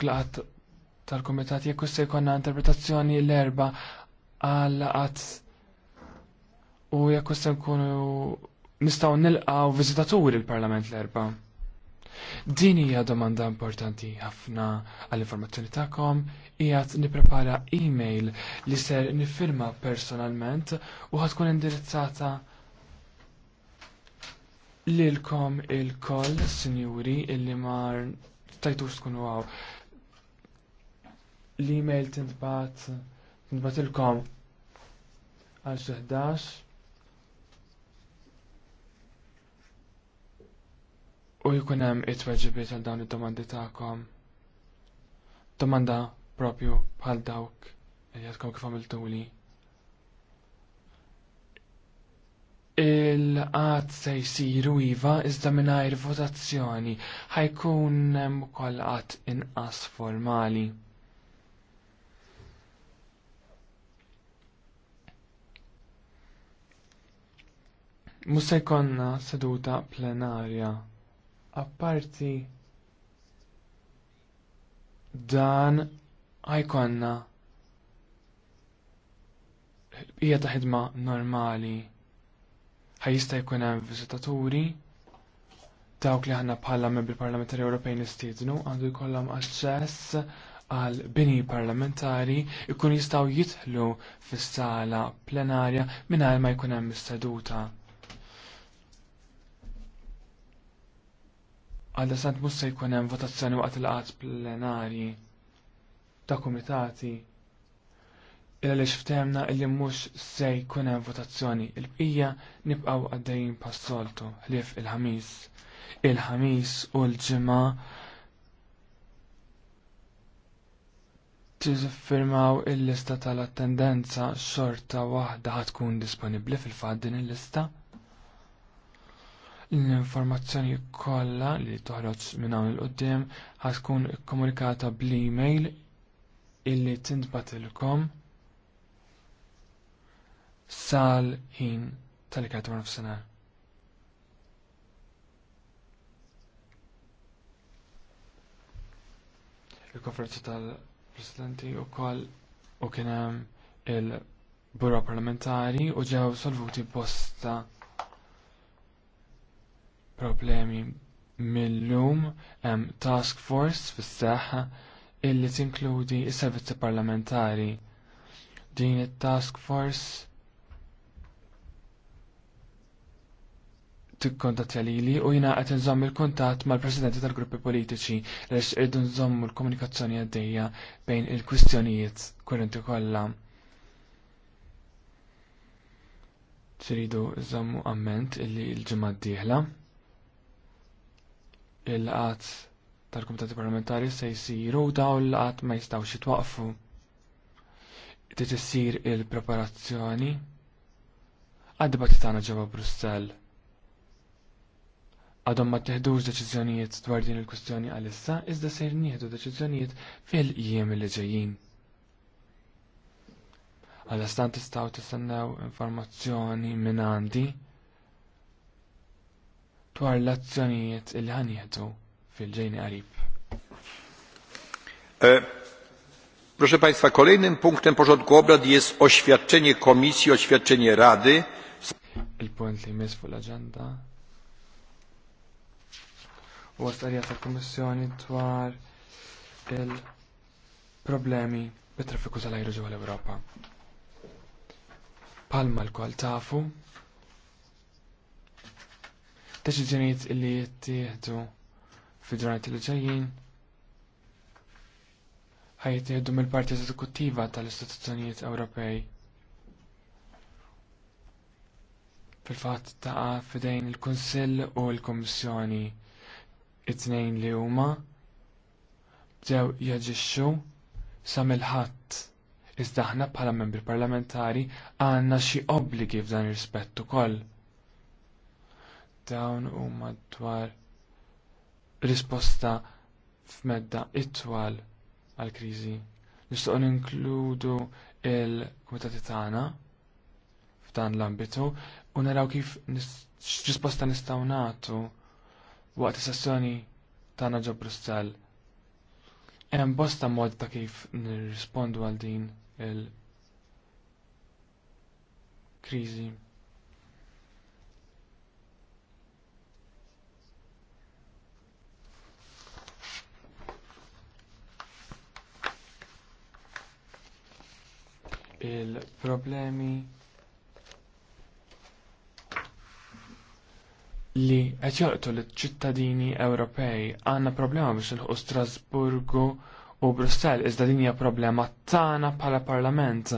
Glatt tal-Kumitat jekk se jkollna interpretazzjoni l-erba għal qatt u jekk se nkunu nistgħu nilqgħu viżitaturi l-Parlament l-erba. Din hija domanda importanti ħafna għall informazzjoni tagħkom qiegħed nipprepara email li ser nifirma personalment u ħatkun indirizzata lilkom il-koll, sinjuri, illi mar tajtux tkunu għaw l-email tintbat tintbat il-kom għal xeħdax u jkun hemm it-tweġibiet għal dawn id-domandi tagħkom. Domanda propju bħal dawk li għadkom kif tuli il għad se jisiru iva iżda mingħajr votazzjoni ħajkun hemm ukoll qatt inqas formali. se jkollna seduta plenarja. Apparti dan għajkonna hija ta' ħidma normali. ħaj jista' jkun hemm viżitaturi dawk li aħna bħala membri parlamentari Ewropej nistiednu għandu jkollhom aċċess għal bini parlamentari ikun jistgħu jidħlu fis-sala plenarja mingħajr ma jkun hemm is-seduta. Għadda sant mus se jkun hemm votazzjoni waqt il qat plenari ta' kumitati illa li xftemna illi mhux se jkun hemm votazzjoni il-bqija nibqgħu għaddejjin pas-soltu ħlief il-ħamis. Il-ħamis u l-ġimgħa tiffirmaw il-lista tal-attendenza xorta waħda ħatkun disponibbli fil-fad din il-lista. L-informazzjoni kollha li toħroġ minn hawn il-qudiem tkun komunikata bl-email illi tintbatilkom sal-ħin tal-ikat nofsinhar. Il-konferenza tal-presidenti u koll u kienem il-bura parlamentari u ġew solvuti bosta problemi mill-lum hemm task force fis saħħa illi tinkludi s-servizzi parlamentari. Din it-task force tikkontattja lili u jina qed nżomm il-kuntatt mal-presidenti tal-gruppi politiċi lex irdu nżommu l-komunikazzjoni għaddejja bejn il-kwistjonijiet kurrenti kollha. Tridu żommu amment illi l-ġimgħa d-dieħla il-qat tal-Komitati Parlamentari se jisiru daw l-qat ma jistawx jitwaqfu. Trid issir il-preparazzjoni għad-dibati tagħna ġewwa Brussell. Għadhom ma teħdux deċiżjonijiet dwar din il-kwistjoni għalissa, iżda se nieħdu deċiżjonijiet fil-jiem li ġejjin. Għal-istan tistaw tistennew informazzjoni minn għandi dwar l-azzjonijiet li ħanieħdu fil-ġejni qarib. E, proszę Państwa, kolejnym punktem porządku obrad jest oświadczenie Komisji, oświadczenie Rady. Il-punt li jmiss fuq agenda u għastarja ta' Komissjoni dwar il-problemi bit trafiku tal-ajru ġewwa l-Ewropa. Palma l-kol tafu deċiżjonijiet li jittieħdu fil-ġurnati li ġejjin ħajtieħdu mill-parti eżekuttiva tal-istituzzjonijiet Ewropej. Fil-fatt taqa' fidejn il-Kunsill u l-Kummissjoni it-tnejn li huma ġew jaġixxu sa mill-ħadd iżda aħna bħala membri parlamentari għandna xi obbligi f'dan ir-rispett ukoll dawn huma dwar risposta f'medda it-twal għall kriżi Nistgħu ninkludu il-kumitati tagħna f'dan l-ambitu u naraw kif risposta nistgħu nagħtu waqt is-sessjoni tagħna ġo Brussell. Hemm bosta mod ta' kif nirrispondu għal din il-kriżi. il-problemi li eċertu l-ċittadini Ewropej għanna problema biex nħu Strasburgu u Brussell iżda din hija problema tagħna bħala parlament.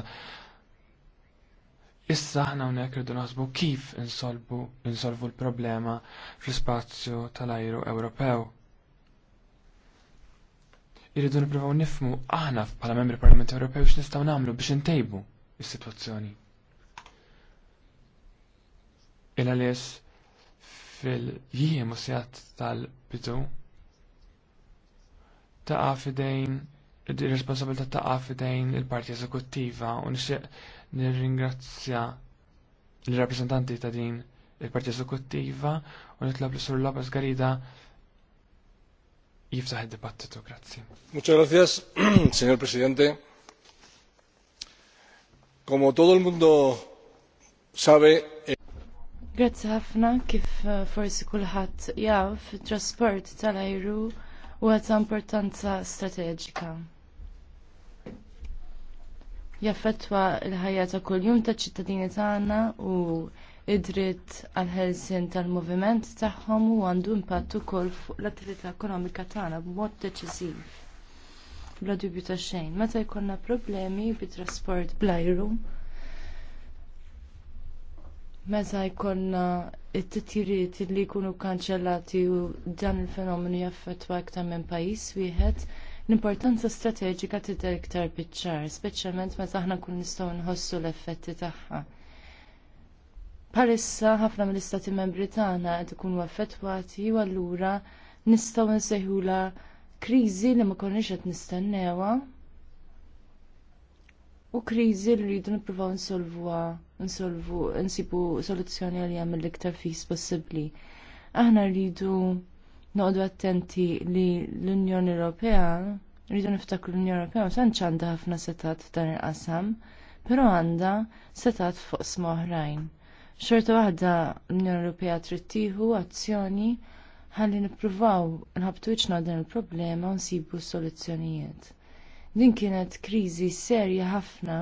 Issa aħna hawnhekk irdu naħsbu kif insolvu insolvu l-problema fl-ispazju tal-ajru Ewropew irridu nipruvaw nifmu aħna bħala membri Parlament Ewropew x'nistgħu nagħmlu biex intejbu s sitwazzjoni Il għalies fil-jiem usjat tal-bidu ta' għafidejn ir-responsabilità ta' għafidejn il-parti eżekuttiva u nixtieq nirringrazzja l-rappreżentanti ta' din il-parti eżekuttiva u nitlob l sur Lopez Garida jiftaħ id-dibattitu. Grazzi. Muchas gracias, señor presidente. Como todo el mundo sabe. Eh, Grazie ħafna kif eh, forsi kulħadd jaf it trasport tal-ajru huwa ta' importanza strateġika. Jaffettwa l-ħajja ta' kuljum taċ ċittadini tagħna u id-dritt għal ħelsien tal-moviment tagħhom u għandu impatt ukoll fuq l-attività ekonomika tagħna b'mod deċiżiv. Bla dubju ta' xejn, meta jkollna problemi bit-trasport bl-ajru, meta jkollna it-titjiriet li jkunu kkanċellati u dan il-fenomenu jaffettwa iktar minn pajjiż wieħed, l-importanza strateġika tidher iktar biċ-ċar, speċjalment meta aħna kun nistgħu nħossu l-effetti tagħha. Parissa ħafna mill-istati membri tagħna qed ikunu affettwati u allura nistgħu nsejħula kriżi li ma konniex qed nistennewha u kriżi li rridu nippruvaw nsolvuha nsolvu nsibu soluzzjoni hemm mill-iktar fis possibbli. Aħna rridu noqogħdu attenti li l-Unjoni Ewropea rridu niftakru l-Unjoni Ewropea ma tantx għandha ħafna setat f'dan il-qasam, però għandha setat fuq oħrajn Xorta waħda l-Unjoni Ewropea trid azzjoni ħalli nippruvaw nħabtu iċna dan il-problema u nsibu soluzzjonijiet. Din kienet kriżi serja ħafna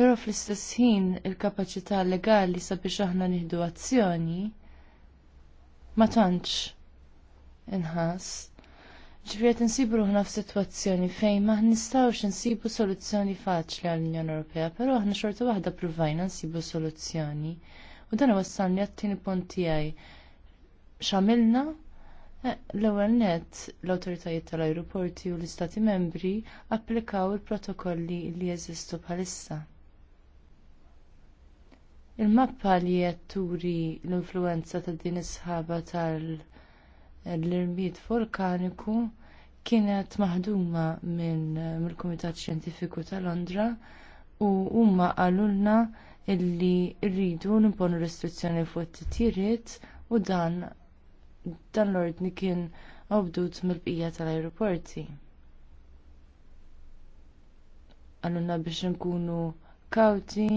Però fl-istess ħin il-kapaċità legali sabiex aħna nieħdu azzjoni ma tantx inħass Ġifiet nsibu ruħna f'sitwazzjoni fejn ma nistawx nsibu soluzzjoni faċli għall-Unjoni Ewropea, però aħna xorta waħda provajna nsibu soluzzjoni. U dan wassalni għat-tieni punt tiegħi. X'għamilna eh, L-ewwel nett l-awtoritajiet tal-ajruporti u l-istati membri applikaw il-protokolli li jeżistu bħalissa. Il-mappa li qed turi l-influenza ta' din is-sħaba tal-irmid vulkaniku kienet maħduma minn mill-Kumitat Xjentifiku ta' Londra u huma għalulna illi rridu nimponu restrizzjoni fuq it-titjiriet u dan dan l-ordni kien obdut mill-bqija tal-ajruporti. Għalulna biex nkunu kawti,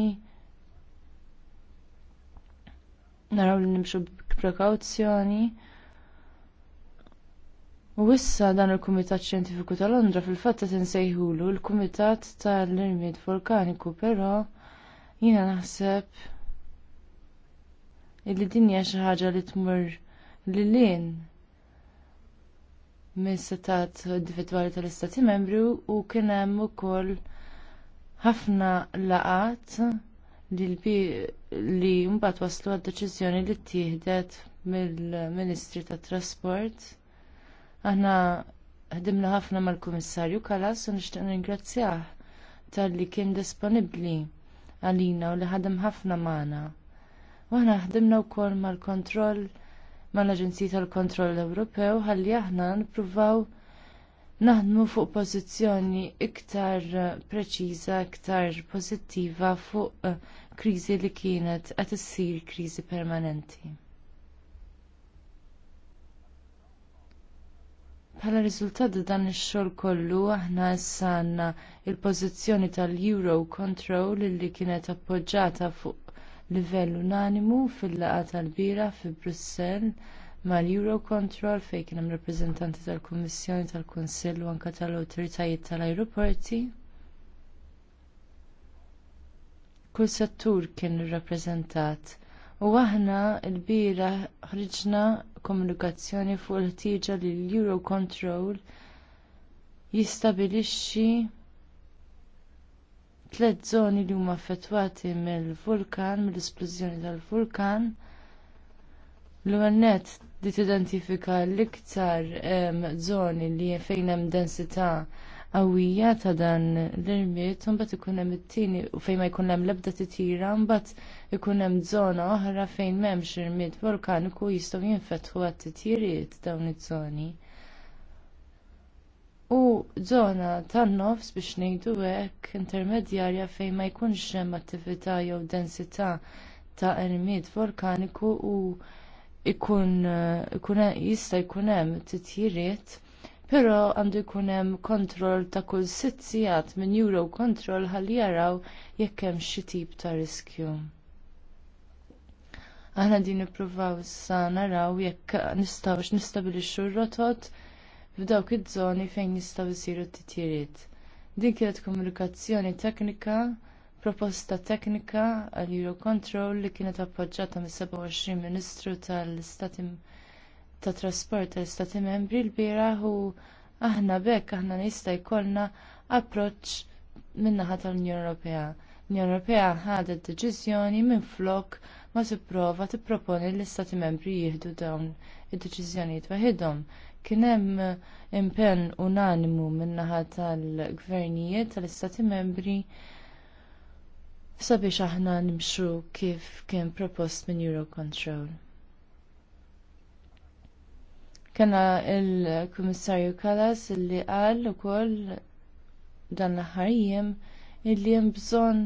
naraw li nimxu b'prekawzjoni U issa dan il-Kumitat Xjentifiku ta' Londra fil-fatt qed insejħulu l-Kumitat tal-Irmid Volkaniku, però jiena naħseb illi din hija xi ħaġa li tmur lilin mis-setat individwali tal-Istati Membri u kien hemm ukoll ħafna laqat li mbagħad waslu għad-deċiżjoni li ttieħdet mill-Ministri tat Trasport Aħna ħdimna ħafna mal-Kummissarju Kalas u nixtieq ningrazzjah tal-li kien disponibbli għalina u li ħadem ħafna magħna. U aħna ħdimna wkoll mal-kontroll mal-Aġenzija tal-Kontroll Ewropew ħalli aħna nippruvaw naħdmu fuq pożizzjoni iktar preċiża, iktar pożittiva fuq kriżi li kienet qed issir kriżi permanenti. Bħala riżultat dan ix-xogħol kollu aħna issa għandna l pożizzjoni tal-Euro Control li kienet appoġġjata fuq livell unanimu fil-laqgħa tal-bira fi Brussell mal-Euro Control fejn kien hemm rappreżentanti tal-Kummissjoni tal-Kunsill u anke tal-awtoritajiet tal-ajruporti. Kull settur kien irrappreżentat u aħna l-bira ħriġna komunikazzjoni fuq il-ħtieġa li l-Eurocontrol jistabilixxi tliet żoni li huma affettwati mill-vulkan, mill-isplużjoni tal-vulkan. L-għannet li tidentifika l-iktar ehm, żoni li fejn hemm densità għawija ta' dan l-irmiet, mbagħad ikun hemm it-tieni u fejn ma jkun hemm l-ebda titjira, mbagħad ikun hemm żona oħra fejn m'hemmx irmiet vulkaniku jistgħu jinfetħu għat-titjiriet dawn iż-żoni. U żona tan-nofs biex ngħidu hekk intermedjarja fejn ma jkunx hemm attività jew densità ta' irmiet vulkaniku u ikun jista' jkun hemm titjiriet Pero għandu jkun hemm kontroll ta' kull sitt sigħat minn Euro kontrol ħalli jaraw jekk hemm xi tip ta' riskju. Aħna din nippruvaw issa naraw jekk nistgħux nistabilixxu r-rotot f'dawk iż-żoni fejn jistgħu jsiru t-titjiriet. Din kienet komunikazzjoni teknika proposta teknika għal Eurocontrol li kienet appoġġjata mis-27 Ministru tal istati ta' trasport tal istati membri l u aħna bekk aħna nista' jkollna approċċ min-naħa tal-Unjoni Ewropea. L-Unjoni Ewropea ħadet deċiżjoni minflok ma tipprova tipproponi l istati membri jieħdu dawn id-deċiżjonijiet waħedhom. Kien hemm eh, impenn unanimu min-naħa tal-gvernijiet tal-istati membri sabiex aħna nimxu kif kien propost minn Eurocontrol. Kena il-Kummissarju Kallas illi qal ukoll dan l ħarijem jiem illi hemm bżonn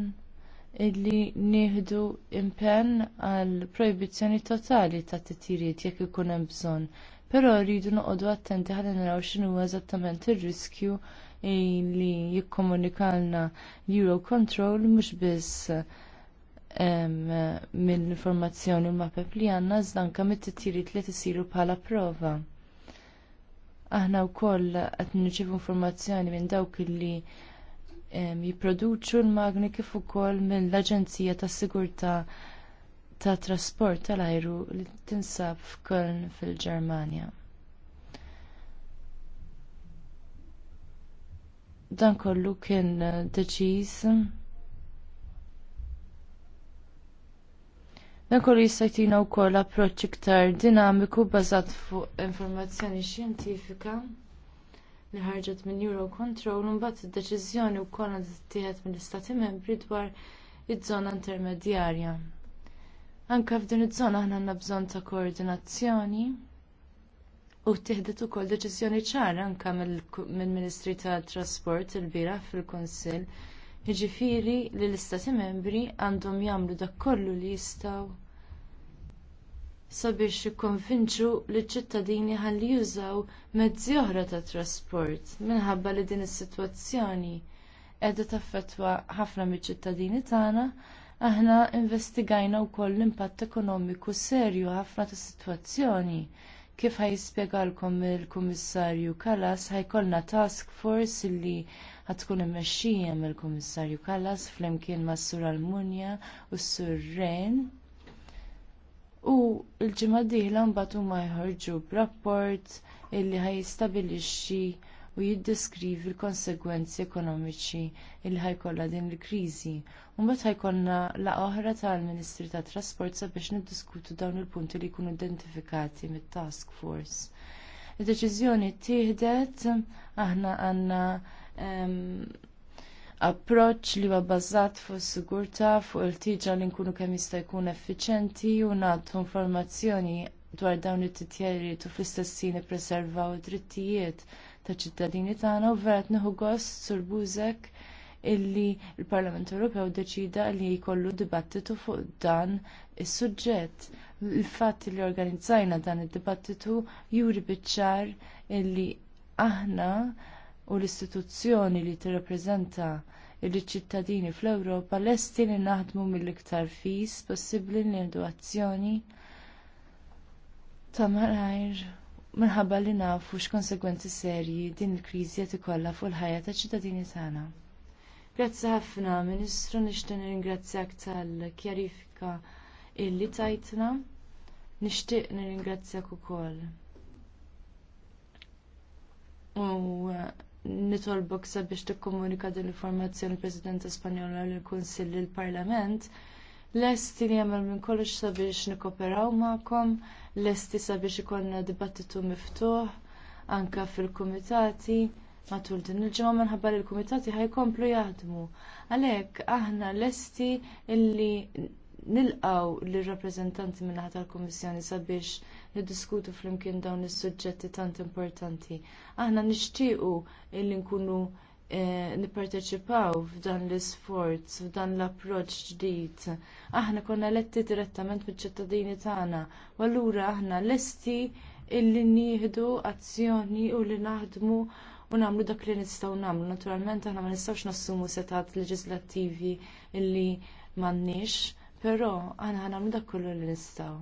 illi nieħdu impenn għal projbizzjoni totali ta' t-tiriet jekk ikun hemm bżonn. Però rridu noqogħdu attenti ħalli naraw x'inhu eżattament ir-riskju li jikkomunikalna l-Eurocontrol mhux biss mill-informazzjoni ma' pep li għandna iżda mit-titjiriet li tisiru bħala prova. Aħna wkoll qed nirċievu informazzjoni minn dawk li jipproduċu l-magni kif ukoll minn l-Aġenzija tas-Sigurtà ta' trasport tal-ajru li tinsab f'Köln fil-Ġermanja. Dan kollu kien deċiż Dan jista' jtina wkoll approċċ iktar dinamiku bbażat fuq informazzjoni xjentifika li ħarġet minn Eurocontrol u mbagħad id-deċiżjoni wkoll għandha tittieħed mill-Istati Membri dwar iż-żona intermedjarja. Anke f'din iż-żona aħna għandna bżonn ta' koordinazzjoni u ttieħdet ukoll deċiżjoni ċara anke mill-Ministri tat Trasport ilbieraħ fil-Kunsill Jiġifieri li l-Istati Membri għandhom jagħmlu dak kollu li jistgħu sabiex jikkonvinċu liċ ċittadini ħalli jużaw mezzi oħra tat trasport minħabba li din is-sitwazzjoni qiegħda taffettwa ħafna miċ-ċittadini tagħna, aħna investigajna wkoll l-impatt ekonomiku serju ħafna tas-sitwazzjoni. Kif ħajspjegalkom il-Kummissarju Kallas ħajkollna task force illi ħatkun immexxija mill-Kummissarju Kallas flimkien mas-Sur Almunja u s-Sur Ren u l-ġimgħa d-dieħla mbagħad huma jħorġu b'rapport illi ħajjistabbilixxi u jiddeskrivi l-konsegwenzi ekonomiċi illi ħajkollha din il-kriżi. U Mbagħad ħajkollna laqgħa oħra tal-Ministri tat Trasport sabiex niddiskutu dawn il-punti li jkunu identifikati mit-task force. Id-deċiżjoni ttieħdet aħna għandna ehm, approċċ li huwa bbażat fuq is-sigurtà fuq il-tiġa li nkunu kemm jista' jkun effiċjenti u nagħtu informazzjoni dwar dawn it-titjeriet u fl-istess ħin ippreservaw id-drittijiet taċ ċittadini tagħna u vera neħu gost sur bużek illi l-Parlament Ewropew deċida li jkollu dibattitu fuq dan is-suġġett. Il-fatt li organizzajna dan id-dibattitu juri biċ-ċar illi aħna u l-istituzzjoni li tirrappreżenta il-ċittadini fl-Ewropa lesti li naħdmu mill-iktar fis possibbli nieħdu azzjoni ta' malajr minħabba li nafu x'konsegwenzi serji din il-kriżi qed ikollha fuq il-ħajja taċ-ċittadini tagħna. Grazzi ħafna, Ministru, nixtieq nirringrazzjak tal-kjarifika illi tajtna. Nixtieq nirringrazzjak ukoll. U nitolbok sabiex tikkomunika din l-informazzjoni President Spanjola l kunsill il-Parlament, lesti li jagħmel minn kollox sabiex nikoperaw magħkom, lesti sabiex ikonna dibattitu miftuħ anke fil-kumitati matul din il-ġimgħa minħabba li l-kumitati ħajkomplu jaħdmu. Għalhekk aħna lesti illi nilqgħu lir rappreżentanti min-naħa tal-Kummissjoni sabiex niddiskutu flimkien dawn is-suġġetti tant importanti. Aħna nixtiequ illi nkunu eh, nipparteċipaw f'dan l-isforz, f'dan l-approċ ġdid. Aħna konna letti direttament mill-ċittadini tagħna, u allura aħna lesti illi nieħdu azzjoni u li naħdmu u nagħmlu dak li nistgħu nagħmlu. Naturalment aħna ma nistgħux nassumu setat leġislattivi illi m'għandniex, però aħna nagħmlu dak kollu li nistgħu.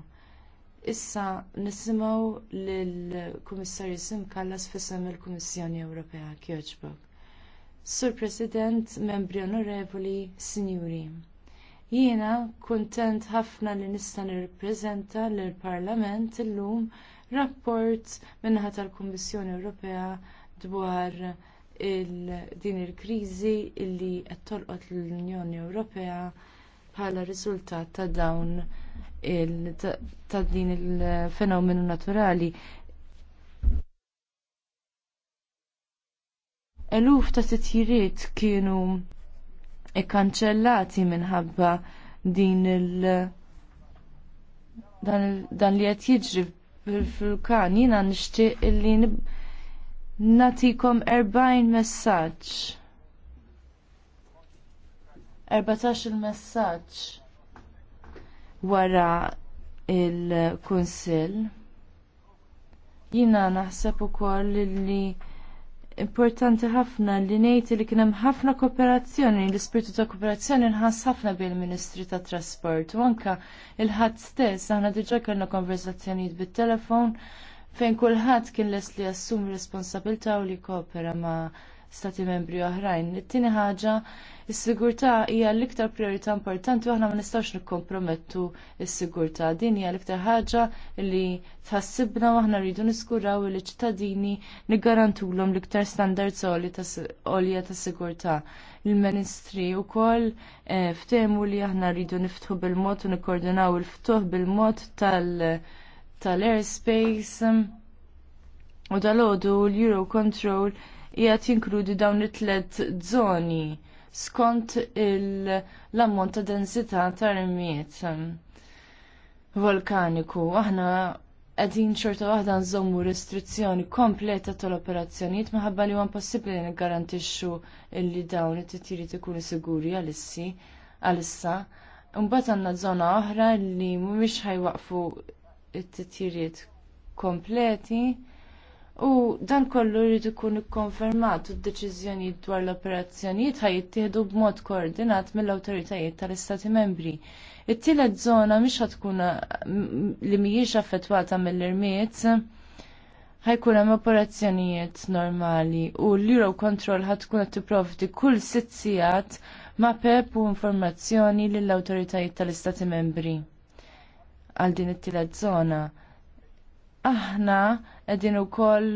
Issa nisimgħu lill-Kummissarju Kallas fissem il-Kummissjoni Ewropea Kjoġbok. Sur President, membri onorevoli, sinjuri. Jiena kuntent ħafna li nista' nirrappreżenta lill parlament illum rapport min-naħa tal-Kummissjoni Ewropea dwar il din il-kriżi illi qed tolqot l-Unjoni Ewropea bħala riżultat ta' dawn ta' din il-fenomenu naturali. Eluf ta' titjiriet kienu ikkanċellati minħabba din il- dan, li qed jiġri fil-vulkan jiena nixtieq li natikom 40 messaġġ 14 il-messaġġ wara il-Kunsill jina naħseb ukoll li importanti ħafna li ngħid li kien hemm ħafna kooperazzjoni, l-ispirtu ta' kooperazzjoni nħass ħafna bil-Ministri tat Trasport u anke il-ħadd stess aħna diġà kellna konverzazzjonijiet bit-telefon fejn kulħadd kien les li jassum responsabilità u li kopera ma' stati membri oħrajn. It-tieni ħaġa Is-sigurtà hija l-iktar priorità importanti u aħna ma nistgħux nikkompromettu s-sigurtà. Din hija l-iktar ħaġa li tħassibna u aħna rridu niskuraw li ċittadini niggarantulhom l-iktar standards għolja ta' sigurtà. Il-Ministri wkoll eh, ftehmu li aħna rridu niftħu bil-mod u nikkoordinaw il-ftuħ bil-mod tal-airspace u dal-għodu l-Eurocontrol hija jinkludi dawn it-tlet żoni skont l-ammont ta' densità ta' rimiet ehm, volkaniku. Aħna għedin xorta waħda nżommu restrizzjoni kompleta tal-operazzjoniet maħabba li għan possibli li garantixxu illi dawn it-tiri ikunu siguri għal-issi għal-issa. Mbagħad għandna żona oħra li mhumiex ħajwaqfu it-titjiriet kompleti U dan kollu rridu ikun ikkonfermat u d-deċiżjonijiet dwar l-operazzjonijiet ħajjittieħdu b'mod koordinat mill-awtoritajiet tal-Istati Membri. It-tielet żona mhix tkun mm, li mhijiex affettwata mill-irmiet ħajkun hemm operazzjonijiet normali u l-Euro Control tkun qed tipprovdi kull sitt sigħat ma' pep u informazzjoni lill-awtoritajiet tal-Istati Membri għal din it-tielet żona aħna qegħdin ukoll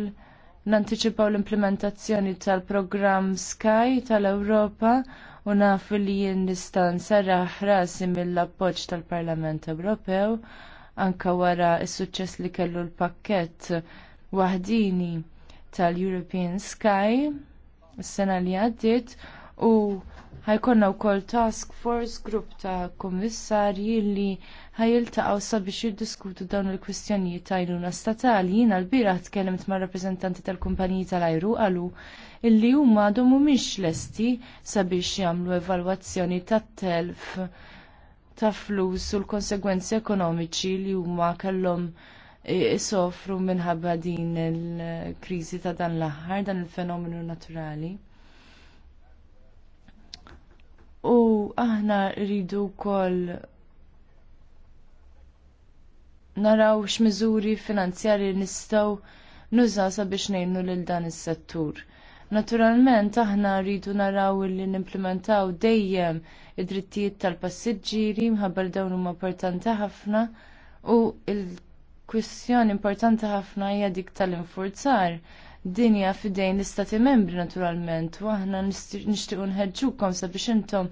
nanticipaw l-implementazzjoni tal-programm Sky tal-Ewropa u nafu li jien nistan sarra ħrasi mill-appoġġ tal-Parlament Ewropew anka wara s-suċċess li kellu l-pakkett waħdini tal-European Sky s-sena li għaddiet u ħajkonna wkoll task force grupp ta' kummissarji li ħajiltaqgħu sabiex jiddiskutu dawn il-kwistjonijiet ta' għajnuna statali. Jiena l bieraħ tkellimt ma' rappreżentanti tal-kumpaniji tal-ajru qalu illi huma għadhom mhumiex lesti sabiex jagħmlu evalwazzjoni tat-telf ta' flus u l-konsegwenzi ekonomiċi li huma kellhom isofru minħabba din il-kriżi ta' dan l-aħħar, dan il-fenomenu naturali. U aħna rridu wkoll naraw x'miżuri finanzjarji nistgħu nużaw sabiex ngħinu lil dan is-settur. Naturalment aħna rridu naraw li nimplementaw dejjem id-drittijiet tal-passiġġieri mħabbar dawn huma importanti ħafna u l-kwistjoni importanti ħafna hija dik tal-infurzar. Dinja fidejn l-istati membri naturalment u aħna nixtiequ nħeġġukom sabiex intom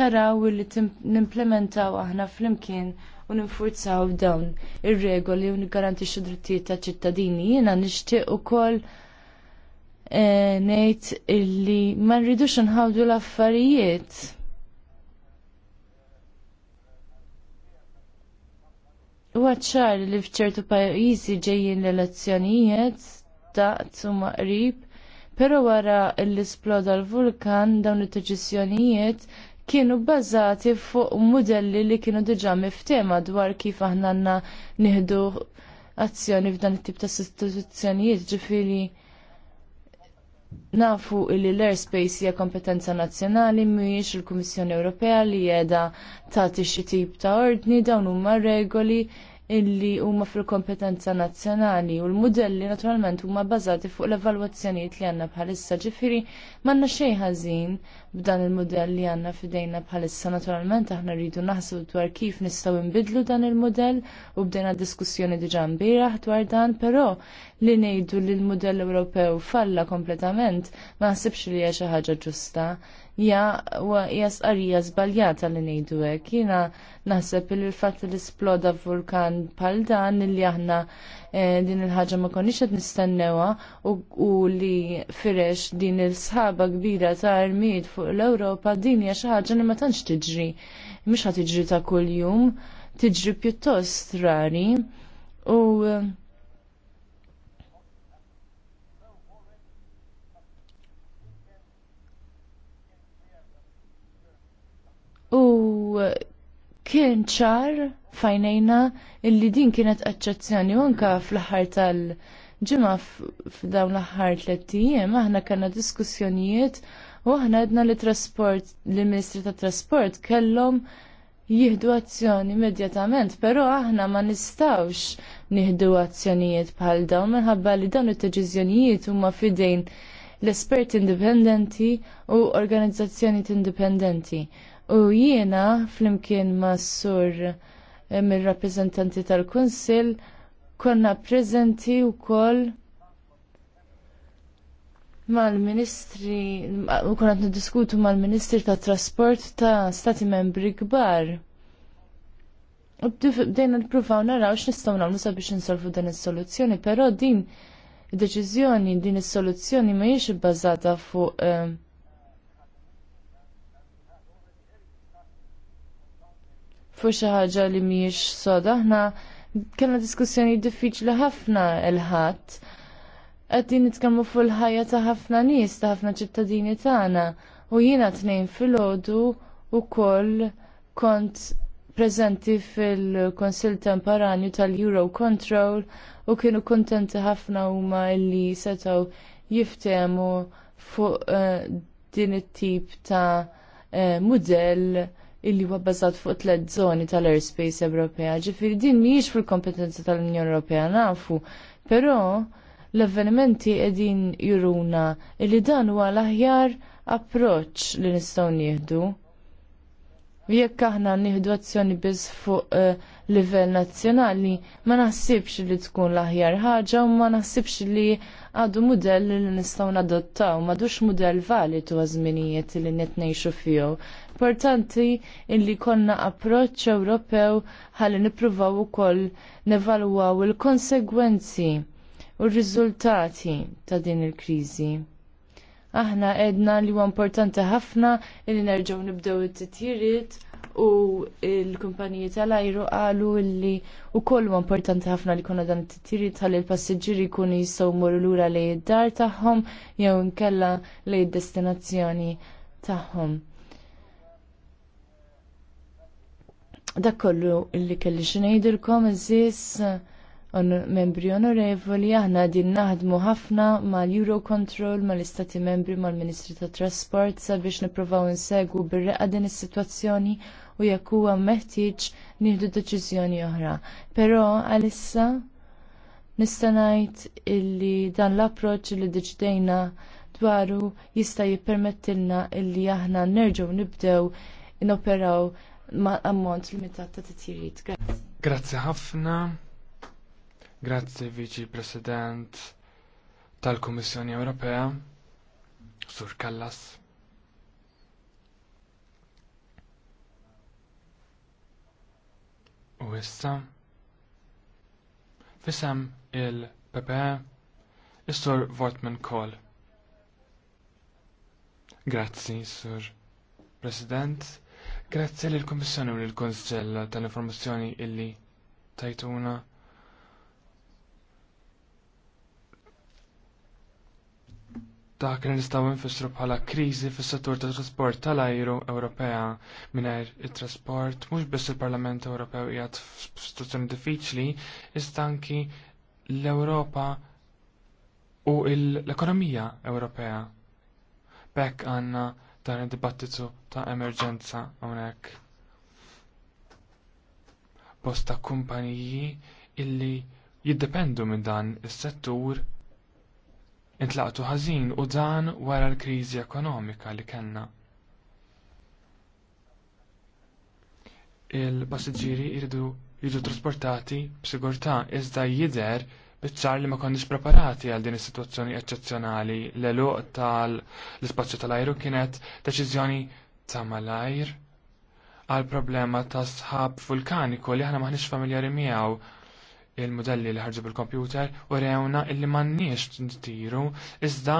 taraw li nimplementaw aħna flimkien u ninfurzaw dawn ir-regoli u niggarantixxu drittijiet ta' ċittadini. Jiena nixtieq ukoll eh, ngħid illi ma rridux nħawdu l-affarijiet. Huwa ċar li f'ċertu pajjiżi ġejjin l-elezzjonijiet daqt u maqrib, però wara l-isploda l-vulkan dawn it-deċiżjonijiet kienu bbażati fuq modelli li kienu diġà miftema dwar kif aħna għandna nieħdu azzjoni f'dan it-tip ta' istituzzjonijiet ġifiri nafu li l-airspace hija kompetenza nazzjonali mhijiex il-Kummissjoni Ewropea li qiegħda tagħti xi tip ta' ordni dawn huma regoli illi huma fil-kompetenza nazzjonali u l-modelli naturalment huma bbażati fuq l-evalwazzjonijiet li għandna bħalissa ġifieri m'għandna xejn ħażin b'dan il-modell li għandna f'idejna bħalissa naturalment aħna rridu naħsbu dwar kif nistgħu nbidlu dan il-modell u bdejna diskussjoni diġà mbieraħ dwar dan, però li ngħidu li l-modell Ewropew falla kompletament ma naħsibx li hija xi ħaġa ġusta. Ja hija arija żbaljata li ngħidu hekk. Jiena naħseb li l-fatt li sploda vulkan bħal dan li aħna eh, din il-ħaġa ma konniex qed nistennewha u li firex din il-sħaba kbira ta' armijiet fuq l-Ewropa din hija xi ħaġa li ma tantx tiġri. Mhux ħad tiġri ta' kuljum, tiġri pjuttost rari. U eh, u kien ċar fajnejna illi din kienet eċċezzjoni anka fl-aħħar tal-ġimgħa f'dawn l-aħħar tliet ijiem aħna kellna diskussjonijiet u aħna għedna li trasport li ministri tat trasport kellhom jihdu azzjoni immedjatament, però aħna ma nistawx nieħdu azzjonijiet bħal dawn minħabba li dawn it-deċiżjonijiet huma fidejn l-esperti indipendenti u organizzazzjonijiet indipendenti. U jiena flimkien ma' sur eh, mir-rappreżentanti tal-Kunsill konna preżenti wkoll mal-ministri, u konat niddiskutu mal-ministri ta' trasport ta' stati membri kbar. U bdejna nipruvaw naraw x'nistgħu nagħmlu sabiex insolvu din is-soluzzjoni, però din id-deċiżjoni, din is-soluzzjoni ma jiex ibbażata fuq eh, fuq xi ħaġa li mhijiex soda. Aħna kellna diskussjoni diffiċli ħafna il-ħadd. Qegħdin nitkellmu fuq il-ħajja ta' ħafna nies, ta' ħafna ċittadini tagħna u jiena tnejn filgħodu wkoll kont preżenti fil-Konsil Temporanju tal-Euro Control u kienu kuntenti ħafna huma li setgħu jiftemu fuq uh, din it-tip ta' uh, mudell illi huwa bbażat fuq tliet żoni tal-airspace Ewropea. Ġifieri din mhijiex fil-kompetenza tal-Unjoni Ewropea nafu, però l-avvenimenti qegħdin juruna illi dan huwa l-aħjar approċċ li nistgħu nieħdu. Jekk aħna nieħdu azzjoni biss fuq eh, livell nazzjonali, ma naħsibx li tkun l-aħjar ħaġa u ma naħsibx li għadu mudell li nistgħu nadottaw, madux mudell validu għażminijiet li nitnejxu fihom importanti illi konna approċċ Ewropew ħalli nippruvaw ukoll nevalwaw il-konsegwenzi u r-riżultati ta' din il-kriżi aħna edna li huwa importanti ħafna li nerġgħu nibdew it-titjiriet u l-kumpaniji tal-ajru qalu li wkoll huwa importanti ħafna li konna dan it-titjiriet ħalli l-passiġġieri jkunu jistgħu jmorru lura lejn id-dar tagħhom jew inkella lejn id-destinazzjoni tagħhom. dak kollu li kelli xnejdilkom iżis membri onorevoli aħna din naħdmu ħafna mal-Eurocontrol, mal-Istati membri, mal-Ministri tat Trasport sabiex nippruvaw insegwu bir reqa din is-sitwazzjoni u jekk huwa meħtieġ nieħdu deċiżjoni oħra. Però għalissa nista' ngħid illi dan l-approċċ li diġdejna dwaru jista' jippermettilna illi aħna nerġgħu nibdew inoperaw ma' ammont limitat ta' t-tirit. Grazzi ħafna. Grazzi Viċi President tal-Kummissjoni Ewropea, Sur Kallas. U issa fisem il-PPE Is-Sur Vortman Kohl. Grazzi, Sur President. Grazzi lill kummissjoni u lill konsell tal-informazzjoni illi tajtuna. dak li nistgħu nfissru bħala kriżi fis-settur tat trasport tal-ajru Ewropea mingħajr it-trasport mhux biss il-Parlament Ewropew qiegħed f'sitwazzjoni diffiċli, iżda anki l-Ewropa u l-ekonomija Ewropea. Bekk għandna dan id-dibattitu ta' emerġenza hawnhekk. Bosta kumpaniji illi jiddependu minn dan is-settur intlaqtu ħażin u dan wara l-kriżi ekonomika li kellna. Il-passiġġieri jridu jiġu trasportati b'sigurtà iżda jidher Bizzar li ma konniex preparati għal din is-sitwazzjoni eċċezzjonali l-eluq tal-ispazju tal-ajru kienet deċiżjoni ta' malajr għal problema ta' sħab vulkaniku li ħana maħniex familjari miegħu il-modelli li ħarġu bil-kompjuter u rewna illi m'għandniex ntiru iżda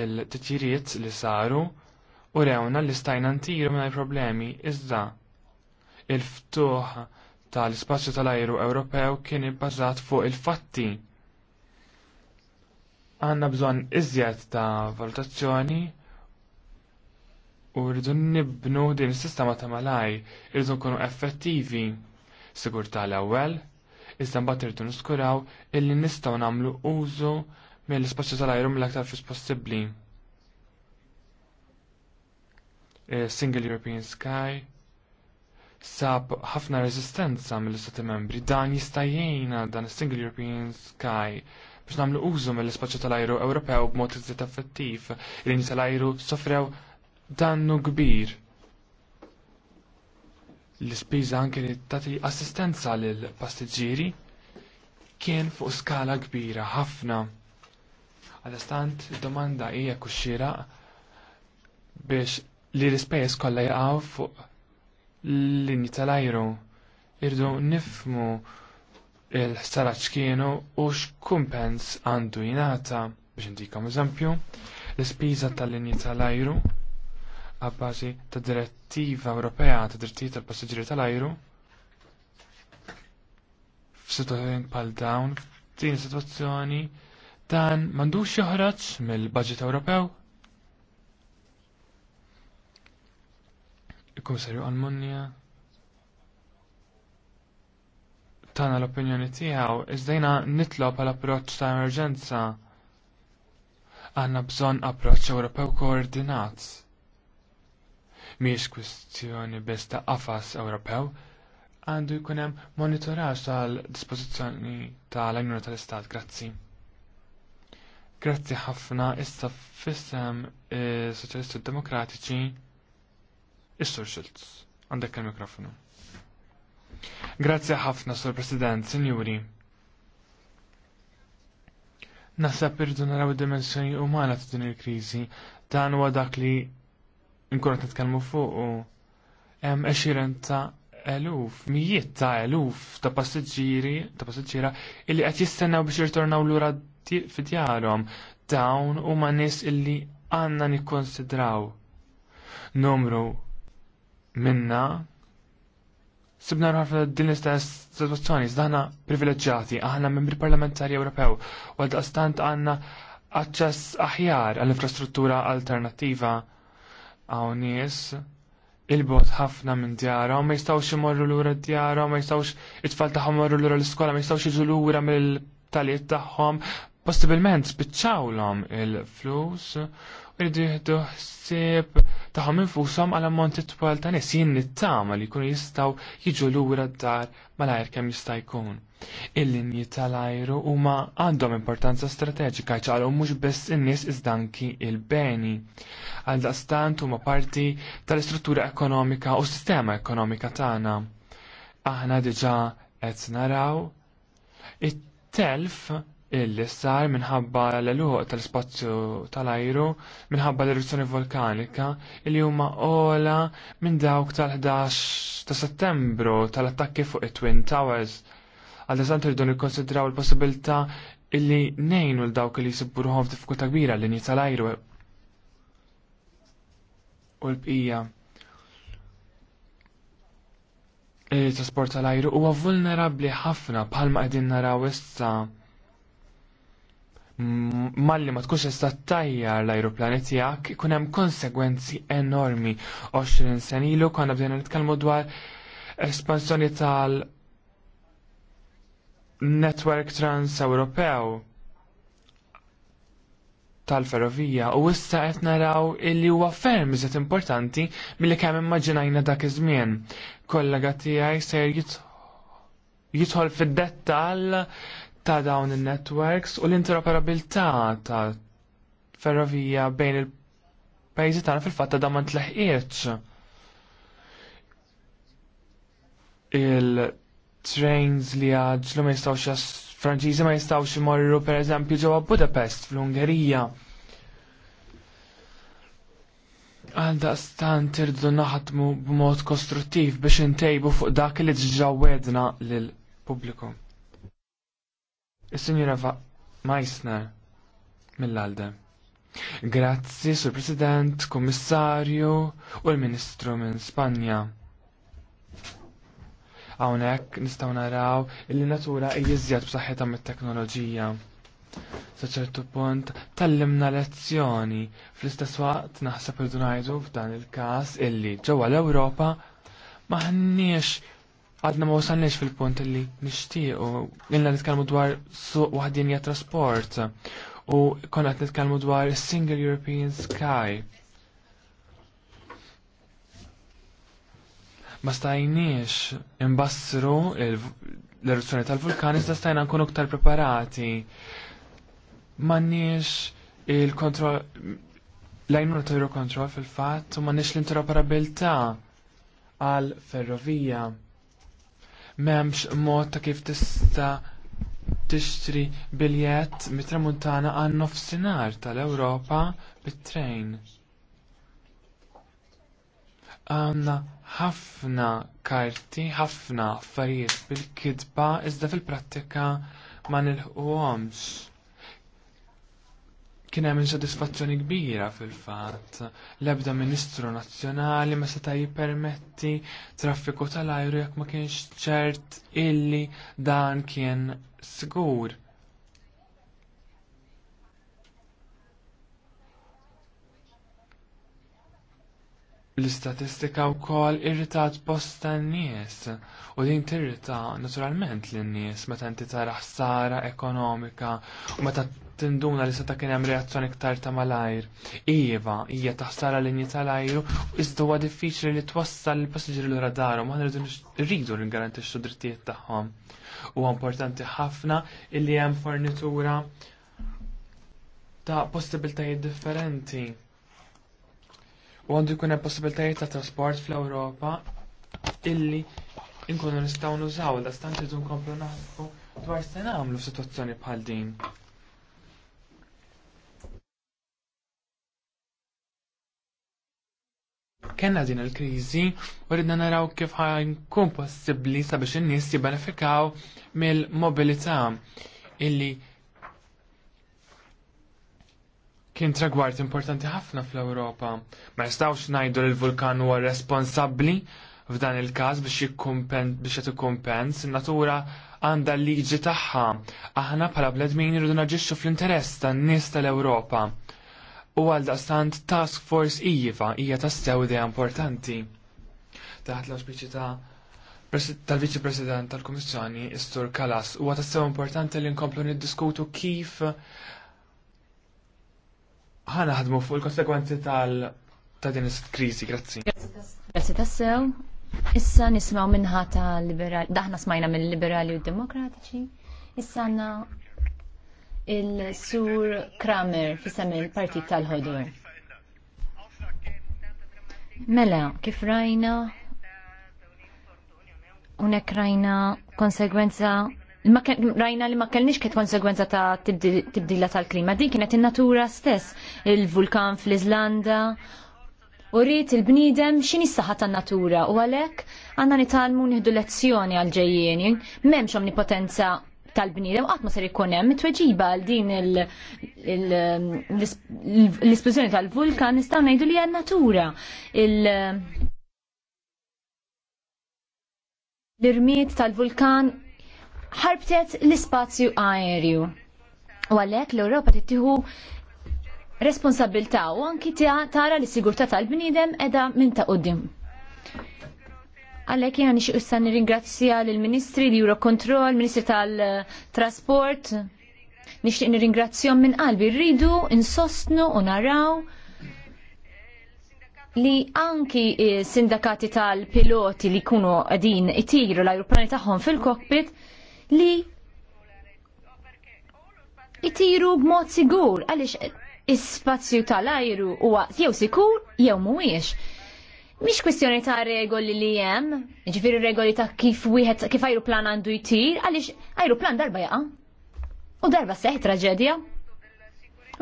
il-titjiriet li saru u rewna li stajna ntiru minn problemi iżda il-ftuħ tal-ispazju tal-ajru Ewropew kien ibbażat fuq il-fatti Għanna bżon iżjed ta' valutazzjoni u rridu nibnu din is-sistema ta' malaj, rridu nkunu effettivi. Sigur tal-ewwel, iżda mbagħad irridu niskuraw illi nistgħu nagħmlu użu mill-ispazju tal-ajru l aktar fis possibbli. E, Single European Sky sab ħafna resistenza mill-istati membri dan jista' jgħinna dan is-Single European Sky biex namlu użu mill-ispaċċju tal-ajru Ewropew b'mod iżjed effettiv. Il-linji tal-ajru sofrew dannu kbir. L-ispiża anke li tagħti assistenza lil passiġġieri kien fuq skala kbira ħafna. id domanda hija kuxxira biex li l-ispejjeż kollha jaqgħu fuq l-linji tal-ajru. Irdu nifmu il-ħsaraċ kienu u x'kumpens għandu jingħata biex indikom eżempju l-ispiża tal-linji tal-ajru għabbażi ta' direttiva Ewropea ta' drittijiet tal-passiġġieri tal-ajru f'sitwazzjoni bħal dawn din is-sitwazzjoni dan m'għandux joħroġ mill-budget Ewropew. Il-Kummissarju Almunja tana l-opinjoni tiegħu iżdejna nitlob għal approċċ ta' emerġenza. għanna bżonn approċċ Ewropew koordinat. Mhijiex kwistjoni biss ta' qafas Ewropew, għandu jkun hemm monitoraġġ tal-dispożizzjoni tal-Għajnuna tal-Istat, grazzi. Grazzi ħafna issa fissem eh, Soċjalisti Demokratiċi is-Sur Schultz. Għandek il-mikrofonu. Grazzi ħafna, Sur President, Sinjuri. Nasab irdu naraw id-dimensjoni umana ta' din il-kriżi, dan huwa dak li nkunu qed nitkellmu fuq u hemm għexieren ta' eluf, mijiet ta' eluf ta' passiġġieri, ta' passiġġiera illi qed jistennew biex jirtornaw lura fidjarhom dawn huma nies illi għandna nikkonsidraw. Numru minna Sibna ħafna din l-istess situazzjoni, zdaħna privileġġati, aħna membri parlamentari Ewropew, u għad dastant għanna aċċess aħjar għall-infrastruttura alternativa għaw nies il-bot ħafna minn djarhom, ma jistgħux imorru lura djara, ma jistgħux it-tfal tagħhom morru lura l-iskola, ma jistgħux jiġu mill talit tagħhom, possibilment spiċċawlhom il-flus id-dihdu ħsieb taħam infusom għal ammonti twal ta' nis jien nittama li jkunu jistaw jiġu lura d-dar mal-ajr kemm jista' jkun. Il-linji tal-ajru huma għandhom importanza strateġika u mhux biss in-nies iżdanki il-beni. Għal daqstant huma parti tal-istruttura ekonomika u sistema ekonomika tagħna. Aħna diġà qed naraw it-telf il sar minħabba l-eluq tal-spazju tal-ajru minħabba l-eruzzjoni vulkanika li huma ola minn dawk tal-11 ta' settembru tal-attakki fuq it-Twin Towers. Għal-deżant irridu nikkonsidraw il-possibilità illi nejnu l-dawk li jisibburuħom f'difkulta kbira l-linji tal-ajru u l-bqija. Il-trasport tal-ajru huwa vulnerabbli ħafna bħalma qegħdin naraw issa malli ma tkunx tista' tajjar l-ajruplani tiegħek ikun hemm konsegwenzi enormi. 20 sen ilu konna bdejna nitkellmu dwar espansjoni tal netwerk trans-Ewropew tal-ferrovija u issa qed naraw illi huwa ferm iżet importanti milli kemm immaġinajna dak iż-żmien. Kollega tiegħi se jidħol fid-dettall ta' dawn in-networks u l-interoperabilità ta' ferrovija bejn il-pajjiżi tagħna fil-fatt ta' ma tleħqiet. Il-trains li għadġlu ma jistawx Franċiżi ma jistawx imorru pereżempju ġewwa Budapest fl-Ungerija. Għalda stan tirdu naħatmu b'mod kostruttiv biex intejbu fuq dak li ġġawedna lil pubbliku. Is-Sinjura Meissner mill-Alde. Grazzi, Sur President, Kommissarju u l-Ministru minn Spanja. Hawnhekk nistgħu naraw li natura jiżjed b'saħħitha mit-teknoloġija. Sa ċertu punt tallimna lezzjoni fl-istess waqt naħseb irdu ngħidu f'dan il-każ illi ġewwa l-Ewropa maħniex għadna ma wasalniex fil-punt li nishtiqu, għinna nitkellmu dwar suq waħdinja ja trasport u konna nitkellmu dwar Single European Sky. Ma stajniex imbassru l-eruzzjoni tal-vulkan iżda stajna nkunu ktar preparati. nix il-kontroll l-għajnuna ta' fil-fat u nix l-interoperabilta għal ferrovija m'hemmx mod ta' kif tista' tixtri biljett mit-tramuntana għan nofsinhar tal-Ewropa bit-trejn. Għandna ħafna karti, ħafna affarijiet bil-kidba iżda fil-prattika ma nilħuhomx. Kien hemm insoddisfazzjoni kbira fil-fatt l-ebda Ministru Nazzjonali ma seta' jippermetti traffiku tal-ajru jekk ma kienx ċert illi dan kien sigur. L-istatistika wkoll irritat posta n-nies u din tirrita naturalment lin nies meta inti tara ħsara ekonomika u meta tinduna li seta' kien hemm reazzjoni aktar ta' malajr. Iva, hija taħsara linji tal-ajru, iżda huwa diffiċli li twassal l-passiġġieri l ma aħna rridu ngarantixxu drittijiet tagħhom. Huwa importanti ħafna illi hemm fornitura ta' possibiltajiet differenti. U għandu jkun hemm possibiltajiet ta' trasport fl-Ewropa illi nkunu nistgħu nużaw da stanti dun komplu naħsbu dwar se nagħmlu f'sitwazzjoni bħal din. kena din il-krizi u ridna naraw kif ħajkun possibbli sabiex in-nies jibbenefikaw mill-mobilità illi kien tragwart importanti ħafna fl-Ewropa. Ma jistawx ngħidu li l-vulkan huwa responsabbli f'dan il-każ biex jikkumpens biex qed ikkumpens, natura għandha l-liġi tagħha. Aħna bħala bledmin irridu naġixxu fl-interess tan-nies tal-Ewropa u għal daqstant task force ijiva hija ta' stewdea importanti. Taħt l ta' tal-Viċi President tal-Kummissjoni, Istur Kalas, huwa ta' sew importanti li nkomplu niddiskutu kif ħana ħadmu fuq il-konsekwenzi tal ta' din is-kriżi, grazzi. Grazzi tassew. Issa nismaw minnħa ta' liberali, daħna smajna mill-liberali u demokratiċi. Issa għanna il-Sur Kramer fissam il-Partit tal-ħodur. Mela, kif rajna unek rajna konsegwenza rajna li ma kellniex kiet konsegwenza ta' tibdilla tal-klima. Din kienet in-natura stess, il-vulkan fl-Iżlanda. Urit il-bnidem xini s-saħħa tan-natura u għalhekk għandna nitalmu nieħdu lezzjoni għal ġejjieni, memx omnipotenza tal-bniedem qatt ma ser ikun hemm tweġiba għal din l-isplużjoni tal-vulkan nistgħu ngħidu li hija natura. L-irmiet tal-vulkan ħarbtet l-ispazju aerju. U għalhekk l-Ewropa tittieħu responsabilta u anki tara li sigurtà tal-bniedem edha minn ta' qoddim. Għalhekk jiena nixtieq issa nirringrazzja lill-Ministri li Eurocontrol, Ministri tal-Trasport. Nixtieq nirringrazzjahom minn qalbi rridu insostnu u naraw li anki sindakati tal-piloti li kunu għadin itiru l-ajruplani tagħhom fil-kokpit li itiru b'mod sigur għaliex is-spazju tal-ajru huwa jew sikur jew mhuwiex. Mhix kwestjoni ta' regoli li hemm, jiġifieri regoli ta' kif wieħed kif ajruplan għandu jtir, għaliex ajruplan darba jaqa'. U darba seħ traġedja.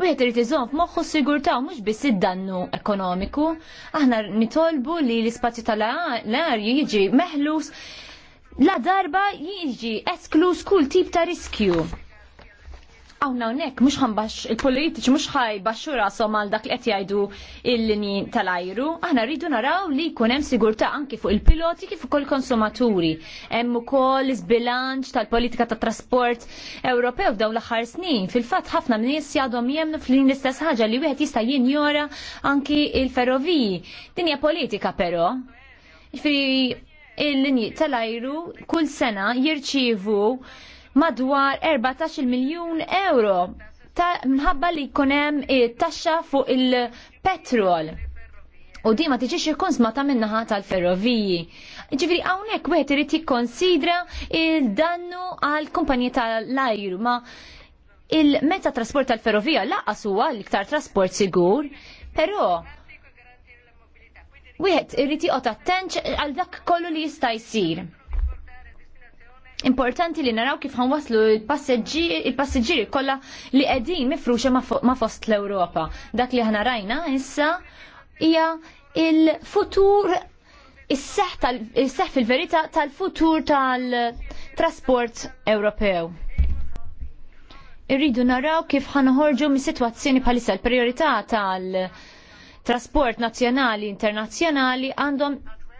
Wieħed irid iżomm f'moħħu s-sigurtà u mhux biss id-dannu ekonomiku. Aħna nitolbu li l-ispazju tal-ar jiġi meħlus la darba jiġi esklus kull tip ta' riskju. Għawna unnek, mux ħanbax, il-politiċi mux ħajbaxxu rasom għal dak li qed jgħidu il-linji tal-ajru, aħna rridu naraw li jkun hemm sigurtà anki fuq il-piloti kif ukoll konsumaturi. Hemm ukoll iż-bilanċ tal-politika tat trasport Ewropew dawn l-aħħar snin. Fil-fatt ħafna nies jgħadhom jemnu fl-din l-istess ħaġa li wieħed jista' jinjora anki il-ferroviji. Din hija politika però. Ġifieri il-linji tal-ajru kull sena jirċievu madwar 14 miljun euro mħabba li kunem eh, taxxa fuq il-petrol. U di ma tiġiex ikonsmata minnaħa tal-ferroviji. Ġifiri, għawnek wieħed irid jikkonsidra il-dannu għal kumpanji tal-ajru ma il-mezza trasport tal-ferrovija laqqas huwa l-iktar trasport sigur, però wieħed irid jiqgħod attent għal dak kollu li jista' jsir importanti li naraw kif ħanwaslu il-passeġġieri kollha li qegħdin mifruxa ma' fost l-Ewropa. Dak li ħana rajna issa hija il-futur is-seħ tal-seħ fil-verità tal-futur tal-trasport Ewropew. Irridu naraw kif ħanħorġu mis-sitwazzjoni bħalissa l-priorità tal-trasport nazzjonali internazzjonali għandhom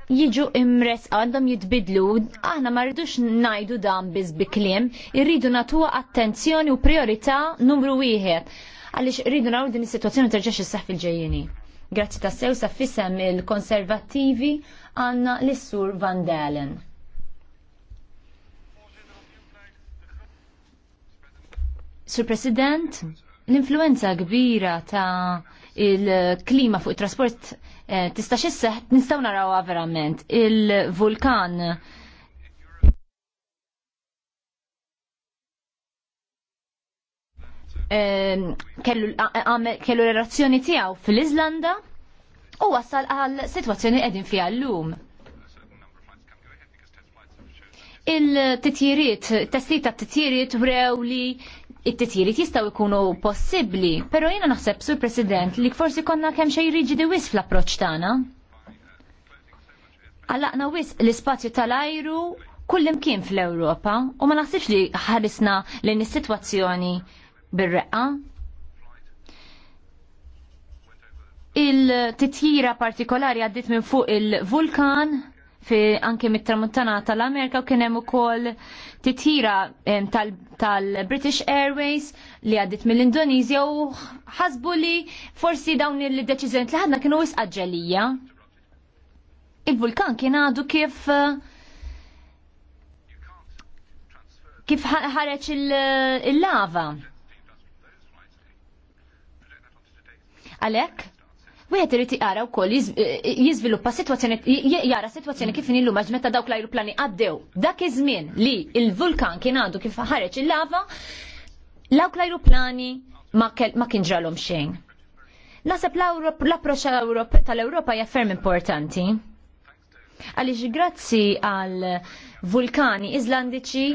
jiġu imres għandhom jitbidlu, aħna ma rridux najdu dan biz bikliem, irridu nagħtuha attenzjoni u priorità numru wieħed. Għalix rridu nagħmlu din is-sitwazzjoni terġax isseħ fil-ġejjini. Grazzi ta' sew sa' fissem il-konservativi għanna l-sur Van Dalen. Sur President, l-influenza kbira ta' il-klima fuq il-trasport Eh, tista' xisseħ nistgħu narawha verament. Il-vulkan ehm, kellu relazzjoni tiegħu fil-Iżlanda u wassal għal sitwazzjoni qegħdin fiha llum. Il-titjiriet, testijiet t titjiriet wrew li it titjiri jistgħu jkunu possibbli, però jiena naħseb sur President li forsi konna kemm xejn riġidi wis fl-approċċ tagħna. Għallaqna wis l-ispazju tal-ajru kullimkien fl-Ewropa u ma naħsibx li ħarisna l is-sitwazzjoni bir-reqqa. Il-titjira partikolari għaddit minn fuq il-vulkan fi anke mit-tramuntana tal-Amerika u kien hemm ukoll titjira tal-British Airways li għaddit mill-Indonizja u ħasbu li forsi dawn il-deċiżjoni li ħadna kienu wisqa ġelija. Il-vulkan kien għadu kif eh, kif ħareċ il-lava. Għalek? Wieħed irid jara wkoll eh, eh, jiżviluppa sitwazzjoni jara sitwazzjoni kif inhi lumma meta dawk l-ajruplani għaddew. Dak iż-żmien li il-vulkan kien għandu kif ħareġ il-lava, dawk l-ajruplani ma kien ġralhom xejn. Nasab l-approċċ tal-Ewropa hija ferm importanti. Għaliex grazzi għal vulkani Iżlandiċi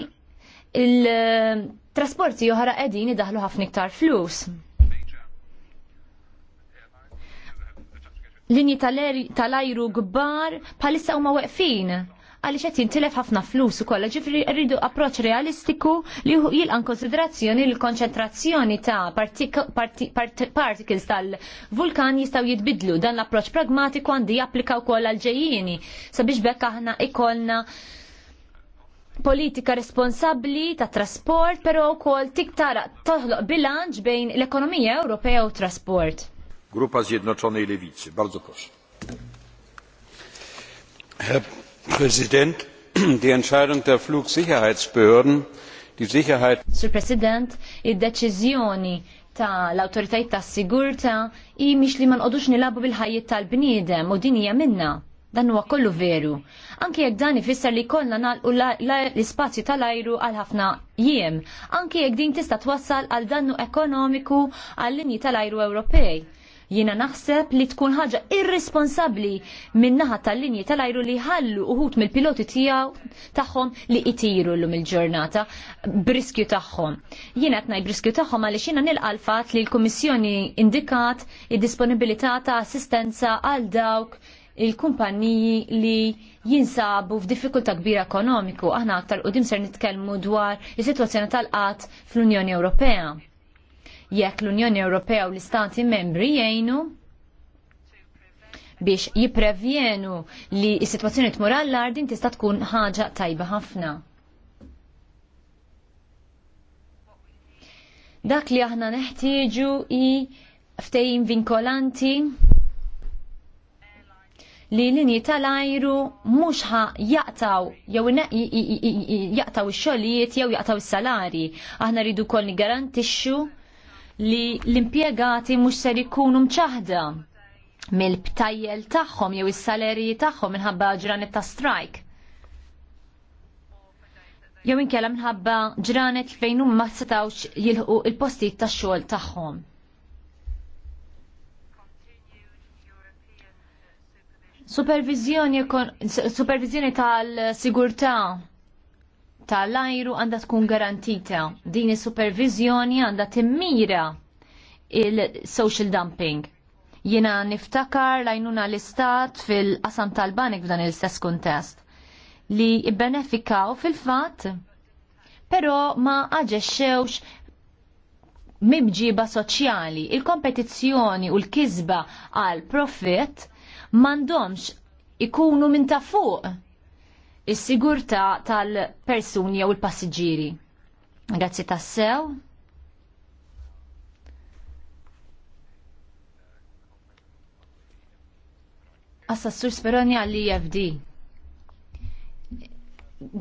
il-trasporti eh, oħra qegħdin idaħlu ħafna iktar flus. linji tal-ajru gbar palissa huma weqfin għaliex qed jintilef ħafna flus ukoll, ġifri rridu approċċ realistiku li jilqan konsiderazzjoni l konċentrazzjoni ta' particles tal-vulkan jistgħu jitbidlu dan l-approċċ pragmatiku għandi japplika wkoll għal ġejjini sabiex bekk aħna ikolna politika responsabbli ta' trasport, però wkoll tiktara toħloq bilanċ bejn l-ekonomija Ewropea u trasport. Grupa Zjednoczonej Lewicy. Bardzo proszę. Herr Präsident, die Entscheidung der Flugsicherheitsbehörden, die Sicherheit. Sir President, id-deċiżjoni ta' l-autoritajiet ta' sigurta i miex li ma nqodux nilabu bil-ħajjiet tal-bniedem u din hija minna. Dan huwa kollu veru. Anke jekk dan ifisser li kollna nagħlqu l-ispazju tal-ajru għal ħafna jiem, anke jekk din tista' twassal għal dannu ekonomiku għall-linji tal-ajru Ewropej. Jina naħseb li tkun ħaġa irresponsabli naħa tal-linji tal-ajru li ħallu uħut mill-piloti tijaw taħħom li itiru l-lum il-ġurnata briskju taħħom. Jina tnaj briskju taħħom għalli xina nil-alfat li l-Komissjoni indikat id-disponibilità ta' assistenza għal dawk il-kumpanniji li jinsabu f'diffikulta kbira ekonomiku. Aħna aktar u ser nitkellmu dwar is-sitwazzjoni tal qat fl-Unjoni Ewropea jekk l-Unjoni Ewropea u l-Istati membri jgħinu biex jiprevjenu li s-situazzjoni tmur għall-ardin tista' tkun ħaġa tajba ħafna. Dak li aħna neħtieġu i ftejn vinkolanti li linji tal-ajru mhux ħa jaqtaw jew jaqtaw ix-xogħlijiet jew jaqtaw is-salari. Aħna rridu wkoll nigarantixxu li l-impjegati mhux ser ikunu mċaħda mill-btajjel tagħhom jew is-salerji tagħhom minħabba ġranet ta' strike. Jew inkella minħabba ġranet fejn hum ma setawx jilħu il-postijiet tax-xogħol tagħhom. Supervizjoni tal-sigurtà tal-ajru għandha tkun garantita. Din is-supervizjoni għandha timmira il-social dumping. Jiena niftakar lajnuna l-istat fil-qasam tal banik f'dan il sess kontest li benefikaw fil-fat, pero ma aġeċxewx mibġiba soċjali, il-kompetizzjoni u l-kizba għal profit mandomx ikunu minn ta' fuq is-sigurtà tal-persuni jew il-passiġġieri. Grazzi tassew. Assassur Speroni għalli ifd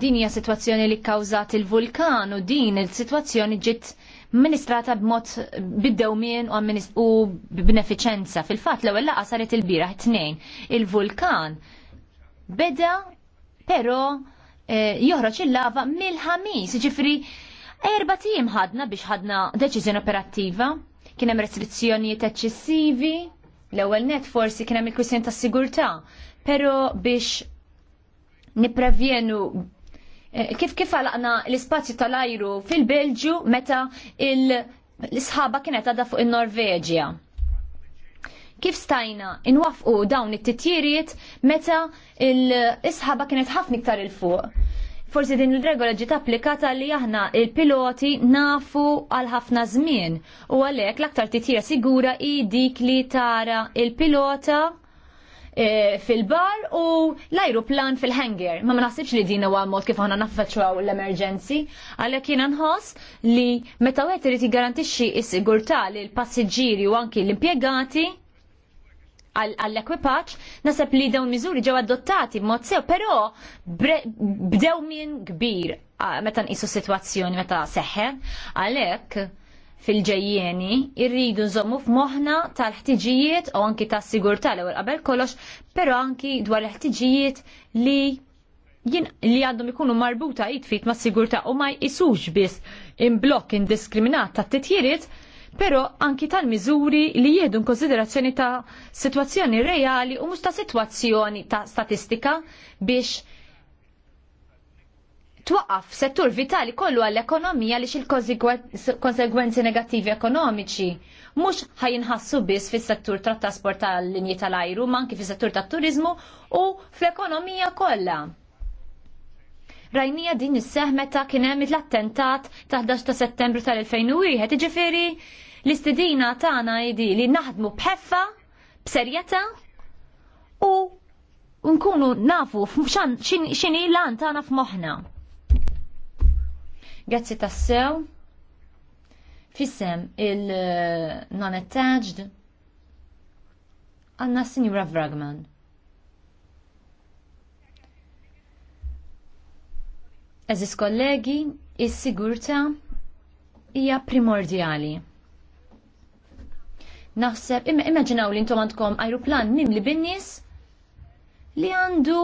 Din hija sitwazzjoni li kkawżat il-vulkan u din il-sitwazzjoni ġiet ministrata b'mod bid-dewmien u b'benefiċenza. Fil-fatt l-ewwel laqgħa saret il-bieraħ tnejn. Il-vulkan beda pero eh, joħroġ il-lava mill-ħamis, ġifri erba tim ħadna biex ħadna deċiżjoni operattiva, kien hemm restrizzjonijiet eċċessivi, l-ewwel net forsi kien hemm il-kwistjoni tas sigurtà, pero biex nipprevjenu eh, kif kif għalqna l-ispazju tal-ajru fil-Belġju meta l-isħaba kienet għadha fuq in-Norveġja. Kif stajna inwafqu dawn it-titjiriet meta l-isħaba kienet ħafna iktar il-fuq? Forsi din il-regola ġiet applikata li aħna il-piloti nafu għal ħafna żmien u għalhekk l-aktar titjira sigura i dik li tara il-pilota E, fil-bar u l-ajruplan fil-hanger. Ma ma naħsibx li din huwa mod kif aħna naffaċċaw l-emerġenzi, għalhekk jiena nħoss li meta wieħed irid jiggarantixxi s-sigurtà lil passiġġieri u anki l-impjegati, għall-ekwipaċ, nasab li dawn miżuri ġew adottati b'mod sew, però bdew min kbir meta nqisu sitwazzjoni meta seħħe, għalhekk fil-ġejjeni irridu nżommu f'moħħna tal-ħtiġijiet u anki tas-sigurtà l-ewwel qabel kollox, però anki dwar l-ħtiġijiet li jien li għandhom ikunu marbuta jitfit ma' sigurtà u ma' jisux biss imblok indiskriminat ta' titjiriet pero anki tal-miżuri li jiedu konsiderazzjoni ta' situazzjoni reali u mhux ta' situazzjoni ta' statistika biex twaqqaf settur vitali kollu għall-ekonomija li xil konsegwenzi negattivi ekonomiċi. Mux ħajinħassu biss fis settur tat trasport tal-linji tal-ajru, manki fis settur tat turizmu u fl-ekonomija kollha. Rajnija din is-seħ meta kien hemm l-attentat ta' 11 ta' Settembru tal-2001, iġifieri l-istidina tagħna jdi li naħdmu bħeffa, b'serjetà u nkunu nafu x'inhi lan tagħna f'moħħna. Grazzi tassew. Fissem il-non-attached għanna Signora Vragman. Eżis kollegi, il sigurta hija primordjali. Naħseb, imma immaġinaw li intom għandkom ajruplan nim li binnis li għandu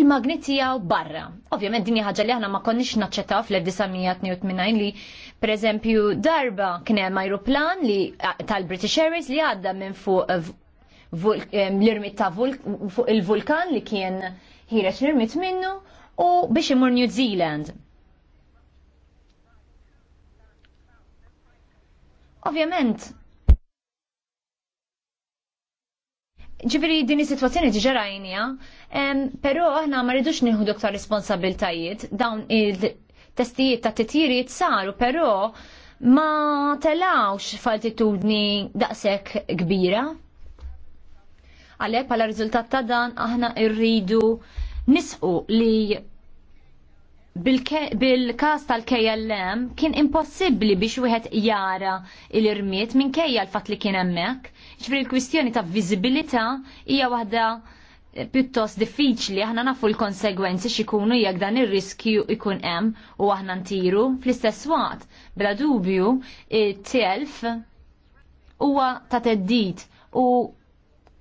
il-magnetijaw barra. Ovvjament din ħaġa li aħna ma konniex naċċettaw fl-1982 li pereżempju darba kien hemm ajruplan li tal-British Airways li għadda minn fuq eh, eh, l-irmit ta' fuq il-vulkan li kien ħireċ l-irmit minnu u biex imur New Zealand. Ovvjament, ġifiri din is-sitwazzjoni diġa rajnija, però aħna ma rridux nieħu doktor responsabiltajiet dawn il-testijiet ta' titjiriet saru, però ma telawx faltitudni daqshekk kbira. Għalhekk bħala riżultat ta' dan aħna rridu nisqu li bil-kas tal-KLM kien impossibbli biex wieħed jara l-irmiet minn kejja l-fat li kien hemmhekk. Ġifri l-kwistjoni ta' viżibilità hija waħda eh, pjuttost diffiċli aħna nafu l-konsegwenzi x'ikunu jekk dan ir-riskju ikun hemm u aħna ntiru fl-istess waqt bla dubju it-telf huwa ta' teddid u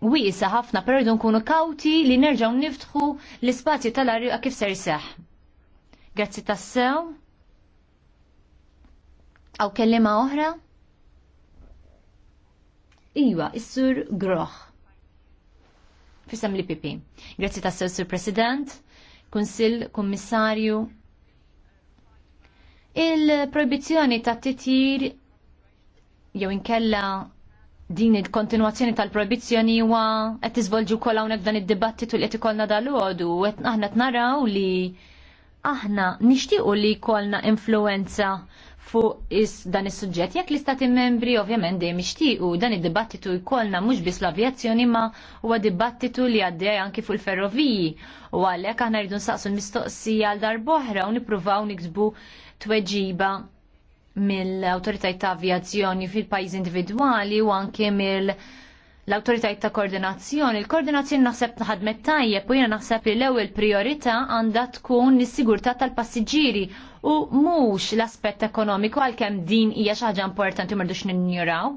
wiesa ħafna, perdu nkunu kawti li nerġgħu niftħu l-ispazju tal-arju kif ser seħ. Grazzi tassew. Aw kellima oħra? Iwa, is-sur Groħ. Fisem li pipi. Grazzi tassew, sur President, Kunsil, Kommissarju. Il-proibizjoni ta' titir jew inkella din il-kontinuazzjoni tal-proibizzjoni huwa qed tiżvolġi wkoll hawnhekk dan id-dibattitu li qed ikollna dalgħodu u qed aħna naraw li aħna nixtiequ li jkollna influenza fuq is dan is-suġġett jekk l-istati membri ovvjament dejjem ixtiequ dan id-dibattitu jkollna mhux biss l-avjazzjoni ma huwa dibattitu li għaddej anki fuq il-ferroviji u għalhekk aħna rridu nsaqsu l-mistoqsija għal oħra u nippruvaw niksbu tweġiba mill-autoritajt ta' avjazzjoni fil-pajjiż individwali u anke mill- l-autoritajt ta' koordinazzjoni. Il-koordinazzjoni naħseb ħadmet tajjeb u jiena naħseb li l-ewwel priorità għandha tkun is-sigurtà tal-passiġġieri u mhux l-aspett ekonomiku għalkemm din hija xi ħaġa importanti u m'rdux ninjuraw.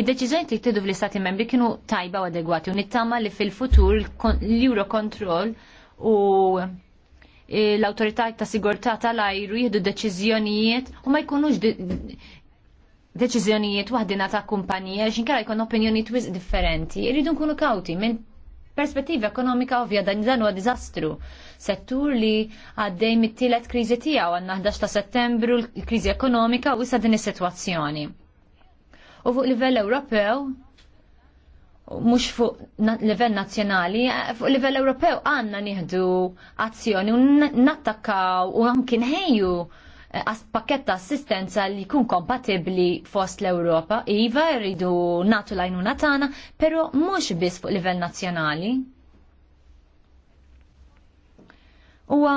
Id-deċiżjoni li jtieħdu fl-Istati Membri kienu tajba u adegwati u nittama li fil-futur l-Eurocontrol u Eh, l autorità ta' sigurtà tal-ajru jieħdu deċiżjonijiet u ma jkunux deċiżjonijiet waħdina ta' kumpanija xinkara jkun opinjoni twiz differenti. Irridu nkunu kawti minn perspettiva ekonomika ovvja dan dan huwa diżastru. Settur li għaddej mit-tielet kriżi tiegħu għandna 11 ta' Settembru l-kriżi ekonomika u issa din is-sitwazzjoni. U fuq livell Ewropew mhux fuq livell nazzjonali, eh, fuq livell Ewropew għandna nieħdu azzjoni u nattakkaw u anki nħejju eh, pakket ta' assistenza li jkun kompatibbli fost l-Ewropa. Iva rridu natu għajnuna tagħna, però mhux biss fuq livell nazzjonali. Uwa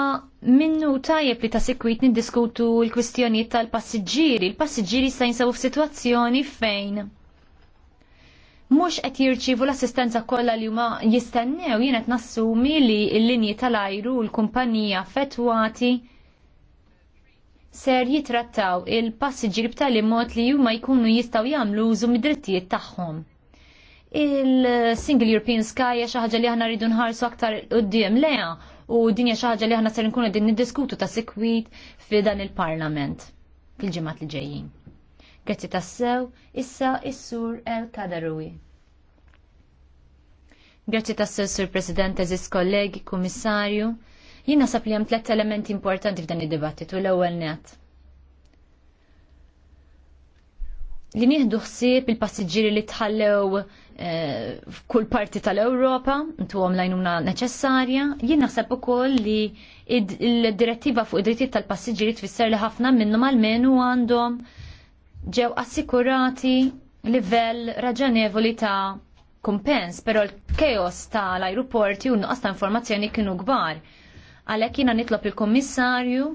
minnu tajjeb li ta' sekwit niddiskutu l-kwistjonijiet tal-passiġġieri. Il-passiġġieri se jinsabu f'sitwazzjoni fejn mhux qed jirċievu l-assistenza kollha li huma jistennew jien qed nassumi li l-linji tal-ajru l-kumpanija affettwati ser jitrattaw il-passiġġieri b'tali mod li huma jkunu jistgħu jagħmlu użu mid-drittijiet tagħhom. Il-Single European Sky hija xi ħaġa li aħna rridu nħarsu aktar quddiem leha u din hija xi ħaġa li aħna ser nkunu qegħdin niddiskutu ta' sikwit fi dan il-Parlament fil-ġimgħat li ġejjin. Grazzi tassew, issa issur sur El Kadarui. Grazzi tassew, sur President, eżis kollegi, kummissarju. Jina sab li hemm tliet elementi importanti f'dan id-dibattitu l-ewwel net. li nieħdu ħsieb il-passiġġieri li tħallew eh, f'kull parti tal-Ewropa, intu għom lajnuna neċessarja, jien naħseb ukoll li id-direttiva fuq id-drittijiet tal-passiġġieri tfisser li ħafna minnhom għal għalmenu għandhom ġew assikurati livell raġonevoli ta' kumpens, però l-keos tal ajruporti u nuqqas ta' informazzjoni kienu kbar. Għalhekk jiena nitlob il-Kummissarju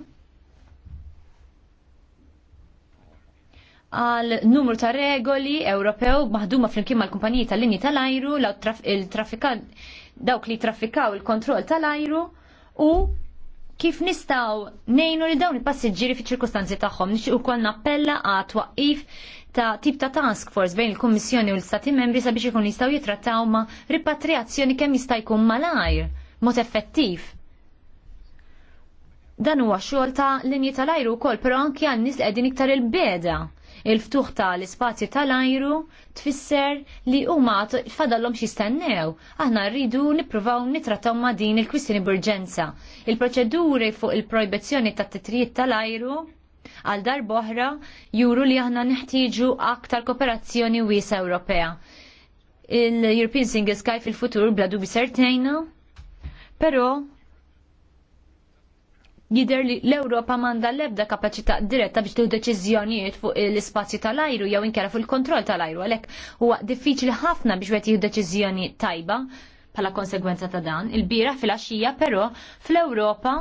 għal numru ta' regoli Ewropew maħduma flimkien mal-kumpaniji tal-linji tal-ajru, il-traffikan dawk li trafikaw il-kontroll tal-ajru u kif nistaw nejnu li dawn il-passiġġieri fi ċirkostanzi tagħhom nixtieq ukoll nappella għat twaqif ta' tip ta' task force bejn il-Kummissjoni u l-Stati membri sabiex ikun jistgħu jitrattaw ma' ripatriazzjoni kemm jista' jkun malajr mod effettiv dan huwa xogħol ta' linji tal-ajru wkoll, però anke għan nies qegħdin iktar il-beda. Il-ftuħ tal-ispazju tal-ajru tfisser li huma fadallhom jistennew. Aħna rridu nippruvaw nitrattaw ma' din il-kwistjoni b'urġenza. Il-proċeduri fuq il-projbezzjoni tat-titrijiet tal-ajru għal darboħra juru li aħna neħtieġu aktar kooperazzjoni wiesa Ewropea. Il-European Single Sky fil-futur bladu sertejna, pero jider li l-Europa manda l-ebda kapacità diretta biex tu deċiżjonijiet fuq l-ispazju tal-ajru jew inkera fuq il-kontroll tal-ajru għalhekk huwa diffiċli ħafna biex wieħed jieħu deċiżjoni tajba bħala konsegwenza ta' dan. Il-bira fil-għaxija però fl-Ewropa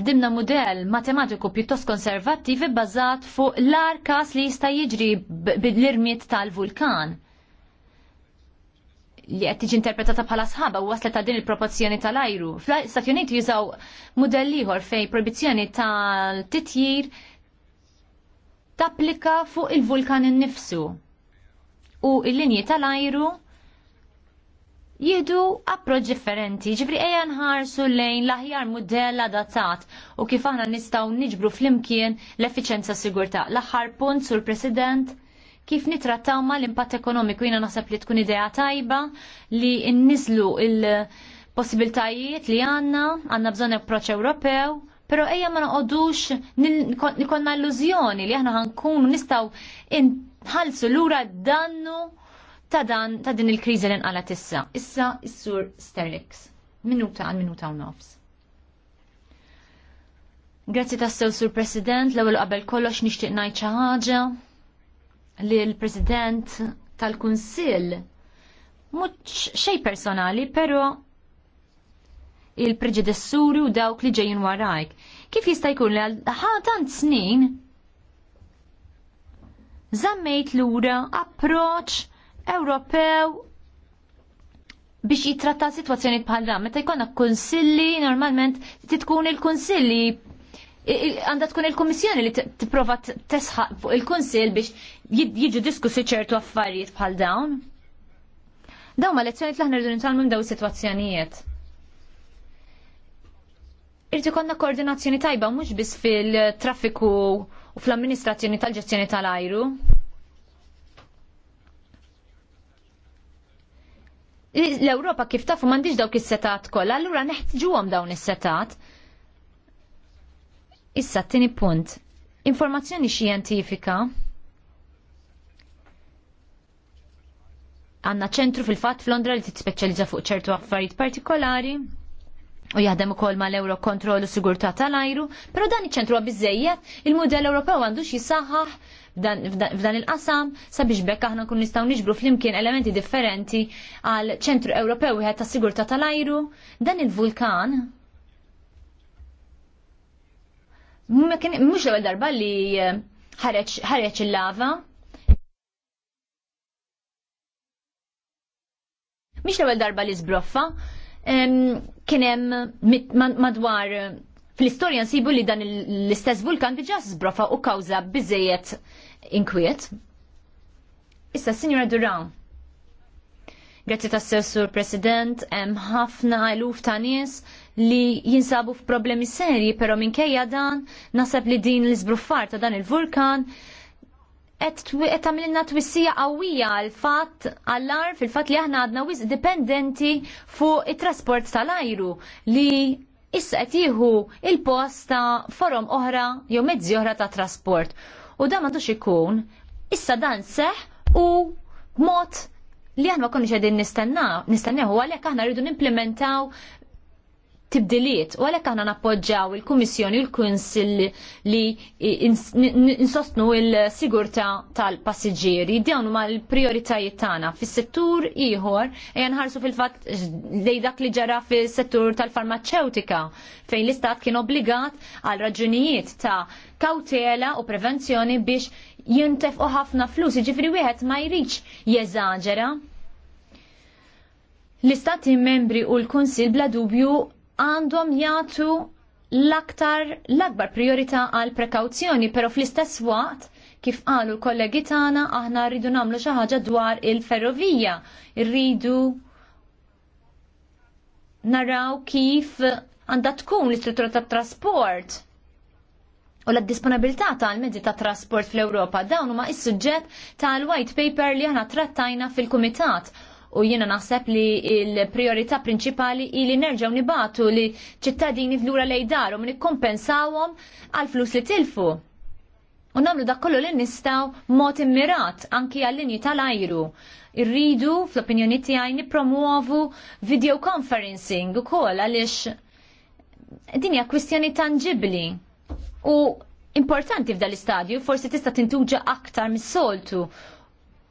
ħdimna model matematiku pjuttost konservativi bbażat fuq l-arkas li jista' jiġri bil-irmiet tal-vulkan li qed tiġi interpretata bħala sħaba u waslet ta' din il-proporzjoni tal-ajru. Fl-Stati Uniti jużaw mudell ieħor fejn proibizzjoni tal-titjir tapplika fuq il-vulkan innifsu. U il-linji tal-ajru jihdu approċ differenti, ġifri eja nħarsu lejn l-aħjar mudell adattat u kif aħna nistgħu niġbru flimkien l-effiċenza s-sigurta: L-aħħar punt sur President kif nitrattaw ma l-impatt ekonomiku jina naħseb li tkun idea tajba li nniżlu il-possibiltajiet li għanna, għanna bżon approċ Ewropew, pero ejja ma naqodux nikonna illużjoni li aħna ħankunu nistaw inħalsu lura dannu ta' dan ta' din il-kriżi li nqalet issa. Issa is-sur Sterlix. Minuta għal minuta u nofs. Grazzi tassew sur President, l-ewwel qabel kollox nixtieq ngħid xi ħaġa li l-President tal-Kunsill mhux xej personali, però il-preġedessuri u dawk li ġejjin warajk. Kif jista' jkun li għal tant snin zammejt lura approċ Ewropew biex jitratta situazzjoni bħal dan. Meta jkollna konsilli, normalment titkun il-konsilli għandha tkun il-Kummissjoni li tipprova tesħaq fuq il-Kunsill biex jiġu diskussi ċertu affarijiet bħal dawn. Dawn ma lezzjoni t ħna rridu nitalmu daw is-sitwazzjonijiet irti konna koordinazzjoni tajba mhux biss fil-traffiku u fl-amministrazzjoni tal-ġestjoni tal-ajru. L-Europa kif tafu mandiġ dawk is-setat kollha, allura neħtġuhom dawn is-setat. Issa t-tini punt. Informazzjoni xjentifika għanna ċentru fil-fat f'Londra li titspeċjalizza fuq ċertu affarijiet partikolari u jaħdem ukoll mal euro kontrol u sigurtà tal-ajru, però dan iċ-ċentru huwa biżejjed il-mudell Ewropew għandux jisaħħaħ f'dan il-qasam sabiex bekk aħna nkun nistgħu niġbru flimkien elementi differenti għal ċentru Ewropew wieħed tas sigurtà tal-ajru, dan il-vulkan Mux l-ewel darba li eh, ħareċ il-lava. Mux l-ewel darba li zbroffa. Kienem madwar eh, fl-istoria nsibu li dan l-istess vulkan diġa zbroffa u kawza bizzejiet inkwiet. Issa, Signora Duran. Grazzi tas-sessur President, hemm ħafna eluf ta' nies li jinsabu f'problemi serji, pero minkejja dan nasab li din l-izbruffar ta' dan il-vulkan qed tagħmilna twissija qawwija għal fatt għall-ar fil-fatt li aħna għadna wis dipendenti fuq it-trasport tal-ajru li issa qed jieħu il-post ta' forom oħra jew mezzi oħra ta' trasport. U dan m'għandux ikun issa dan seħ u mod li aħna ma konniex qegħdin nistennew, nistennew għalhekk aħna rridu nimplementaw tibdiliet u għalhekk aħna nappoġġaw il-Kummissjoni u l-Kunsill li insostnu l-sigurtà tal-passiġġieri. Dawn huma l-prijoritajiet tagħna fis-settur ieħor ejja nħarsu fil-fatt lejn dak li ġara fis-settur tal-farmaceutika fejn l-istat kien obbligat għal raġunijiet ta' kawtela u prevenzjoni biex jintefqu ħafna flus, jiġifieri wieħed ma jridx jeżaġera l-istati membri u l kunsill bla dubju għandhom jagħtu l-aktar l-akbar priorità għal prekawzjoni, pero fl-istess waqt kif qalu l-kollegi tagħna aħna rridu nagħmlu xi ħaġa dwar il-ferrovija. Rridu naraw kif għandha tkun l-istruttura tat trasport u l-disponibilità tal-mezzi ta' trasport fl-Ewropa dawn huma s suġġett tal-white paper li aħna trattajna fil-kumitat u jiena naħseb li l-priorità prinċipali ili nerġaw nibatu li ċittadini f'lura lej darhom nikkompensawhom għal flus li tilfu. U nagħmlu dak kollu li nistgħu mod immirat anki għall-linji tal-ajru. Irridu fl-opinjoni tiegħi nippromuovu video conferencing ukoll għaliex din hija kwistjoni tangibbli u importanti f'dal istadju forsi tista' tintuġa aktar mis-soltu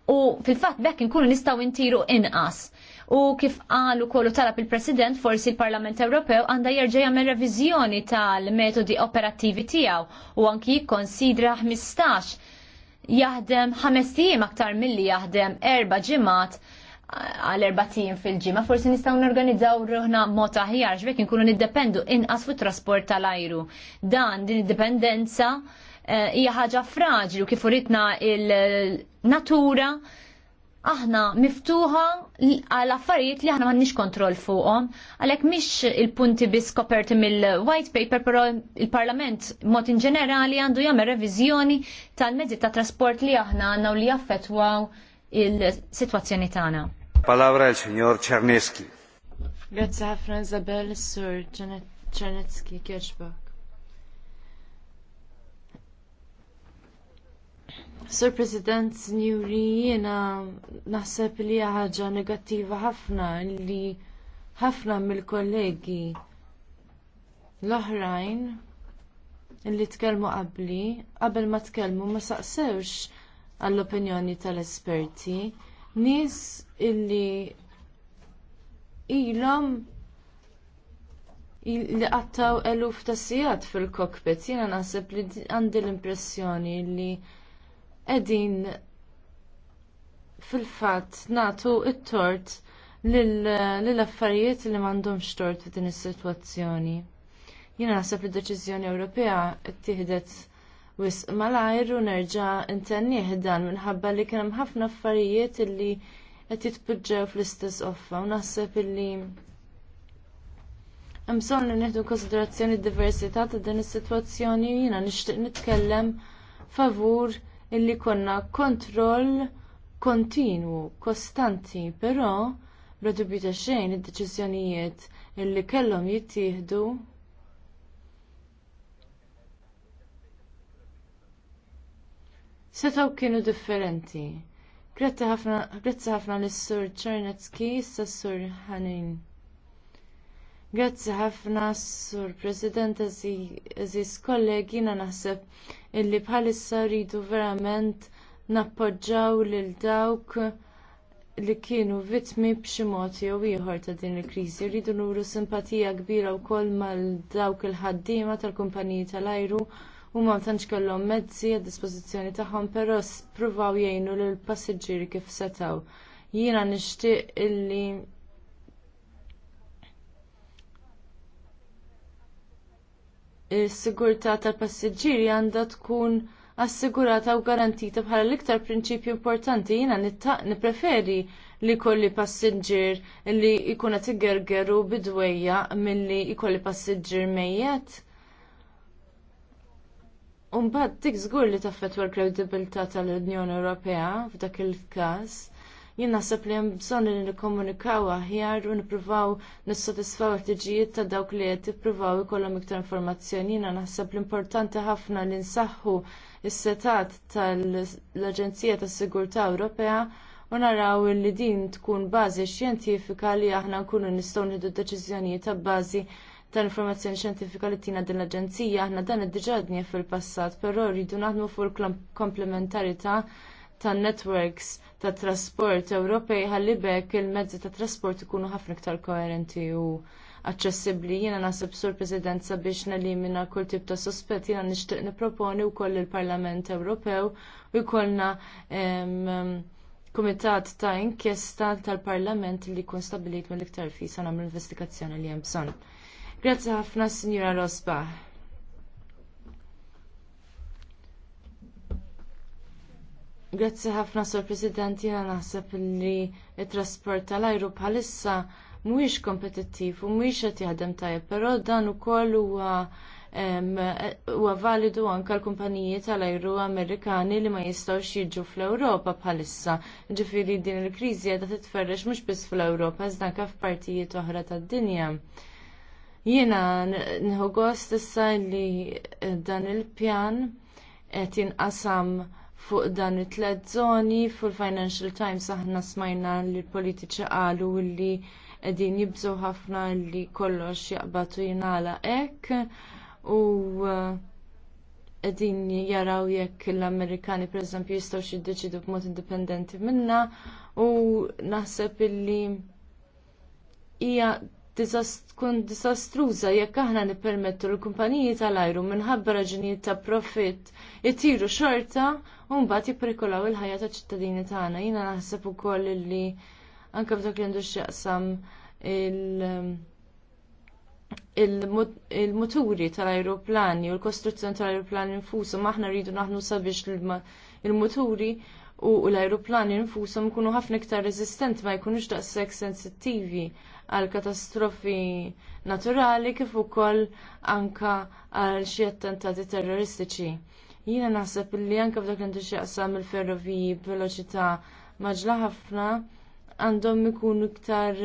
u fil-fatt bekk nkunu nistgħu intiru inqas. U kif qalu kollu talab il-President forsi l-Parlament Ewropew għandha jerġa' jagħmel reviżjoni tal-metodi operattivi tiegħu u anki jikkonsidra 15 jaħdem ħames tiem aktar milli jaħdem erba' ġimgħat għal erbatijin fil ġimgħa forsi nistaw n-organizzaw ruħna mota ħjar, ġvek inkunu niddependu inqas fu trasport tal-ajru. Dan din id-dipendenza eh, hija ħaġa fraġli u kif uritna il- natura aħna miftuħa għal affarijiet li aħna m'għandniex kontroll fuqhom, għalhekk mhix il-punti biss koperti mill-white paper, però il-Parlament mod in ġenerali għandu jagħmel reviżjoni tal-mezzi ta' trasport li aħna għandna li jaffettwaw il-sitwazzjoni tagħna. Palavra il-Signor Czerneski. Grazie ħafna Isabel, Sur Czarnecki, kieċba. Sur President, Sinjuri, jena naħseb li ħaġa negattiva ħafna li ħafna mill-kollegi l-oħrajn li tkellmu qabli, qabel ma tkellmu ma saqsewx għall-opinjoni tal-esperti, nies illi ilhom li qattaw eluf ta' sigħat fil-kokpit, jiena naħseb li għandi l-impressjoni li qegħdin fil-fatt nagħtu it-tort lill-affarijiet li m'għandhomx tort f'din is-sitwazzjoni. Jina naħseb li d deċiżjoni Ewropea ttieħdet wisq malajr u nerġa' intennieh dan minħabba li kien hemm ħafna affarijiet li qed jitpoġġew fl-istess offa u naħseb illi hemm bżonn li nieħdu konsiderazzjoni d-diversità ta' din is-sitwazzjoni jiena nixtieq nitkellem favur illi konna kontroll kontinwu, kostanti, però bla dubju ta' xejn id-deċiżjonijiet illi kellhom jittieħdu setaw kienu differenti. Grazzi ħafna lis sur Czernetski, s-sur Hanin. Grazzi ħafna, Sur President, eżis kollegi, jiena naħseb illi bħalissa rridu verament nappoġġaw lil dawk li kienu vittmi b'xi mod jew ieħor ta' din il-kriżi. Rridu nuru simpatija kbira wkoll mal dawk il-ħaddiema tal-kumpaniji tal-ajru u ma tantx kellhom mezzi għad dispożizzjoni tagħhom, però spruvaw jgħinu lill passiġġieri kif setgħu. Jiena nixtieq illi is-sigurtà tal-passiġġieri għandha tkun assigurata u garantita bħala l-iktar prinċipju importanti jiena nippreferi li jkolli passiġġier li jkun qed igergeru bidwejja milli jkolli passiġġier mejjed. U mbagħad dik żgur li taffettwa l-kredibilità tal-Unjoni Ewropea f'dak il-każ jien naħseb li hemm bżonn li nikkomunikaw aħjar u nippruvaw nissodisfaw ħtiġijiet ta' dawk li qed ippruvaw ikollhom iktar informazzjoni. Jiena naħseb l-importanti ħafna li nsaħħu is-setat tal-Aġenzija tas-Sigurtà Ewropea u naraw li din tkun bażi xjentifika li aħna nkunu nistgħu nieħdu deċiżjonijiet ta' bażi tal-informazzjoni xjentifika li tina din l-Aġenzija aħna dan diġà fil-passat, però rridu naħdmu fuq il komplementarità tan-networks ta' trasport Ewropej ħallibek il-mezzi ta' trasport ikunu ħafna iktar koerenti u aċċessibbli. Jiena naħseb sur President sabiex nelimina kull tip ta' sospett jiena nixtieq nipproponi wkoll il-Parlament Ewropew u jkollna kumitat ta' inkjesta tal-Parlament li jkun stabbilit mill-iktar fisa nagħmlu investigazzjoni li hemm bżonn. Grazzi ħafna, Signora Rosbach. Grazzi ħafna Sur President jiena naħseb li t trasport tal-ajru bħalissa mhuwiex kompetittiv u mhuwiex qed jaħdem tajjeb, però dan ukoll huwa huwa validu anke l-kumpaniji tal-ajru Amerikani li ma jistgħux jiġu fl-Ewropa bħalissa. Ġifieri din il-kriżi qiegħda titferrex mhux biss fl-Ewropa iżda anke f'partijiet oħra tad-dinja. Jiena nħu gost issa li dan il-pjan qed jinqasam fuq dan it-tlet zoni fil-Financial Times aħna smajna li l politiċi qalu li qegħdin jibżgħu ħafna li kollox jaqbatu jingħala hekk u uh, qegħdin jaraw jekk l-Amerikani pereżempju jistgħu jiddeċidu b'mod indipendenti minnha u naħseb illi hija tkun disastruża jekk aħna nippermettu l-kumpaniji tal-ajru minħabba raġunijiet ta' profitt itiru xorta u mbagħad jipprikolaw il-ħajja taċ ċittadini tagħna. Jiena naħseb ukoll li anke f'dak li għandu x'jaqsam il-muturi tal-ajruplani u l-kostruzzjoni tal-ajruplani nfushom aħna rridu naħnu sabiex il-muturi u l-ajruplani nfushom ikunu ħafna iktar reżistenti ma jkunux daqshekk sensittivi għal katastrofi naturali kif ukoll anka għal xi attentati terroristiċi. Jiena naħseb li anke f'dak li xaqsam il-ferroviji b'veloċità maġla ħafna għandhom ikunu iktar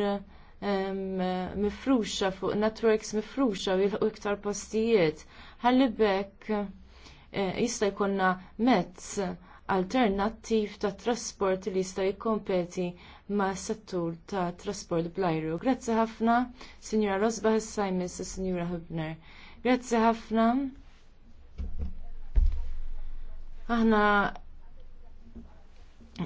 mifruxa fuq networks mifruxa u jilħu iktar postijiet. Ħalli bekk e, jista' jkollna mezz alternattiv ta' trasport li jista' jikkompeti ma' settur ta' trasport bl-ajru. Grazzi ħafna, Signora Rosbach Simons u Signora Hübner. Grazzi ħafna. Aħna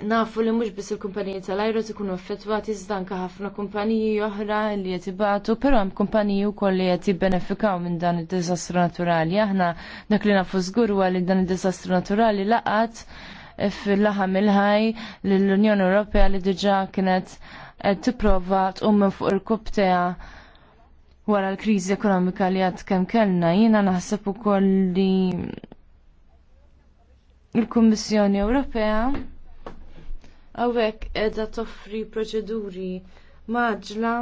nafu li mhux biss il-kumpaniji tal-ajru ikunu affettwati iżda anke ħafna kumpaniji oħra li qed ibatu, però hemm kumpaniji wkoll li qed jibbenefikaw minn dan id-diżastru naturali. Aħna dak li nafu żgur huwa li dan id-diżastru naturali laqat fil-laħa mill-ħaj l-Unjoni Ewropea li diġa kienet tipprova t minn fuq il-kubteja wara l-kriżi ekonomika li għad kem kellna. Jiena naħseb ukoll li il-Kummissjoni Ewropea għawek edha toffri proċeduri maġla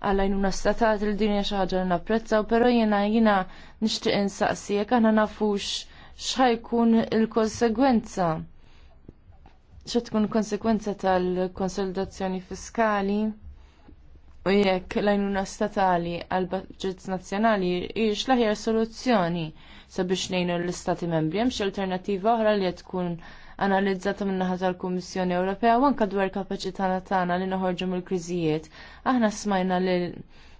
għallajnuna statat il-dinja xaħġa napprezzaw, pero jena jena nishtiq insaqsijek, għana nafux xħajkun il-konsegwenza xa tkun konsekwenza tal-konsolidazzjoni fiskali u jekk l-għajnuna statali għal budgets nazzjonali hijiex l-aħjar soluzzjoni sabiex ngħinu l-istati membri hemm xi alternattiva oħra li tkun analizzata min-naħa tal-Kummissjoni Ewropea u anke dwar kapaċità tagħna li noħorġu mill-kriżijiet. Aħna smajna li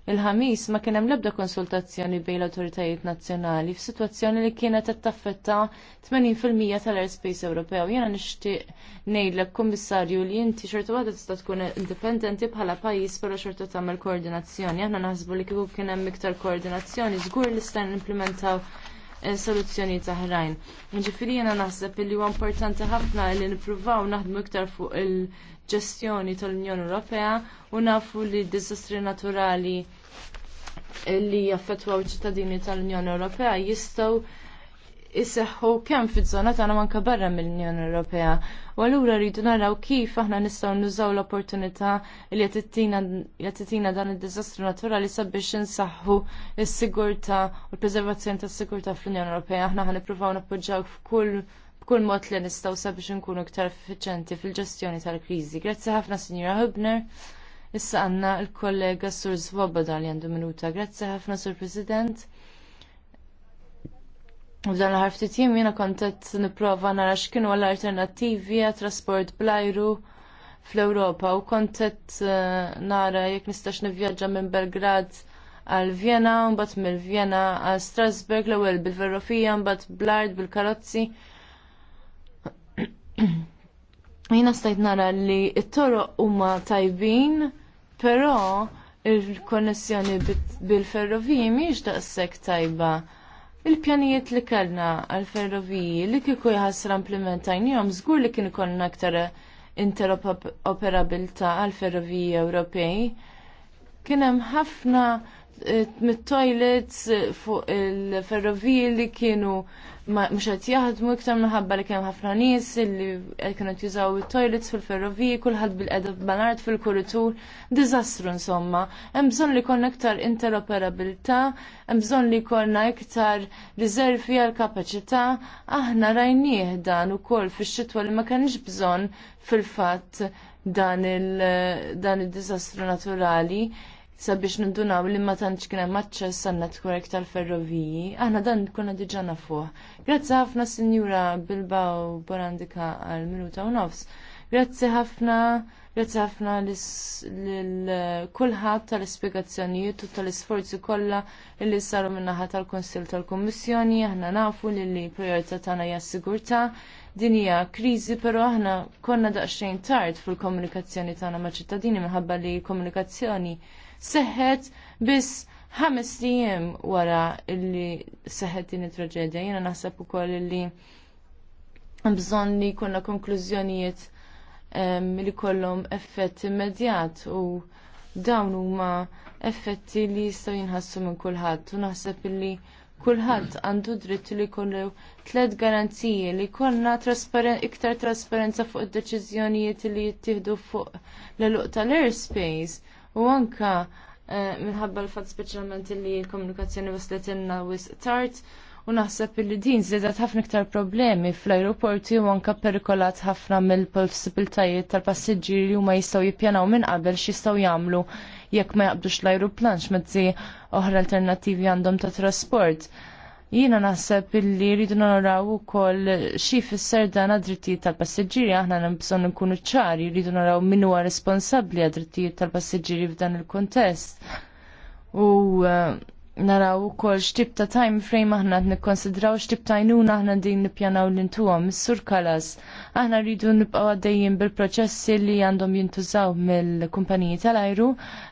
Il-ħamis ma kien hemm l-ebda konsultazzjoni bejn l-awtoritajiet nazzjonali f'sitwazzjoni li kienet qed taffetta 80% tal-airspace Ewropew. Jiena nixtieq ngħidlek kummissarju li inti xorta waħda tista' tkun indipendenti bħala pajjiż però xorta tagħmel koordinazzjoni. Aħna naħsbu li kieku kien hemm iktar koordinazzjoni żgur li stan implementaw eh, soluzzjoni taħrajn. Ġifiri jena naħseb li huwa importanti ħafna li nippruvaw naħdmu iktar fuq il-ġestjoni tal-Unjoni Ewropea u nafu li d-disastri naturali li jaffettwaw ċittadini tal-Unjoni Ewropea jistgħu jisseħħu kemm fiż-żona tagħna manka barra mill-Unjoni Ewropea. U allura rridu naraw kif aħna nistgħu nużaw l-opportunità li qed titina dan id-diżastru naturali sabiex insaħħu s-sigurtà u l-preservazzjoni tas-sigurtà fl-Unjoni Ewropea. Aħna ħa nippruvaw nappoġġjaw f'kull b'kull mod li nistgħu sabiex inkunu iktar effiċenti fil-ġestjoni tal-kriżi. Grazzi ħafna Sinjura Hubner. Issa għanna il-kollega Sur Svoboda li għandu minuta. Grazzi ħafna Sur President. F'dan l ħarftit jim jena kontet niprofa nara x'kienu għall alternattivi għat trasport blajru fl-Europa u kontet eh, nara jekk nistax nivvjaġġa minn Belgrad għal Vienna, mbagħad mill Vienna għal Strasburg l-ewwel bil ferrofija mbagħad blard bil-karozzi. Jina stajt nara li t toroq huma tajbin però il-konnessjoni bil-ferroviji miex daqshekk tajba. Il-pjanijiet li kellna għal-ferroviji li kieku jħassra implementajnijom żgur li kien ikollna aktar interoperabilità għal-ferroviji Ewropej. Kien hemm ħafna eh, mit-toilets fuq il-ferroviji li kienu mhux qed jaħdmu iktar minħabba li kemm ħafna nies li kienu jużaw it-toilets fil-ferroviji, kullħat bil edab b'banart fil-kuritur, diżastru insomma. Hemm bżonn li jkollna iktar interoperabilità, hemm bżonn li jkollna iktar riservi għal kapaċità, aħna rajnieh dan ukoll fix-xitwa li ma kenniex bżonn fil-fatt dan il-diżastru naturali sabiex nindunaw li ma tantx kien hemm aċċess għandna tkorek tal-ferroviji, aħna dan kuna diġà nafuh. Grazzi ħafna Sinjura Bilbao Borandika għal minuta u nofs. Grazzi ħafna, grazzi ħafna lil kulħadd tal-ispjegazzjonijiet u tal-isforzi kollha li saru min-naħa tal-Konsil tal-Kummissjoni, aħna nafu li li priorità tagħna hija s-sigurtà, din hija kriżi, però aħna konna daqsxejn tard fil-komunikazzjoni tagħna ma' ċittadini minħabba li komunikazzjoni seħħet biss ħames jiem wara illi seħħet din it-traġedja. Jiena naħseb ukoll illi bżonn li jkollna konklużjonijiet ehm, li kollhom effett immedjat u dawn huma effetti li jistgħu jinħassu minn kulħadd u naħseb illi kulħadd għandu dritt li jkollu tliet garanziji li jkollna iktar trasparenza fuq id-deċiżjonijiet li jittieħdu fuq l-eluq tal-airspace u anka eh, minħabba l-fat speċjalment li l-komunikazzjoni waslet inna wis tard u naħseb li din zedat ħafna iktar problemi fl-ajruporti u anka perikolat ħafna mill-possibiltajiet tal-passiġġieri li huma jistgħu jippjanaw minn qabel x'jistgħu jagħmlu jekk ma jaqbdux l ajruplan mezzi oħra alternattivi għandhom ta' trasport. Jiena naħseb illi rridu naraw ukoll xi fisser dan għad-drittijiet tal-passiġġieri aħna hemm bżonn nkunu ċari, rridu naraw min huwa responsabbli għad-drittijiet tal-passiġġieri f'dan il-kuntest. U uh, naraw ukoll x'tip ta' time frame aħna t nikkonsidraw x'tib ta' jnuna aħna din nippjanaw intu ntuhom is-sur Kalas. Aħna rridu nibqgħu għaddejjen bil-proċessi li għandhom jintużaw mill-kumpaniji tal-ajru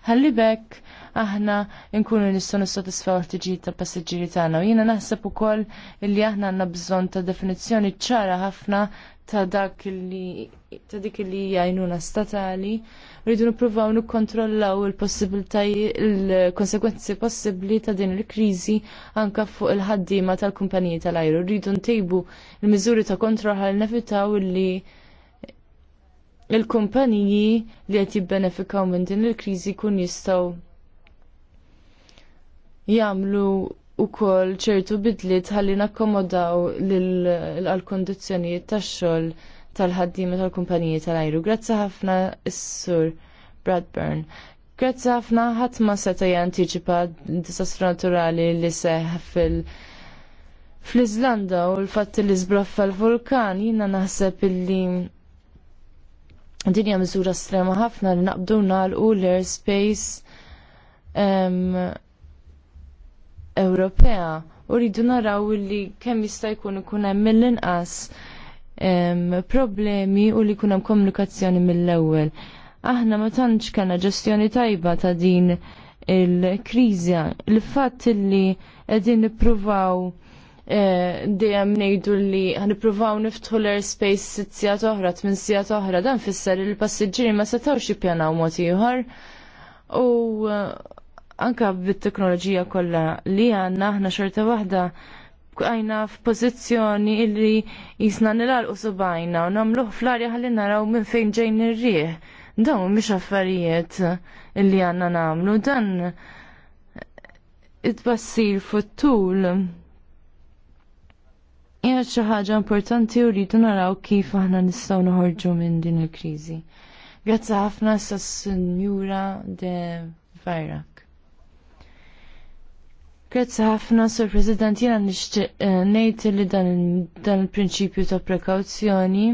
ħalli bekk aħna nkunu nistgħu nissodisfaw ħtiġijiet tal-passiġġieri tagħna. Jiena naħseb ukoll li aħna għandna bżonn ta' definizzjoni ċara ħafna ta' dak li ta' dik li hija għajnuna statali rridu nippruvaw nikkontrollaw il-possibilitajiet il-konsekwenzi possibbli ta' din il-kriżi anke fuq il-ħaddiema tal-kumpaniji tal-ajru. Rridu ntejbu l-miżuri ta' kontroll ħalli nevitaw li il-kumpaniji li qed jibbenefikaw minn din il-kriżi kun jistgħu jagħmlu u kol ċertu bidliet ħalli nakkomodaw l għal kundizzjonijiet tax-xogħol tal-ħaddima tal-kumpaniji tal-ajru. Grazzi ħafna is-sur Bradburn. Grazzi ħafna ħadd ma seta' jantiċipa disastru naturali li seħ fil- fl-Iżlanda u l-fatt li zbraffa l-vulkan jina naħseb illi dinja miżura strema ħafna li naqbdu nagħlqu l-airspace Ewropea u rridu naraw illi kemm jista' jkun ikun hemm mill-inqas problemi u li kunem komunikazzjoni mill-ewel. Aħna ma tantx kellna ġestjoni tajba ta' din il krizi Il-fatt li qegħdin nippruvaw eh, dejjem ngħidu li ħnippruvaw niftħu l-airspace sitt t oħra, tmien sigħat oħra, dan fisser li l-passiġġieri ma setgħux jippjanaw mod ieħor. U eh, anka bit-teknoloġija kollha li għandna aħna xorta waħda għajna f'pożizzjoni illi jisna u subajna u namlu fl-arja ħalli naraw minn fejn ġejn ir-rieħ. Dawn mhix affarijiet illi għandna namlu, dan it-bassir fit-tul. Hija xi ħaġa importanti u rridu naraw kif aħna nistgħu noħorġu minn din il-kriżi. Grazzi ħafna sas-Sinjura de Vajra. Grazzi ħafna, Sur President, jena nixtieq eh, ngħid li dan il-prinċipju ta' prekawzjoni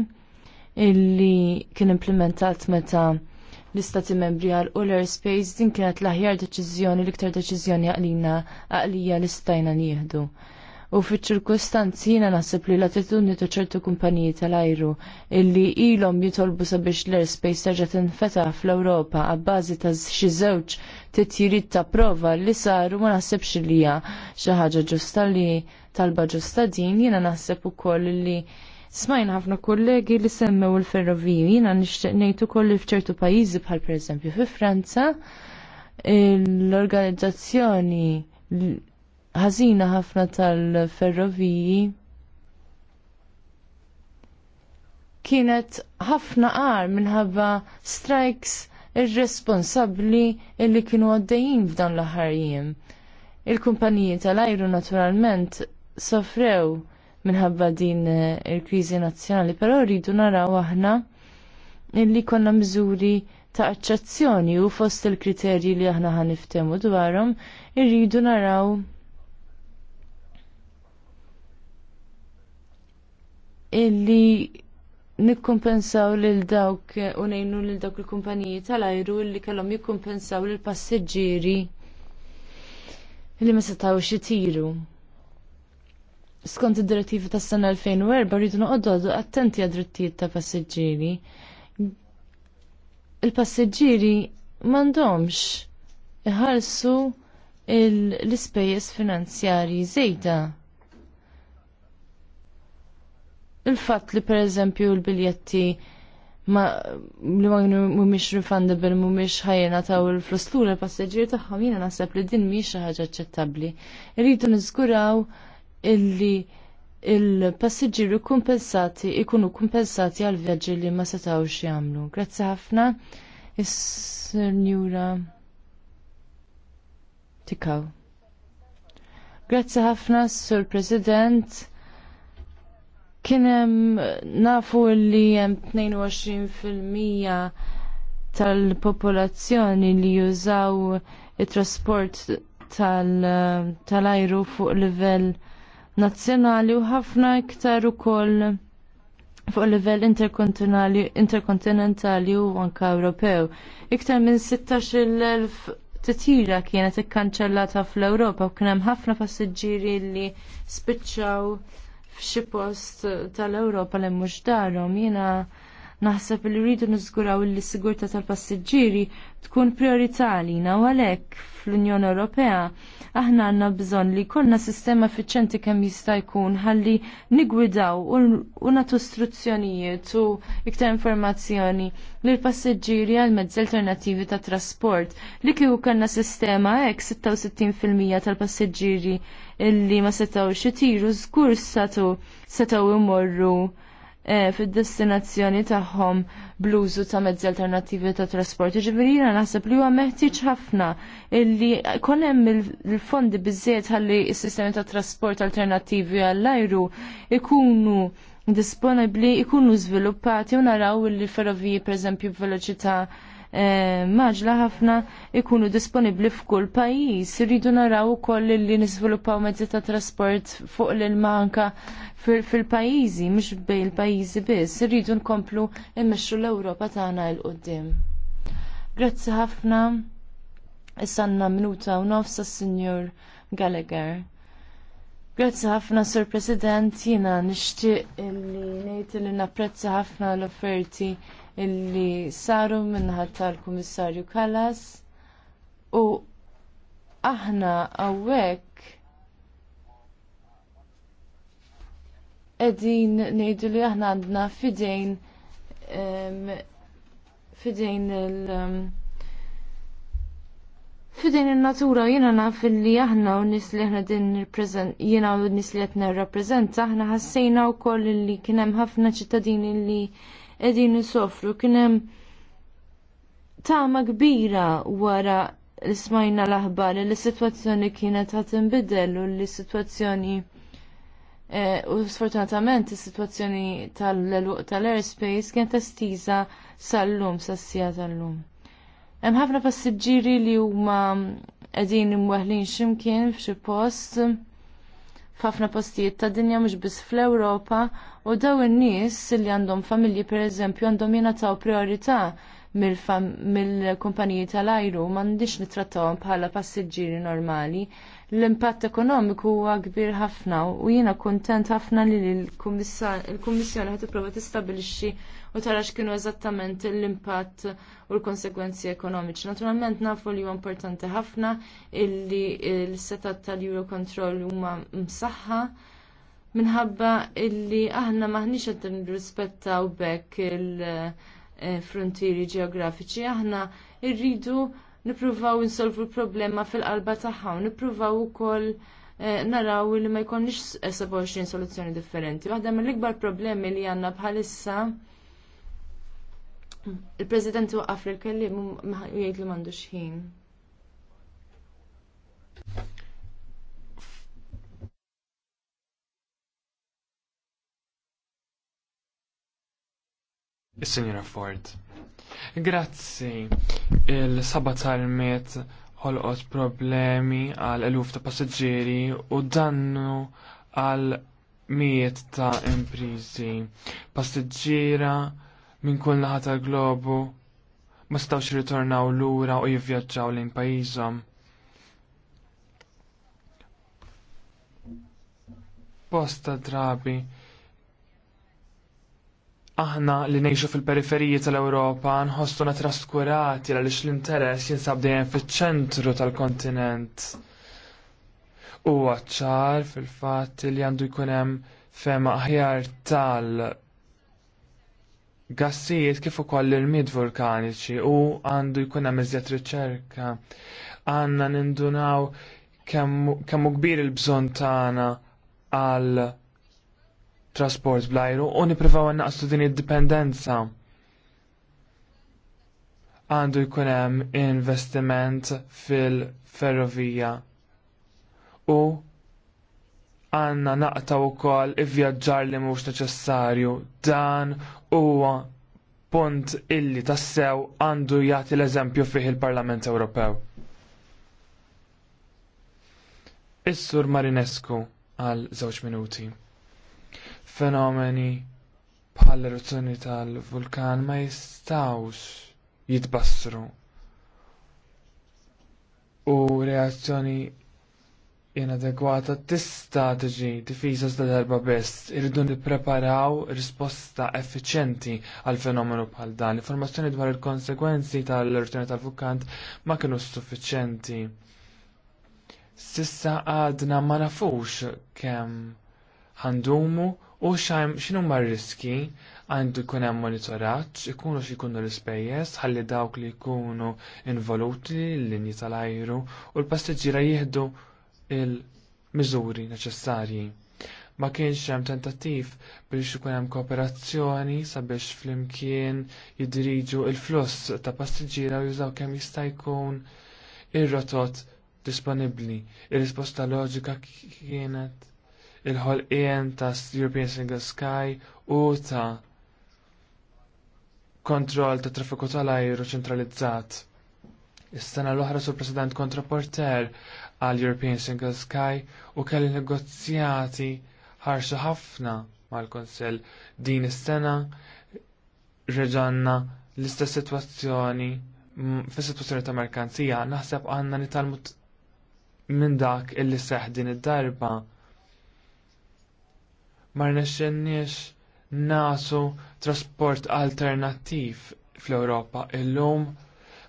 illi kien implementat meta l-istati membri għal u l-airspace din kienet l-aħjar deċiżjoni, l-iktar deċiżjoni għalina għalija l-istajna nieħdu. jihdu. U fiċ-ċirkustanzi jina naħseb li l-attitudni ta' ċertu kumpaniji tal-ajru illi ilhom jitolbu sabiex l-airspace terġa' tinfetaħ fl-Ewropa għabbażi ta' xi żewġ titjiriet ta' prova li saru ma naħsebx li hija xi ħaġa ġusta li talba ġusta din jiena naħseb ukoll li Smajna ħafna kollegi li semmew il-ferroviju, jina nishtiq nejtu kolli fċertu pajizi bħal per eżempju fi Franza, l-organizzazzjoni ħażina ħafna tal-ferroviji kienet ħafna qar minħabba strikes irresponsabbli illi kienu għaddejjin f'dan l-aħħar jiem. Il-kumpaniji tal-ajru naturalment sofrew minħabba din il-kriżi nazzjonali, però rridu naraw aħna illi konna miżuri ta' aċċazzjoni u fost il-kriterji li aħna ħaniftemu dwarhom irridu naraw illi nikkumpensaw lil dawk u nejnu lil dawk il-kumpaniji tal-ajru illi kellhom jikkumpensaw lil passiġġieri illi ma setgħux itiru. Skont id-direttivi tas-sena 2004 rridu noqogħdu attenti għad-drittijiet ta' passiġġieri. Il-passiġġieri m'għandhomx iħallsu l-ispejjeż finanzjarji żejda il-fatt li pereżempju l-biljetti ma li ma mhumiex refundable mhumiex ħajjena taw il-flus il passeġġier tagħhom jiena naħseb li din mhix xi ħaġa aċċettabbli. Irridu niżguraw illi il-passiġġieri kumpensati ikunu kumpensati għal vjaġġi li ma setawx jagħmlu. Grazzi ħafna is-Sinjura Tikaw. Grazzi ħafna, Sur President kienem nafu li jem 22% tal-popolazzjoni li jużaw it-trasport tal-ajru tal fuq livell nazzjonali u ħafna iktar ukoll fuq livell interkontinentali u anka Ewropew. Iktar minn 16.000 titira kienet ikkanċellata fl-Ewropa u kien hemm ħafna passiġġieri li spiċċaw f'xi post tal-Ewropa li mhux darhom jiena naħseb li rridu niżguraw li s-sigurta tal-passiġġieri tkun priorità għalina u għalhekk fl-Unjoni Ewropea aħna għandna bżonn li jkollna sistema effiċenti kemm jista' jkun ħalli nigwidaw u nagħtu istruzzjonijiet u iktar informazzjoni lil passiġġieri għal mezzi alternattivi ta' trasport li kieku kellna sistema hekk 66% tal-passiġġieri illi ma setaw xitiru żgur satu setgħu imorru E, fid-destinazzjoni tagħhom bluzu ta' mezzi alternattivi ta' trasporti. Ġifieri jiena naħseb li huwa meħtieġ ħafna illi konem hemm il-fondi bizziet ħalli s-sistemi ta' trasport alternattivi għall-ajru ikunu disponibbli, ikunu żviluppati u naraw li ferroviji esempio, b'veloċità Eh, maġla ħafna ikunu disponibbli f'kull pajjiż. Rridu naraw ukoll li niżviluppaw mezzi ta' trasport fuq l manka fil-pajjiżi, mhux bejn il-pajjiżi biss. Rridu nkomplu immexxu l-Ewropa tagħna il qoddim Grazzi ħafna. Issa għandna minuta u nofsa s-Sinjur Gallagher. Grazzi ħafna, Sir President, jina nishtiq li nejt li napprezza ħafna l-offerti illi saru minnaħat tal-Kummissarju Kallas u aħna għawek edin nejdu li aħna għandna fidejn um, fidejn il- um, Fidejn il-natura jena naf li aħna u nis li aħna din jena u nis li aħna rappresenta aħna ħassejna u koll li kienem ħafna ċittadini li qegħdin nisofru kien hemm tama kbira wara l smajna l-aħbar li s-sitwazzjoni kienet ta' tinbidel u li s-sitwazzjoni e, u sfortunatament is-sitwazzjoni tal-airspace kienet estiża sal-lum, sas-sija tal-lum. Hemm ħafna passiġġieri li huma qegħdin imwaħlin x'imkien f'xi post f'ħafna postijiet ta' dinja mhux biss fl-Ewropa u daw in-nies li għandhom familji pereżempju għandhom jingħataw priorità mill-kumpaniji tal-ajru m'għandix nittrattawhom bħala passiġġieri normali. L-impatt ekonomiku huwa kbir ħafna u jiena kuntent ħafna li l-Kummissjoni qed tipprova tistabbilixxi u tara kienu eżattament l-impatt u l-konsekwenzi ekonomiċi. Naturalment nafu li huwa importanti ħafna illi l-setat tal-Eurocontrol huma msaħħa minħabba illi aħna maħniex qed nirrispettaw bekk il-frontieri ġeografiċi, aħna rridu nippruvaw insolvu l-problema fil-qalba tagħha u nippruvaw ukoll eh, naraw li ma jkonniex 27 soluzzjoni differenti. Waħda mill-ikbar problemi li għandna bħalissa Il-President Afrika li kelli jgħid li m'għandux ħin. Is-Sinjora Ford. Grazzi. Il-sabatar met ħolqot problemi għal eluf ta' passiġġieri u dannu għal miet ta' imprizi. Passiġġiera minn kull naħa tal-globu ma stawx ritornaw lura u jivvjaġġaw lejn pajjiżhom. Bosta drabi aħna li nejxu fil-periferiji tal-Ewropa nħossu natraskurati għaliex l-interess jinsab dejjem fiċ-ċentru tal-kontinent. U għacċar fil-fatt li għandu jkun hemm fema aħjar tal- gassijiet kif ukoll l mid vulkaniċi u għandu jkun hemm iżjed riċerka. Għandna nindunaw kemm kbir il-bżonn tagħna għal trasport bl-ajru u nippruvaw naqsu din id-dipendenza. Għandu jkun hemm investiment fil-ferrovija u għanna naqta u kol ivvjaġġar li mux neċessarju. Dan huwa punt illi tassew għandu jagħti l-eżempju fih il-Parlament Ewropew. Is-Sur Marinescu għal żewġ minuti. Fenomeni bħal eruzzjoni tal-vulkan ma jistawx jitbassru u reazzjoni inadegwata tista tiġi difiża sta darba best. Irridu nippreparaw risposta effiċenti għal fenomenu bħal dan. Informazzjoni dwar il konsegwenzi tal-irtuna tal-vukant ma kienu suffiċenti. Sissa għadna ma nafux kemm ħandumu u xajm xinu ma riski għandu jkun hemm monitoraġġ, ikunu x'ikunu l-ispejjeż ħalli dawk li jkunu involuti l-linji tal-ajru u l-passiġġiera jieħdu il-miżuri neċessarji. Ma kienx hemm tentattiv biex ikun hemm kooperazzjoni sabiex flimkien jidriġu il-fluss ta' passiġġiera u jużaw kemm jista' jkun ir-rotot disponibbli. Ir-risposta loġika kienet il-ħolqien ta' European Single Sky u ta' kontroll ta' traffiku tal-ajru ċentralizzat. Is-sena l-oħra sur President Kontraporter għal European Single Sky u kelli negozjati ħarxu ħafna mal-Konsell din is-sena reġanna l-istess sitwazzjoni fis situazzjoni ta' merkanzija naħseb għandna nitalmu minn dak illi seħ din id-darba. Ma rnexxenniex nasu trasport alternattiv fl-Ewropa illum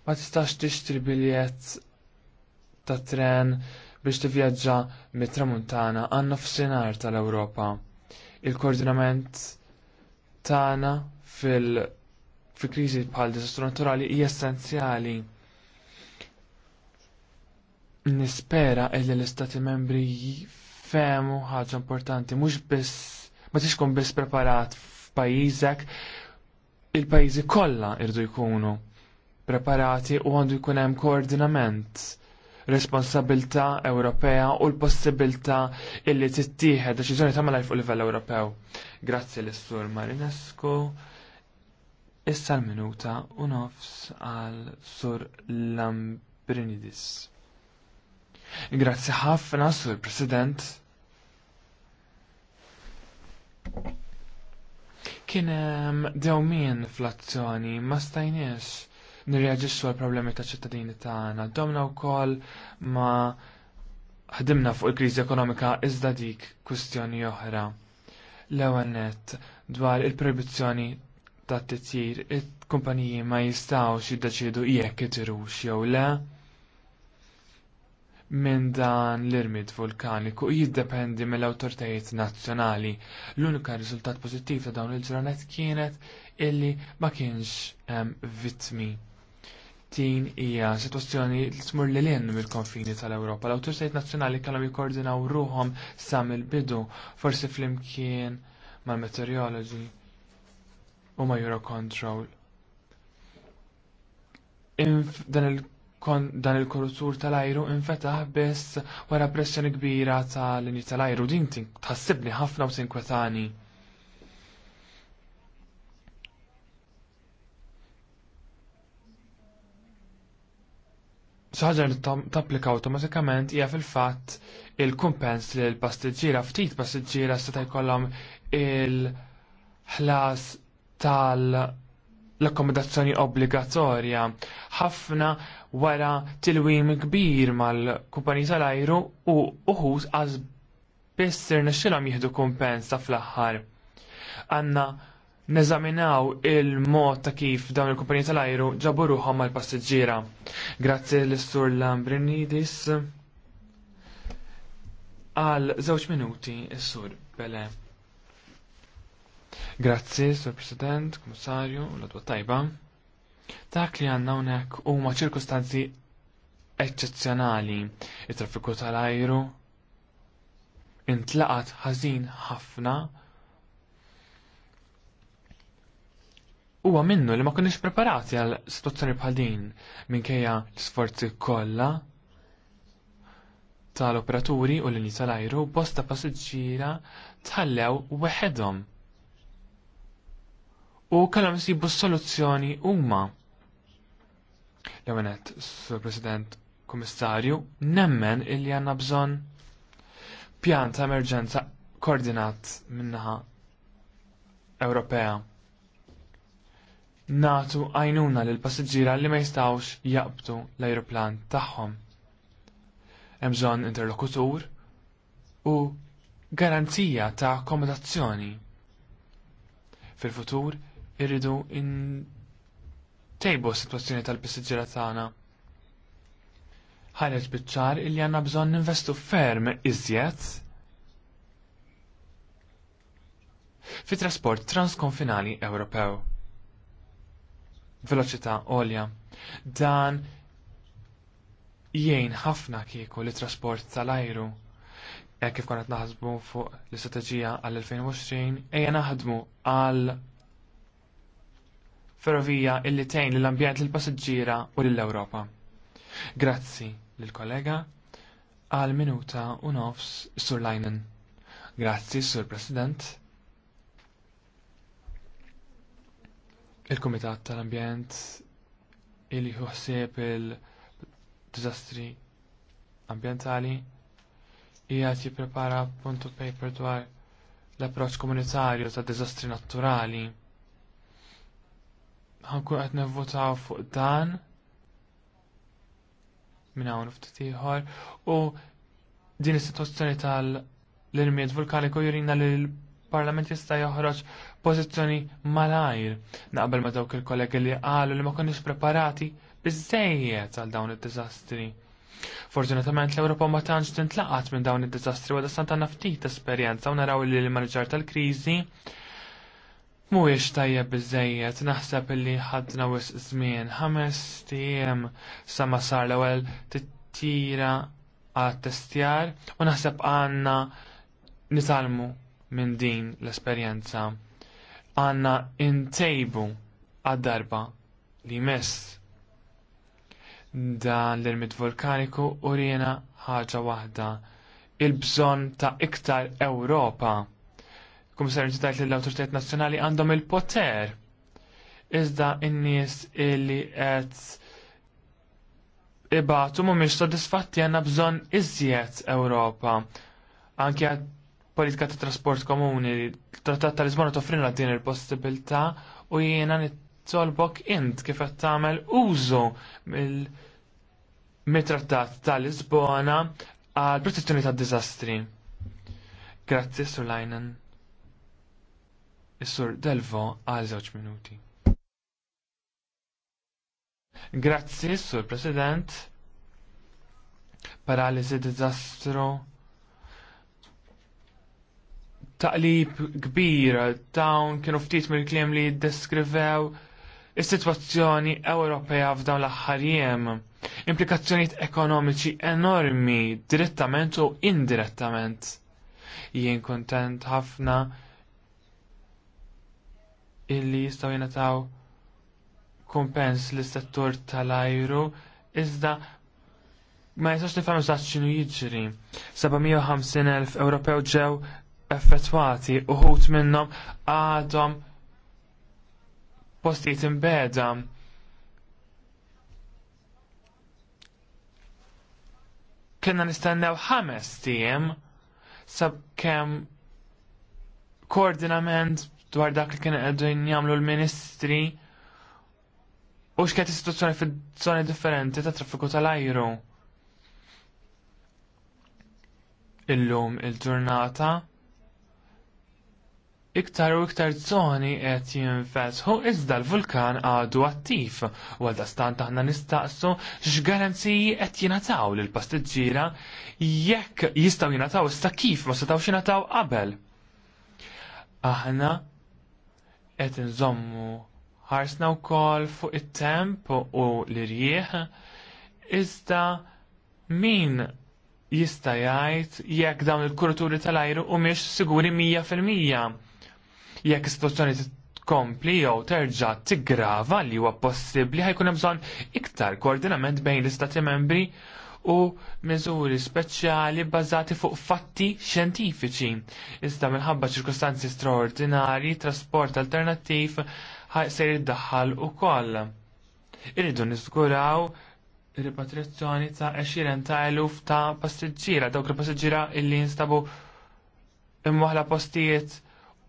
ma tistax tixtri biljett ta' tren biex tivvjaġġa mit-tramuntana għan nofsinhar tal-Ewropa. Il-koordinament tagħna fil fi kriżi bħal disastru naturali hija essenzjali. Nispera illi l-Istati membri fehmu ħaġa importanti, mhux biss ma tixkun biss preparat f'pajjiżek, il-pajjiżi kollha irdu jkunu preparati u għandu jkun hemm koordinament responsabilità Ewropea u l-possibilità illi tittieħed deċiżjoni ta' malaj fuq livell Ewropew. Grazzi l sur Marinescu. Issa l-minuta u nofs għal sur Lambrinidis. Grazzi ħafna, sur President. Kien dewmien fl-azzjoni ma stajniex nirreagġixxu għal problemi ta' ċittadini tagħna. Domna wkoll ma ħdimna fuq il-kriżi ekonomika iżda dik kwistjoni oħra. L-ewwel nett dwar il-proibizzjoni ta' titjir, il-kumpaniji ma jistgħux jiddeċiedu jekk itirux jew le minn dan l irmit vulkaniku jiddependi mill-awtoritajiet nazzjonali. L-unika riżultat pożittiv ta' dawn il-ġranet kienet illi ma kienx hemm vittmi din hija sitwazzjoni li tmur lil hinn mill-konfini tal-Ewropa. L-awtoritajiet nazzjonali kellhom jikkoordinaw ruhom sa mill-bidu forsi flimkien mal-meteoroloġi u ma' Eurocontrol. Dan il kurutur tal-ajru infetaħ biss wara pressjoni kbira tal-linji tal-ajru din tħassibni ħafna u tinkwetani. ħaġa li tapplika automatikament hija fil-fatt il-kumpens li l-passiġġiera ftit passiġġiera seta' jkollhom il-ħlas tal- l-akkomodazzjoni obbligatorja. ħafna wara tilwim kbir mal kumpanija tal-ajru u uħuż għaż biss irnexxilhom jieħdu kumpens ta' fl-aħħar. Għandna neżaminaw il-mod ta' kif dawn il kumpanija tal-ajru ġabu ruħhom mal passiġġiera Grazzi l-Sur Lambrinidis. Għal żewġ minuti s-Sur Bele. Grazzi, Sur President, Kummissarju, u l-Adwa Tajba. Dak li għandna hawnhekk huma ċirkustanzi eċċezzjonali. il traffiku tal-ajru intlaqat ħażin ħafna Huwa minnu li ma konniex preparati għal situazzjoni bħal din minkejja l-sforzi kollha tal-operaturi u l-linji tal-ajru bosta passiġġiera tħallew weħedhom u kellhom jsibu soluzzjoni huma. L-għanet, Sur President Komissarju, nemmen illi għanna bżon pjan ta' emerġenza koordinat minnaħa Ewropea natu għajnuna lil passiġġiera li ma jistawx jaqbtu l-ajruplan tagħhom. Hemm bżonn interlokutur u garanzija ta' akkomodazzjoni. Fil-futur irridu in tejbu s-sitwazzjoni tal-passiġġiera tagħna. Ħareġ biċ-ċar illi għandna bżonn investu ferm iżjed fi trasport transkonfinali Ewropew veloċità għolja. Dan jgħin ħafna kieku li trasport tal-ajru. E kif konet naħsbu fuq l-istrateġija għall 2020 ejja naħdmu għall ferrovija illi tejn l-ambjent l-passagġira u l-Europa. Grazzi l-kollega għal minuta u nofs Sur Grazzi Sur President. il-Kumitat tal-Ambjent il ħsieb il-dizastri ambientali jgħat jipprepara puntu paper dwar l-approċ komunitarju ta' dizastri naturali. Ħankun qed nevvotaw fuq dan minn hawn ftit ieħor u din is-sitwazzjoni tal-irmiet vulkaniku jurina li l-Parlament jista' joħroġ pożizzjoni malajr. Naqbel ma dawk il-kollegi li qalu li ma konniex preparati biżejjed għal dawn id-diżastri. Fortunatament l-Ewropa ma tantx tintlaqat minn dawn id-diżastri u dassan ta' ftit esperjenza u naraw li l-maniġar tal-kriżi Mhuwiex tajjeb biżejjed, naħseb illi ħadna wis żmien ħames tiem sa ma sar l-ewwel tittira għat testjar u naħseb għandna nitalmu minn din l-esperjenza għanna intejbu għad-darba li jmiss. Dan l-irmit vulkaniku urjena ħaġa waħda il-bżon ta' iktar Ewropa. Kumissarju ġdajt li l-autoritet nazjonali għandhom il-poter. Iżda n-nies illi qed ibatu mhumiex sodisfatti għandna bżonn iżjed Ewropa. Anke politika ta' trasport komuni, trattat ta' Lisbona toffrina din il-possibilità u jiena nittolbok int kif qed tagħmel użu mill-trattat ta' Lisbona għal protezzjoni ta' diżastri. Grazzi, Sur Lajnen. Is-Sur Delvo għal żewġ minuti. Grazzi, Sur President. Paralisi dizastru taqlib kbir dawn kienu ftit mill-kliem li jiddeskrivew is-sitwazzjoni Ewropea f'dawn l aħħar jiem Implikazzjonijiet ekonomiċi enormi, direttament u indirettament. Jien kontent ħafna illi jistaw jenataw kompens l settur tal-ajru, iżda ma jistax nifhem eżatt x'inhu jiġri. 750,000 Ewropew ġew effettwati uħut minnhom għadhom postijiet imbeda. Kienna nistennew ħames tiem sabkemm koordinament dwar dak li kien qegħdin jagħmlu l-ministri u xkiet istituzzjoni fil zoni differenti ta' traffiku tal-ajru. Illum il-ġurnata iktar u iktar zoni qed jinfetħu iżda l-vulkan għadu attiv u għal stant aħna nistaqsu x'garanziji qed jingħataw lil pastiġġiera jekk jistgħu jingħataw issa kif ma setgħux jingħataw qabel. Aħna qed inżommu ħarsna wkoll fuq it-temp u l-irjieħ iżda min jista' jgħid jekk dawn il-kurturi tal-ajru u miex siguri mija fil-mija jekk is-sitwazzjoni tkompli jew terġa' tiggrava li huwa possibbli ħajkun hemm bżonn iktar koordinament bejn l-istati membri u miżuri speċjali bbażati fuq fatti xjentifiċi. Iżda minħabba ċirkostanzi straordinari, trasport alternattiv se jiddaħħal ukoll. Irridu niżguraw ir-ripatrizzjoni ta' 20,000 ta' passiġġiera, dawk il-passiġġiera illi jinstabu imwaħla postijiet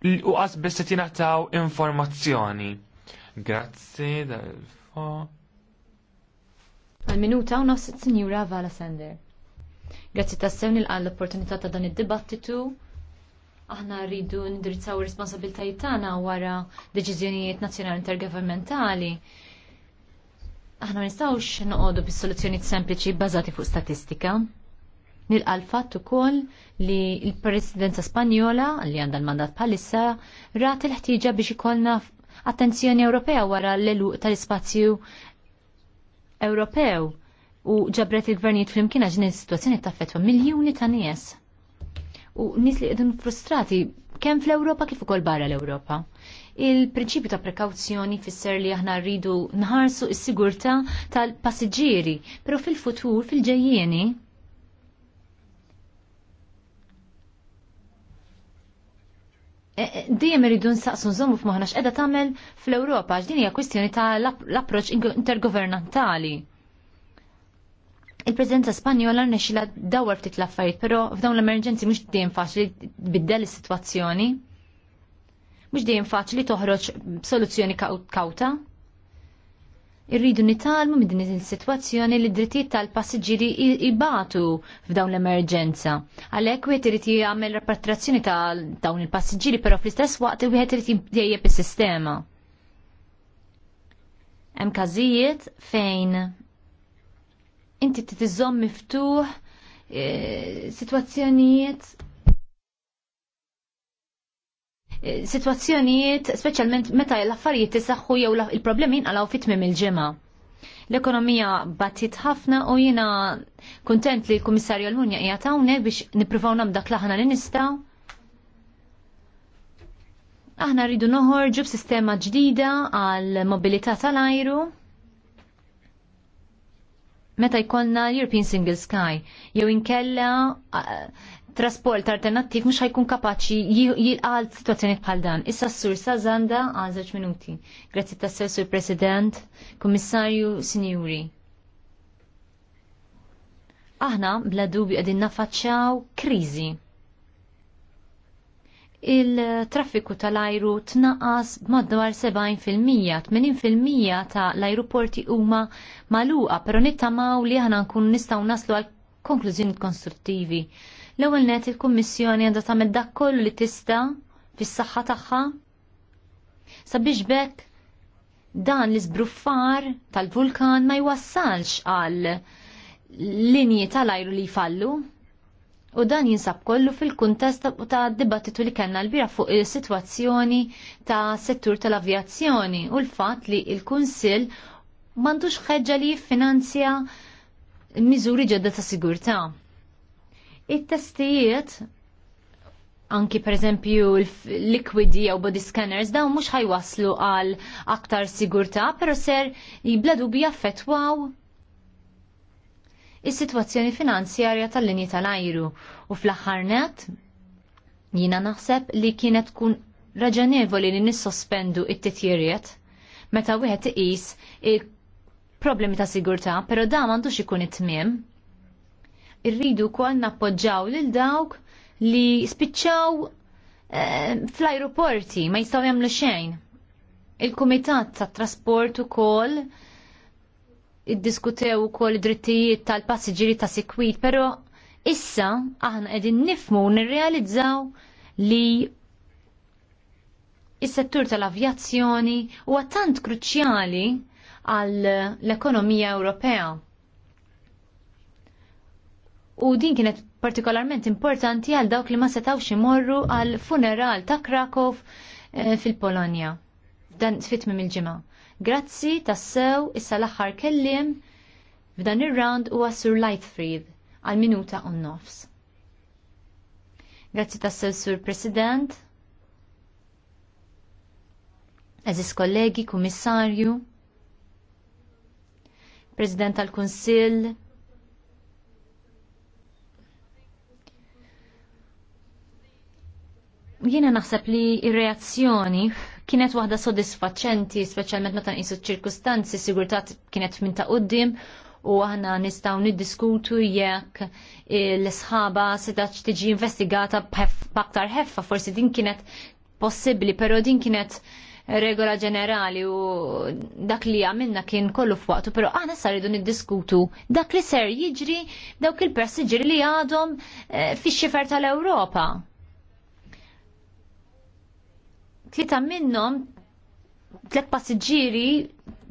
u biss se jingħataw informazzjoni. Grazzi dal-fo. Għal-minuta u it sinjura Vala Sender. Grazzi tassew nilqa l-opportunità ta' dan id-dibattitu. Aħna rridu nindirizzaw responsabiltajiet tagħna wara deċiżjonijiet nazzjonali intergovernmentali aħna nistgħux noqogħdu bis-soluzzjonijiet sempliċi bbażati fuq statistika. Nilqa l-fatt ukoll li l-Presidenza Spanjola li għandha l-mandat bħalissa rat il-ħtieġa biex ikollna attenzjoni Ewropea wara l-eluq tal-ispazju Ewropew u ġabret il-gvernijiet flimkien għax is-sitwazzjoni taffetwa miljuni ta' nies. U nies li qegħdin frustrati kemm fl-Ewropa kif ukoll barra l-Ewropa. Il-prinċipju ta' prekawzjoni fisser li aħna rridu nħarsu s-sigurtà tal-passiġġieri, però fil-futur, fil-ġejjieni, dejjem iridu nsaqsu nżommu f'moħħna x'qiegħda tagħmel fl-Ewropa għax hija kwistjoni ta' l-approċċ intergovernantali. Il-Presidenza Spanjola rnexxila dawwer ftit l-affarijiet, però f'dawn l-emerġenzi mhux dejjem faċli tbiddel is-sitwazzjoni. Mhux dejjem faċli toħroġ b'soluzzjoni kawta irridu nitalmu minn din is-sitwazzjoni li drittijiet tal-passiġġieri ibatu f'dawn l-emerġenza. Għalhekk wieħed irid jagħmel repatrazzjoni ta' dawn il-passiġġieri però fl-istess waqt wieħed irid jibdejjeb is-sistema. Hemm każijiet fejn inti titiżomm miftuħ eh, sitwazzjonijiet situazzjonijiet, speċjalment meta l-affarijiet tisaxħu jew il-problemi jinqalaw fit-tmim il-ġimgħa. L-ekonomija battit ħafna u jiena kuntent li l-Kummissarju L-munja qiegħed hawnhekk biex nippruvaw dak l-aħna li nistgħu. Aħna rridu noħorġu b'sistema ġdida għal mobilità tal-ajru meta jkollna l European Single Sky jew inkella trasport alternattiv mhux ħajkun kapaċi jilqal sitwazzjonijiet bħal dan. Issa s-sur Sazanda għal żewġ minuti. Grazzi tas sur President, Kummissarju, Sinjuri. Aħna bla dubju qegħdin naffaċċjaw kriżi. Il-traffiku tal-ajru tnaqqas madwar 70%, 80% ta' l-ajruporti huma maluqa, però nittamaw li aħna nkun nistgħu naslu għal konklużjoni konstruttivi L-ewwel net il-Kummissjoni għandha tagħmel dak kollu li tista' fis-saħħa tagħha sabiex bekk dan l-iżbruffar tal-vulkan ma jwassalx għal linji tal-ajru li jfallu u dan jinsab kollu fil-kuntest ta' dibattitu li kellna l-bira fuq is-sitwazzjoni ta' settur tal-avjazzjoni u l-fatt li il-Kunsill m'għandux ħeġġa li jiffinanzja miżuri ġodda ta' sigurtà it-testijiet anki per eżempju liquidi jew body scanners dawn mhux ħajwaslu għal aktar sigurtà, però ser jibladu bi jaffettwaw is-sitwazzjoni finanzjarja tal-linji tal-ajru u fl-aħħar net jiena naħseb li kienet tkun raġonevoli li nissospendu it-titjiriet meta wieħed iqis il-problemi ta' sigurtà, però da m'għandux ikun it-tmiem irridu wkoll nappoġġaw lil dawk li spiċċaw eh, fl ajruporti ma jistgħu jagħmlu xejn. Il-Kumitat tat Trasport ukoll iddiskutew ukoll id-drittijiet tal-passiġġieri ta' sikwit, però issa aħna qegħdin nifmu u nirrealizzaw li is-settur tal-avjazzjoni huwa tant kruċjali għall ekonomija Ewropea u din kienet partikolarment importanti għal dawk li ma setawx imorru għal funeral ta' Krakow eh, fil-Polonja. Dan tfitmi mill-ġimgħa. Grazzi tassew issa l-aħħar kellim f'dan ir-round huwa Sur Lightfried għal minuta u nofs. Grazzi tassew Sur President. Eżis kollegi, kummissarju, President tal-Kunsill, Jiena naħseb li ir-reazzjoni kienet waħda sodisfaċenti, speċjalment meta nqisu ċ-ċirkustanzi, sigurtà kienet minn ta' qudiem u aħna nistgħu niddiskutu jekk l-isħaba setax tiġi investigata b'aktar heffa, forsi din kienet possibbli, però din kienet regola ġenerali u dak li għamilna kien kollu f'waqtu, aħna sa rridu niddiskutu dak li ser jiġri dawk il-persiġri li għadhom eh, fix xifer tal ewropa Tlieta minnhom tliet passiġġieri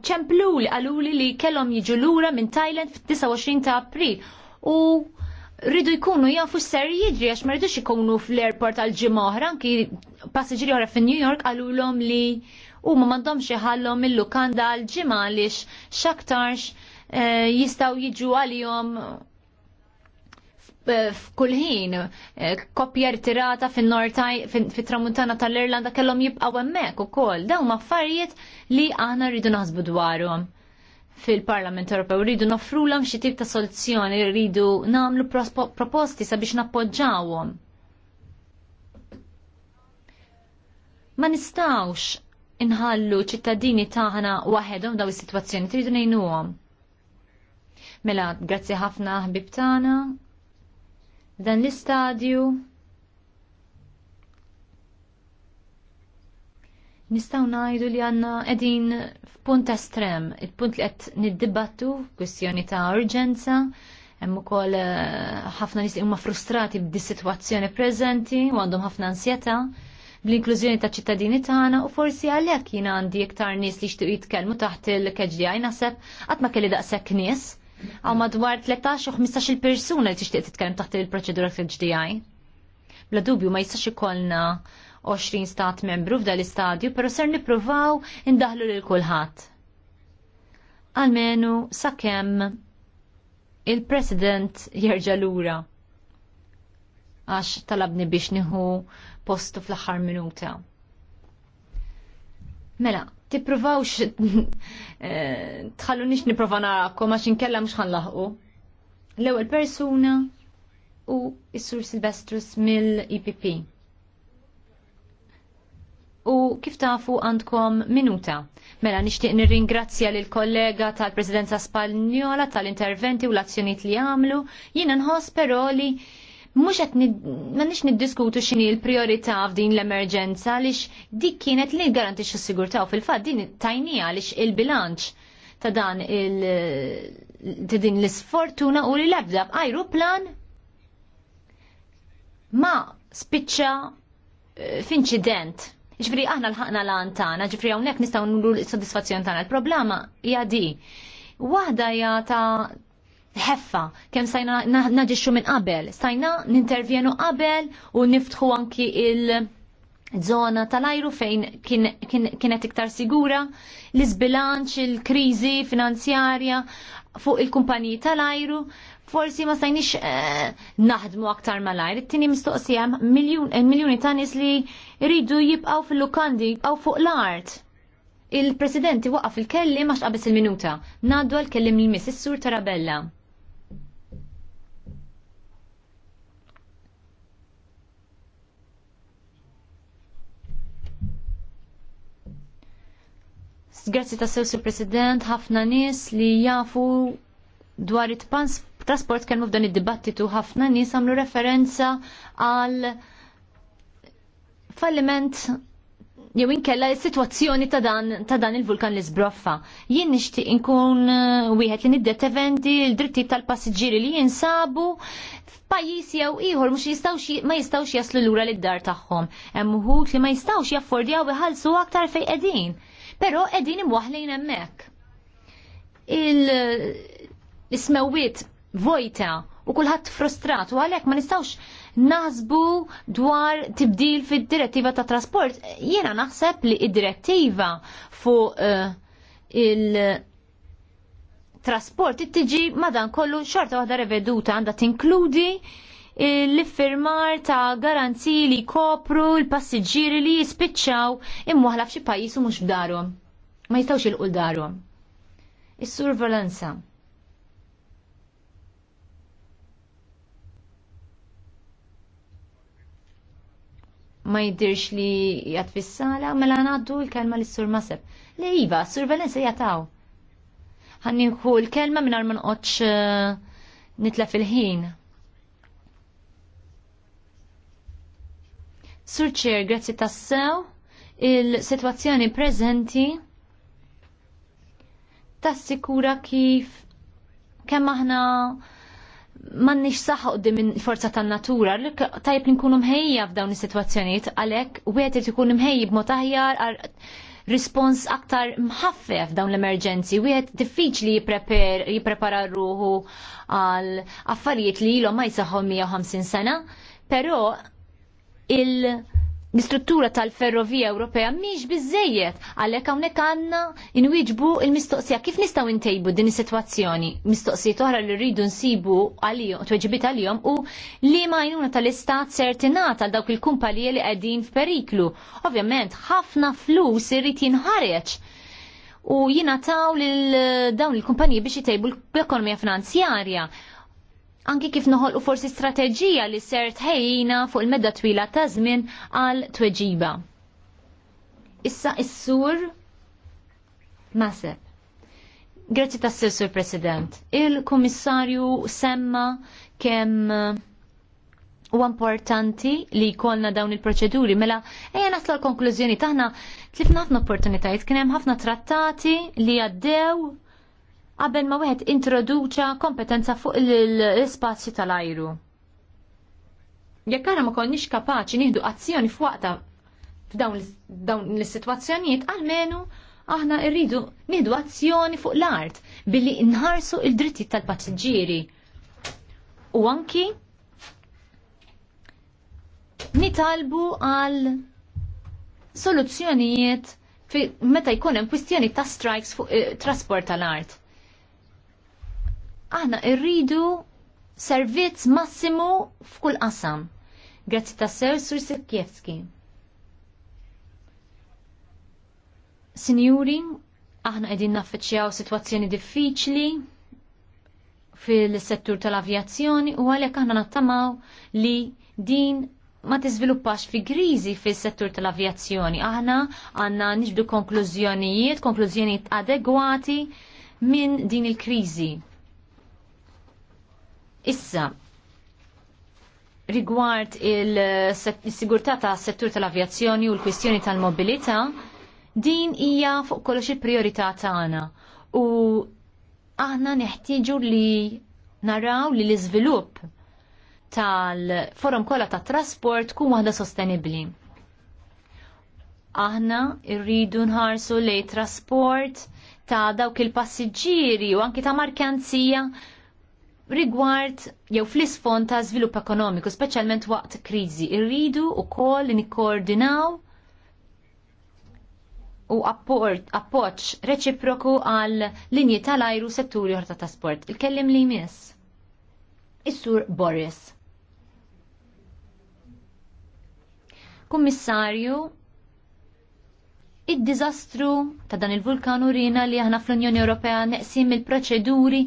ċempluli għaluli li kellhom jiġu lura minn Thailand fit-29 ta' April u rridu jkunu jafu ser jidri għax ma rridux ikunu fl-airport għal ġimgħa oħra anki passiġġieri oħra fin-New York għalulhom li huma mandom xieħallom il-lukanda għal ġimgħa għaliex x'aktarx eh, jistgħu jiġu għalihom f'kulħin eh, kopja ritirata fin-tramuntana tal-Irlanda kellhom jibqgħu hemmhekk ukoll. Dawn affarijiet li aħna rridu naħsbu dwarhom fil-Parlament Ewropew rridu nofrulhom xi tip ta' soluzzjoni, rridu nagħmlu proposti sabiex nappoġġawhom. Ma nistawx inħallu ċittadini taħna waħedhom daw is-sitwazzjoni, tridu ngħinuhom. Mela, grazzi ħafna ħbib tagħna Dan l-istadju nistaw najdu li għanna edin f'punt estrem, il-punt li għed niddibattu, kwestjoni ta' urġenza, hemm ukoll eh, ħafna nies huma frustrati b'dis-sitwazzjoni preżenti u għandhom ħafna ansjeta bl-inklużjoni ta' ċittadini tagħna u forsi għalhekk jiena għandi iktar nies li jixtiequ jitkellmu taħt il keġdi naħseb qatt ma kelli daqshekk nies Għaw madwar 13-15 persuna li tixtieq titkellem taħt il-proċedura tal-HDI. Bla dubju ma jistax ikollna 20 stat membru f'dal istadju, pero ser nippruvaw indaħlu lil kulħadd. Almenu sakemm il-President jerġa' lura għax talabni biex nieħu postu fl-aħħar minuta. Mela, tippruvawx eh, tħallu nix niprofa narakom għax inkella mux laħu. L-ewwel persuna u s-sur Silvestrus mill-IPP. U kif tafu għandkom minuta. Mela nixtieq nirringrazzja lil kollega tal-Presidenza Spagnola tal-interventi u l-azzjonijiet li għamlu. Jiena nħoss però li mhux qed nix niddiskutu x'inhi l-prijorità f'din l-emerġenza għaliex dik kienet li garantix s sigurta u fil-fatt din tajnija għaliex il-bilanċ ta' dan il ta' din l-isfortuna u li l-ebda b'ajruplan ma spiċċa eh, f'inċident. Ġifri, aħna l-ħakna l-għan tana, ġifri, għonek nistaw nullu l-soddisfazzjon tana. Il-problema hija Wahda Waħda hija ta' ħeffa kemm sajna naġixxu minn qabel, sajna nintervjenu qabel u niftħu anki il zona tal-ajru fejn kienet iktar sigura, l-izbilanċ, il-kriżi finanzjarja fuq il-kumpaniji tal-ajru, forsi ma sajnix eh, naħdmu aktar mal-ajr. It-tieni mistoqsija eh, miljuni ta' nies li ridu jibqaw fil-lukandi aw fuq l-art il-presidenti waqaf il-kellim għax il-minuta. Naddu għal-kellim l-miss, il-sur Tarabella. Grazzi ta' sew President, ħafna nies li jafu dwar it-trasport kelmu f'dan id-dibattitu ħafna nies għamlu referenza għal falliment jew inkella s-sitwazzjoni ta' dan, ta dan il-vulkan li sbroffa. Jien nixtieq inkun uh, wieħed li niddeteventi l-drittijiet tal-passiġġieri li jinsabu f'pajjiż jew ieħor mhux jistgħux ma jistgħux jaslu lura lid-dar tagħhom. Hemm uħud li ma jistgħux jaffordjaw iħallsu aktar fejn qegħdin pero edin imwaħlin emmek. Il-ismewit vojta u kullħat frustrat u għalek ma nistawx naħsbu dwar tibdil fid-direttiva ta' trasport. Jiena naħseb li id-direttiva fuq uh, il-trasport it-tiġi madan kollu xorta waħda reveduta għanda tinkludi l-iffirmar ta' garanzi li kopru l-passiġġieri li jispiċċaw imwaħla f'xi pajjiż u mhux f'darhom. Ma jistgħux ilqu darhom. Is-survelanza. ma jidirx li jgħat fissala, mela għaddu l-kelma li s-sur maseb. Li jiva, s-survelenza jgħataw. Għanni l-kelma minn ma man oċ eh, nitlef il-ħin. Sur Ċer, grazzi tassew, il-situazzjoni prezenti tassikura kif kemm aħna m'għandniex saħħa qudiem il forza tan natura li tajb nkunu mħejja f'dawn is-sitwazzjonijiet għalhekk wieħed irid ikun imħejji b'mod aħjar għal rispons aktar mħaffef dawn l-emerġenzi, wieħed diffiċli jipprepara ruħu għal affarijiet li ilhom ma jisaħħu 150 sena, però l-istruttura tal-ferrovija Ewropea miex bizzejiet għalhekk hawnhekk għandna inwiġbu il-mistoqsija kif nistgħu intejbu din is-sitwazzjoni. Mistoqsijiet oħra li rridu nsibu għalihom tweġibit għalihom u li ma jnuna tal-istat sertinat għal dawk il-kumpanija li qegħdin f'periklu. Ovvjament ħafna flus irid jinħareġ u jingħataw lil dawn il-kumpaniji biex jtejbu l-ekonomija finanzjarja anki kif noħolqu forsi strateġija li ser tħejjina fuq il-medda twila ta' żmien għal tweġiba. Issa is-sur Maseb. Grazzi ta' sur President. Il-Kummissarju semma kemm u importanti li jkollna dawn il-proċeduri. Mela, eja nasla l-konklużjoni taħna tlifna ħafna opportunitajiet, kien hemm ħafna trattati li għaddew qabel ma wieħed introduċa kompetenza fuq l-ispazju tal-ajru. Jekk aħna ma konniex kapaċi nieħdu azzjoni f'waqta f'dawn l-sitwazzjonijiet almenu aħna rridu nieħdu azzjoni fuq l-art billi nħarsu il-dritti tal-passiġġieri. U anki nitalbu għal soluzzjonijiet meta jkun hemm kwistjoni ta' strikes fuq eh, trasport tal-art. Aħna irridu servizz massimu f'kull qasam. Grazzi ta' Sir Sur Sikjevski. Sinjuri, aħna qegħdin naffiċċjaw sitwazzjoni diffiċli fil-settur tal-avjazzjoni u għalhekk aħna nattamaw li din ma tiżviluppax fi griżi fil-settur tal-avjazzjoni. Aħna għandna niġbdu konklużjonijiet, konklużjonijiet adegwati minn din il-kriżi Issa, rigward il-sigurtà ta' settur tal-avjazzjoni u l-kwistjoni tal-mobilità, din hija fuq kollox il-priorità tagħna. U aħna neħtieġu li naraw li l-iżvilupp tal-forum kollha tat-trasport tkun waħda sostenibbli. Aħna rridu nħarsu li trasport ta' dawk il-passiġġieri u anki ta' markanzija rigward jew fl-isfond ta' żvilupp ekonomiku, speċjalment waqt kriżi, irridu wkoll li nikkoordinaw u appoġġ reċiproku għal linji tal-ajru setturi oħra ta' trasport. Il-kellim li jmiss. Is-sur Boris. Kummissarju, Id-diżastru ta' dan il-vulkan urina li aħna fl-Unjoni Ewropea neqsim il-proċeduri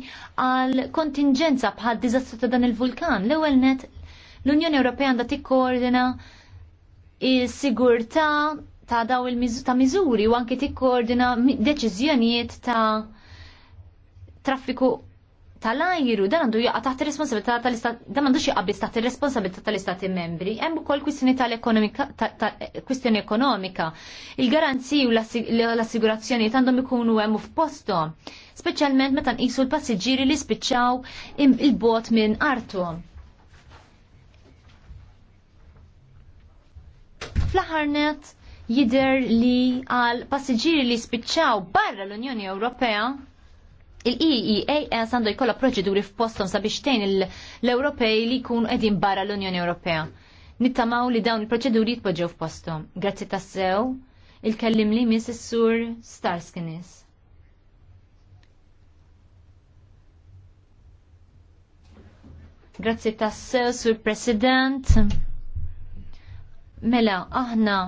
għal kontingenza bħal diżastru ta' dan il-vulkan. L-ewwel net l-Unjoni Ewropea għandha tikkoordina is-sigurtà ta' daw il-ta' miżuri u anke tikkoordina deċiżjonijiet ta' traffiku tal-ajru dan għandu jaqa taħt responsabilità tal-istat, dan għandu xieqabis taħt responsabilità tal-istati membri. Hemm ukoll kwistjoni tal-ekonomika, kwistjoni ekonomika. Il-garanziji u l-assigurazzjoni għandhom ikunu hemm f'postom, speċjalment meta nqisu l-passiġġieri li spiċċaw il-bot minn artu. Fl-aħarnet jider li għal passiġġieri li spiċċaw barra l-Unjoni Ewropea Il-EEAS għandu jkolla proċeduri f'postom sabiex tejn l-Ewropej li jkunu qegħdin barra l-Unjoni Ewropea. Nittamaw li dawn il-proċeduri jitpoġġew f'postom. Grazzi tassew, il-kellim li miss is-sur Starskinis. Grazzi tassew, sur President. Mela, aħna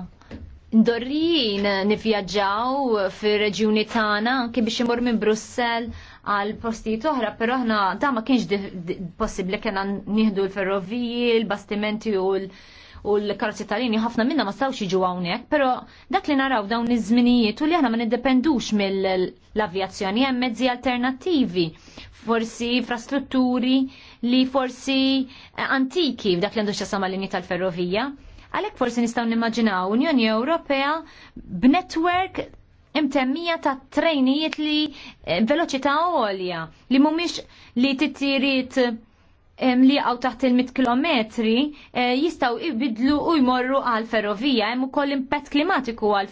Ndorrin nivjaġġaw fir reġjuni tagħna anke biex imur minn Brussell għal postijiet oħra, però aħna da ma kienx possibbli kena nihdu l-ferroviji, l-bastimenti u l-karozzi tal-lini, ħafna minna ma stawx jiġu hawnhekk, però dak li naraw dawn iż-żminijiet u li aħna ma niddependux mill-avjazzjoni hemm mezzi alternattivi, forsi infrastrutturi li forsi eh, antiki f'dak li għandu xasama l-linji tal-ferrovija. Għalek forsi nistaw nimmaġinaw Unjoni Ewropea b'netwerk imtemmija ta' trejnijiet li eh, veloċità għolja li mumiex li t-tirit li għaw taħt il-100 kilometri eh, jistaw ibidlu u jmorru għal ferrovija hemm ukoll impet klimatiku għal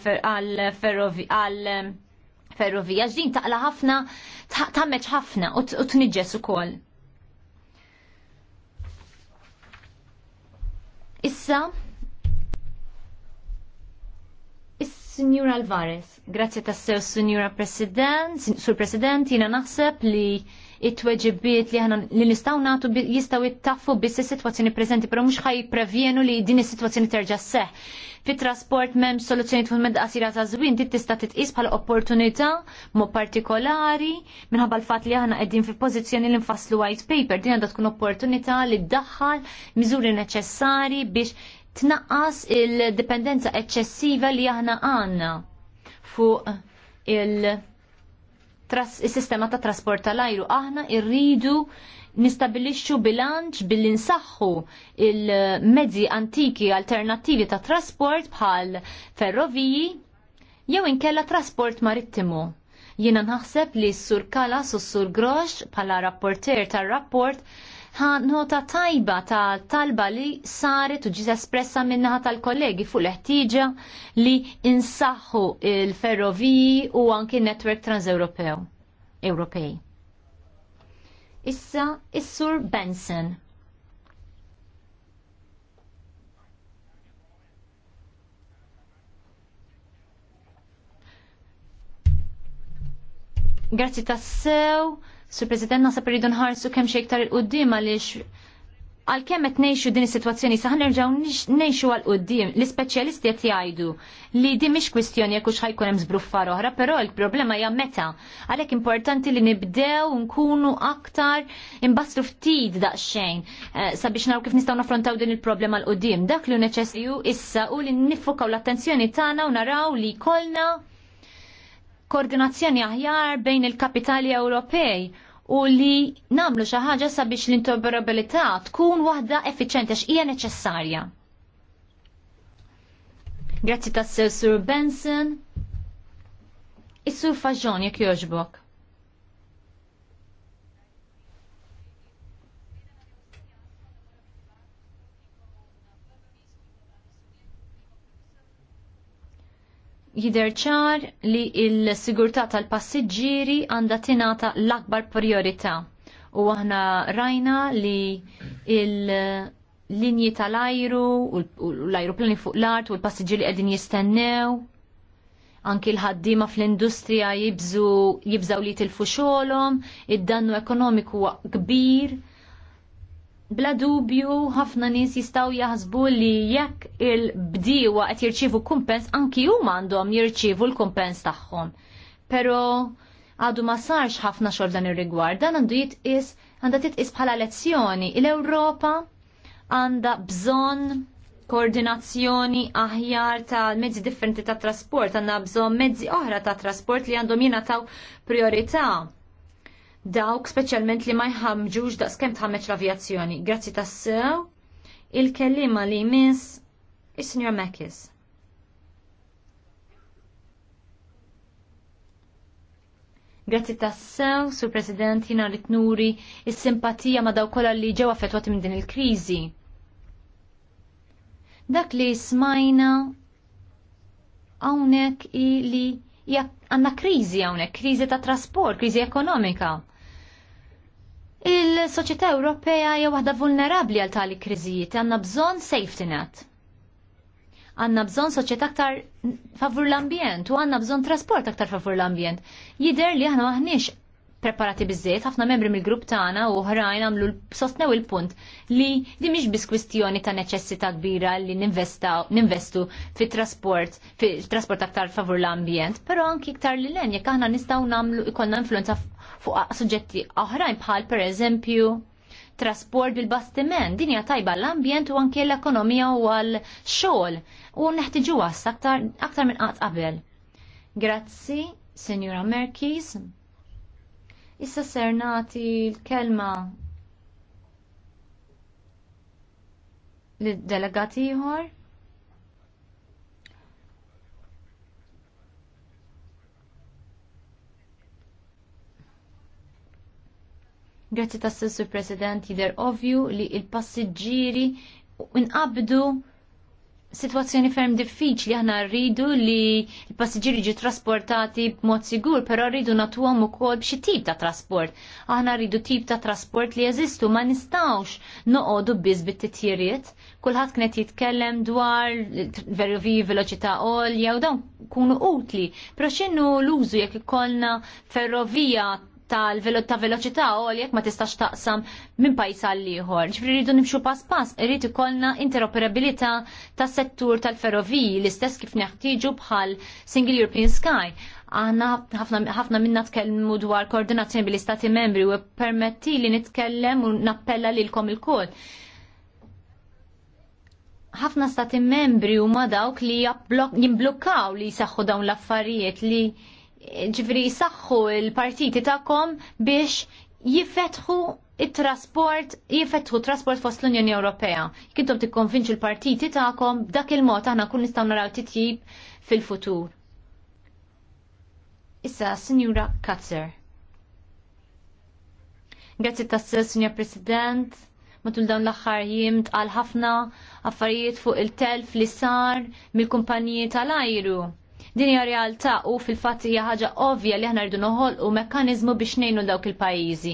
ferrovija ġdin taqla ħafna tagħmeġ ħafna u u ukoll. Issa Is-Sinjur Alvarez. Grazzi tassew, Signora President, Sur President, jina naħseb li it-tweġibiet li ħana li nistaw natu jistaw jittafu biss is-sitwazzjoni preżenti, però mhux ħaj prevjenu li din is-sitwazzjoni terġa' seħ. Fit-trasport m'hemm soluzzjoni tkun med asira ta' żwien, dit tista' titqis bħal opportunità mo partikolari minħabba l-fatt li aħna qegħdin fi pożizzjoni li nfasslu white paper, din għandha tkun opportunità li ddaħħal miżuri neċessari biex tnaqqas il-dipendenza eċċessiva li aħna għandna fuq il-sistema ta' trasport tal-ajru. Aħna irridu nistabilixxu bilanċ billi nsaħħu il-mezzi antiki alternattivi ta' trasport bħal ferroviji jew inkella trasport marittimu. Jiena naħseb li s-sur Kalas u s-sur Grosh bħala rapporter tar-rapport nota tajba ta' talba li saret u ġiet espressa minnaħa tal-kollegi fuq l-ħtieġa li insaħħu il-ferroviji u anki netwerk transeuropew Ewropej. Issa is-Sur Benson. Grazzi tassew Sur President, nasab rridu nħarsu kemm xejn iktar il qoddim għaliex għal-kem qed ngħixu din is-sitwazzjoni saħ nerġgħu ngħixu għal qudiem l specialisti qed jgħidu li di mhix kwistjoni jekux hux ħajkun hemm żbruffar oħra, però l-problema hija meta. Għalhekk importanti li nibdew nkunu aktar imbastru ftit daqsxejn eh, sabiex naraw kif nistgħu nafrontaw din il-problema l qudiem Dak li neċessiju issa u li nifukaw l-attenzjoni tagħna u naraw li kollna koordinazzjoni aħjar bejn il-kapitali Ewropej u li namlu xi ħaġa sabiex l-interoperabilità tkun waħda effiċjenti hija neċessarja. Grazzi tas-Sur Benson. Is-Sur Faġon jekk jogħġbok. jider ċar li il-sigurtà tal-passiġġieri għandha tingħata l-akbar priorità. U aħna rajna li il-linji tal-ajru u l-ajruplani fuq l-art u l-passiġġieri qegħdin jistennew. Anki l-ħaddiema fl-industrija jibżu jibżaw li tilfu xogħolhom, id-dannu ekonomiku kbir Bla dubju, ħafna nies jistgħu jaħsbu li jekk il-bdiewa qed jirċievu kumpens anki huma għandhom jirċievu l-kumpens tagħhom. Però għadu ma sarx ħafna xogħol dan ir-rigward, dan għandu jitqis għandha titqis bħala lezzjoni. l ewropa għandha bżonn koordinazzjoni aħjar ta' mezzi differenti ta' trasport, għandna bżonn mezzi oħra ta' trasport li għandhom jingħataw priorità dawk speċjalment li ma jħamġux da' kemm tħammeċ l-avjazzjoni. Grazzi tas-sew il-kellima li jmiss is-Sinjor Mekis. Grazzi tas-sew, Sur President, jina nuri il-simpatija ma daw kolla li ġewa fetwat minn din il-krizi. Dak li smajna għawnek li għanna krizi għawnek, krizi ta' trasport, krizi ekonomika. Il-soċjetà Ewropea hija waħda vulnerabbli għal tali kriżijiet, għandna bżonn safety net. Għandna bżonn soċjetà aktar favur l-ambjent u għandna bżonn trasport aktar favur l-ambjent. Jidher li aħna maħniex preparati biżżejjed, ħafna membri mill-grupp tagħna u oħrajn għamlu sostnew il-punt li di mhix biss kwistjoni ta' neċessità kbira li ninvestu fit-trasport, fit-trasport aktar favur l-ambjent, però anki iktar li len jekk aħna nistgħu nagħmlu ikollna influenza fuq suġġetti oħrajn bħal pereżempju trasport bil-bastiment, din hija tajba l-ambjent u anke l-ekonomija u għal-xogħol u neħtiġu aktar aktar minn qatt qabel. Grazzi, Signora Merkis. Issa ser nagħti l-kelma l-delegati ieħor. Grazzi tas Sur President jider ovju li il-passiġġieri inqabdu situazzjoni ferm diffiċli aħna rridu li l-passiġġieri ġi trasportati b'mod sigur, però rridu natuhom ukoll b'xi tip ta' trasport. Aħna rridu tip ta' trasport li jeżistu ma nistgħux noqogħdu biss bit-titjiriet. Kulħadd kienet jitkellem dwar ferroviji veloċità għolja u dawn kunu utli. Però x'inhu l-użu jekk ikollna ferrovija tal-veloċità veloċità u jekk ma tistax taqsam minn pajis għal ieħor. Ġifri rridu nimxu pass pass, irid ikollna interoperabilità tas settur tal-ferroviji l-istess kif neħtieġu bħal Single European Sky. Aħna ħafna minna tkellmu dwar koordinazzjoni bil-istati membri u permetti li nitkellem u nappella lilkom il-kod ħafna stati membri u ma dawk li jimblokkaw li jisaxħu dawn l-affarijiet li ġifri saħħu il-partiti tagħkom biex jifetħu il trasport jifetħu trasport fost l-Unjoni Ewropea. Kintom tikkonvinċu l-partiti tagħkom b'dak il-mod aħna kun nistgħu naraw titjib fil-futur. Issa, Sinjura Katzer. Grazzi tassel, Sinjur President, matul dawn l-axħar jim tqal ħafna affarijiet fuq il-telf li sar mill-kumpaniji tal-ajru Din hija realtà u fil-fatt hija ħaġa ovvja li aħna rridu noħolqu mekkaniżmu biex ngħinu dawk il-pajjiżi.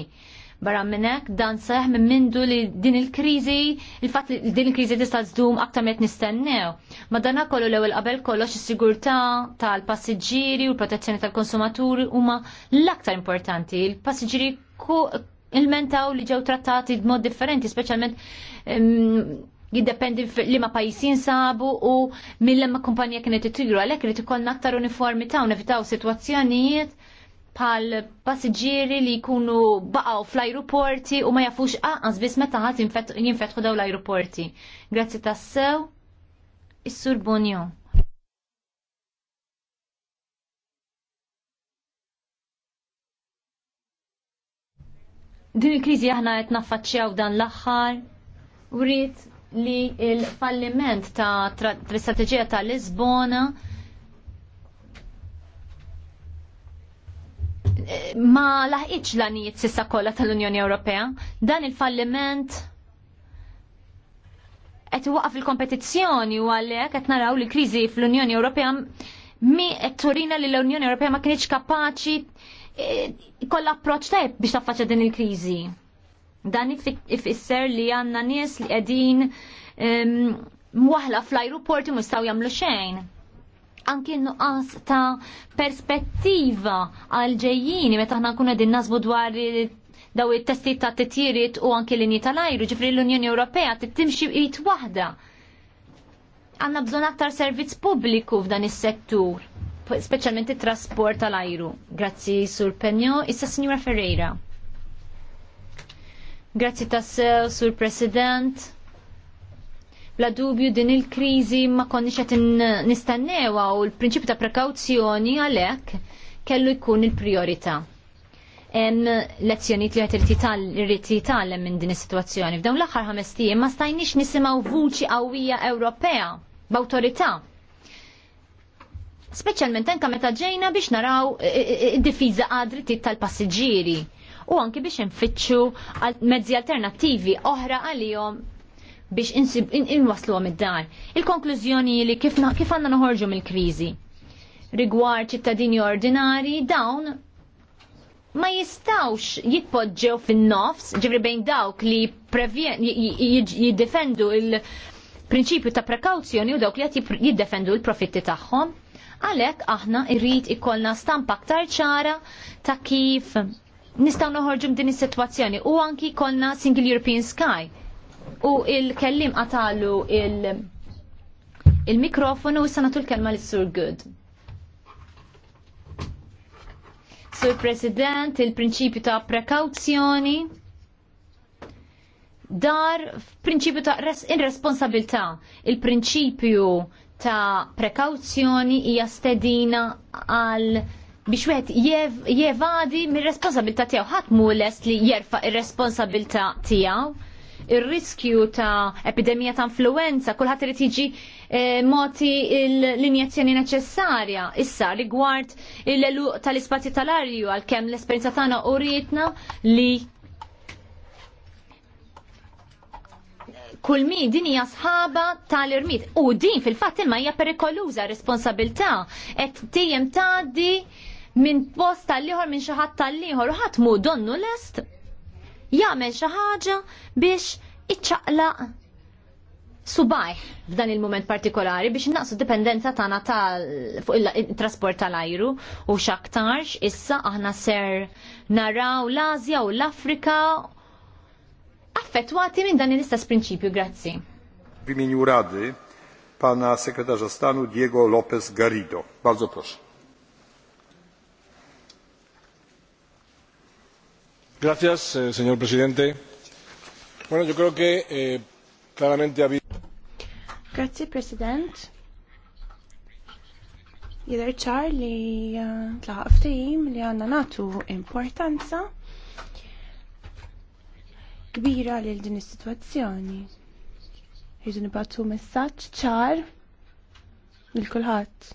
Barra minnek dan seħ minn mindu li din il-kriżi, il-fatt li din il-kriżi tista' żdum aktar qed nistennew. Ma dan kollu l-ewwel qabel kollox is-sigurtà tal-passiġġieri u l-protezzjoni tal-konsumaturi huma l-aktar importanti. Il-passiġġieri il-mentaw li ġew trattati b'mod differenti, speċjalment ehm, jiddependi li ma pajisin sabu u mill-lemma kumpanija kienet itigru għalhekk irid ikollna aktar uniformità u nevitaw sitwazzjonijiet pal passiġġieri li jkunu baqgħu fl-ajruporti u ma jafux aqas biss meta ħadd jinfetħu daw l-ajruporti. Grazzi tassew, is-Sur Bonjon. din il-krizi aħna qed naffaċċjaw dan l-aħħar u li il-falliment ta' Strategija ta' Lisbona ma laħiċ l-anijiet sissa kollha tal-Unjoni Ewropea. Dan il-falliment qed waqaf il-kompetizzjoni u għalhekk qed naraw li kriżi fl-Unjoni Ewropea mi qed turina li l-Unjoni Ewropea ma kienx kapaċi eh, kollha approċċ tajb biex taffaċċa din il-kriżi. Dan ifisser li għanna nies li qegħdin mwaħla fl-ajruporti mustaw jagħmlu xejn. Anki nuqqas ta' perspettiva għal ġejjini meta aħna nkunu din nasbu dwar daw it testi ta' titjiriet u anki linji tal-ajru, ġifri l-Unjoni Ewropea timxi it waħda. Għanna bżon aktar servizz pubbliku f'dan is-settur, speċjalment it-trasport tal-ajru. Grazzi, Sur Penjo, issa Signora Ferreira. Grazzi tassew, sur President. Bla dubju din il-krizi ma konniex qed nistennewa u l-prinċipju ta' prekawzjoni għalhekk kellu jkun il priorita Hemm lezzjonijiet li qed irid em minn din is-sitwazzjoni. F'dawn l-aħħar ħames tiem ma stajniex nisimgħu vuċi qawwija Ewropea b'awtorità. Speċjalment anke meta ġejna biex naraw id-difiża għadri tal-passiġġieri u anki biex infittxu mezzi alternattivi oħra għalihom biex inwaslu għom id-dar. Il-konklużjoni li kif għandna noħorġu mill krizi rigward ċittadini ordinari dawn ma jistawx jitpoġġew fin-nofs, ġifri bejn dawk li jiddefendu il-prinċipju ta' prekawzjoni u dawk li qed jiddefendu l-profitti tagħhom. Għalhekk aħna irrid ikollna stampa aktar ċara ta' kif nistaw noħorġu din is-sitwazzjoni u anki konna Single European Sky u il-kellim qatalu il- il-mikrofonu u sanatu l-kelma l sur Good. Sur President, il-prinċipju ta' prekawzjoni dar prinċipju ta' ir-responsabilità. il-prinċipju ta' prekawzjoni hija stedina għal biex wieħed jevadi mir-responsabilità tiegħu ħadd mhu lest li jerfa' ir-responsabilità tiegħu. Ir-riskju ta' epidemija ta' influenza, kulħadd irid jiġi eh, moti l-injezzjoni neċessarja. Issa rigward il-eluq tal-ispazju tal-arju għalkemm l-esperjenza tagħna urietna li kull min din hija sħaba tal-irmit. U din fil-fatt imma hija perikoluża responsabilità qed dejjem tgħaddi minn post tal-liħor minn xaħat tal-liħor u mu donnu lest jagħmel xi ħaġa biex iċċaqla subaj f'dan il-moment partikolari biex naqsu dipendenza tagħna tal fuq il-trasport tal-ajru u x'aktarx issa aħna ser naraw l azja u l-Afrika affettwati minn dan l-istess prinċipju, grazzi. W imieniu Rady pana sekretarza stanu Diego López Garrido. Bardzo proszę. Gracias, eh, señor presidente. Bueno, yo creo que eh, claramente ha habido. Grazie, President. Jidher ċar li eh, tlaħaq ftehim li għandna nagħtu importanza kbira lil din is-sitwazzjoni. Jiġu nibgħatu messaġġ ċar lil kulħadd.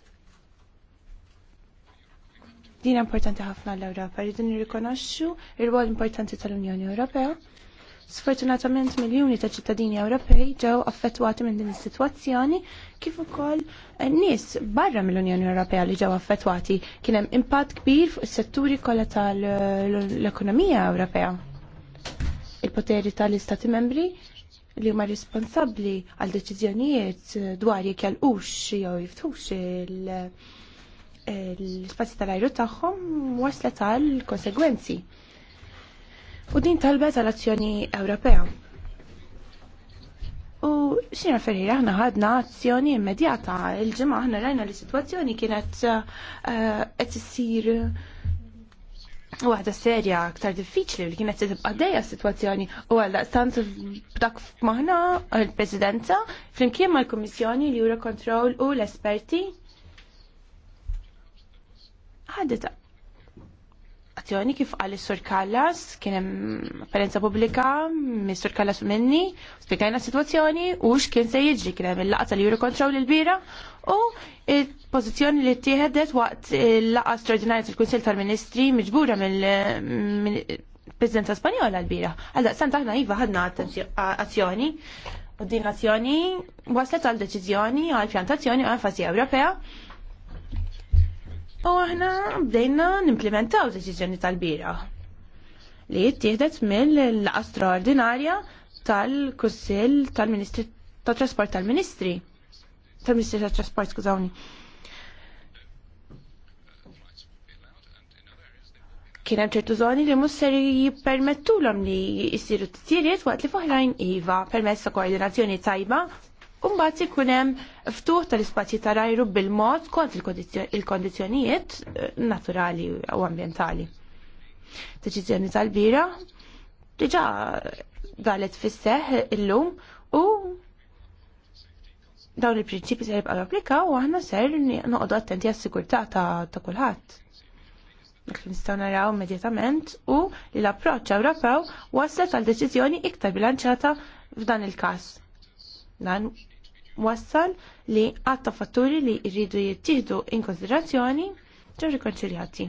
Din importanti ħafna l-Ewropa, rridu nirrikonoxxu r rwol importanti tal-Unjoni Ewropea. Sfortunatament miljuni ta' ċittadini Ewropej ġew affettwati minn din is-sitwazzjoni kif ukoll eh, nies barra mill-Unjoni Ewropea li ġew affettwati kien hemm impatt kbir fuq is-setturi kollha tal-ekonomija Ewropea. Il-poteri tal-Istati membri li huma responsabbli għal deċiżjonijiet dwar jekk jalqux jew jiftux il- l-spazji tal-ajru tagħhom waslet tal konsegwenzi. U din talbet għal azzjoni Ewropea. U xina ferri aħna ħadna azzjoni immedjata. Il-ġimgħa aħna rajna li situazzjoni kienet eh, qed issir waħda serja aktar diffiċli li kienet tibqa' dejja s-sitwazzjoni u għal daqstant b'dak maħna l-Presidenza flimkien mal-Kummissjoni l kontrol u l-esperti ħadet azzjoni kif għal sur Kallas, kien hemm apparenza pubblika mis-Sur Kallas u minni, spjegajna s-sitwazzjoni u x'kien se jiġri kien hemm il-laqgħa tal juru Control il-bira u il-pożizzjoni li tieħedet waqt il-laqgħa straordinarja tal-Kunsill tal-Ministri miġbura mill-Presidenza Spanjola l-bira. Għal daqstant aħna iva ħadna azzjoni u din azzjoni waslet għal deċiżjoni għal pjantazzjoni għal fazi Ewropea U aħna bdejna nimplementaw deċiżjoni tal-bira li jittieħdet mill qastra ordinarja tal kussil tal-Ministri tat-Trasport tal-Ministri. Tal-Ministri tat-Trasport, skużawni. Kien hemm ċertu żoni li mhux ser jippermettulhom li jsiru t-tiriet waqt li foħrajn iva permezz ta' koordinazzjoni tajba Umbat ikunem ftuħ tal-ispazji ta' rajru bil-mod kont il-kondizjonijiet eh, naturali u ambientali. Deċizjoni tal-bira, diġa dalet fisseħ illum u dawn il-prinċipi ser jibqaw applikaw u aħna ser noqogħdu attenti għas-sigurtà ta' kulħadd. Dak li nistgħu naraw immedjatament u li l-approċċ Ewropew waslet għal deċiżjoni iktar bilanċata f'dan il-każ dan wassal li għatta fatturi li rridu jittieħdu in konsiderazzjoni ġew rikonċiljati.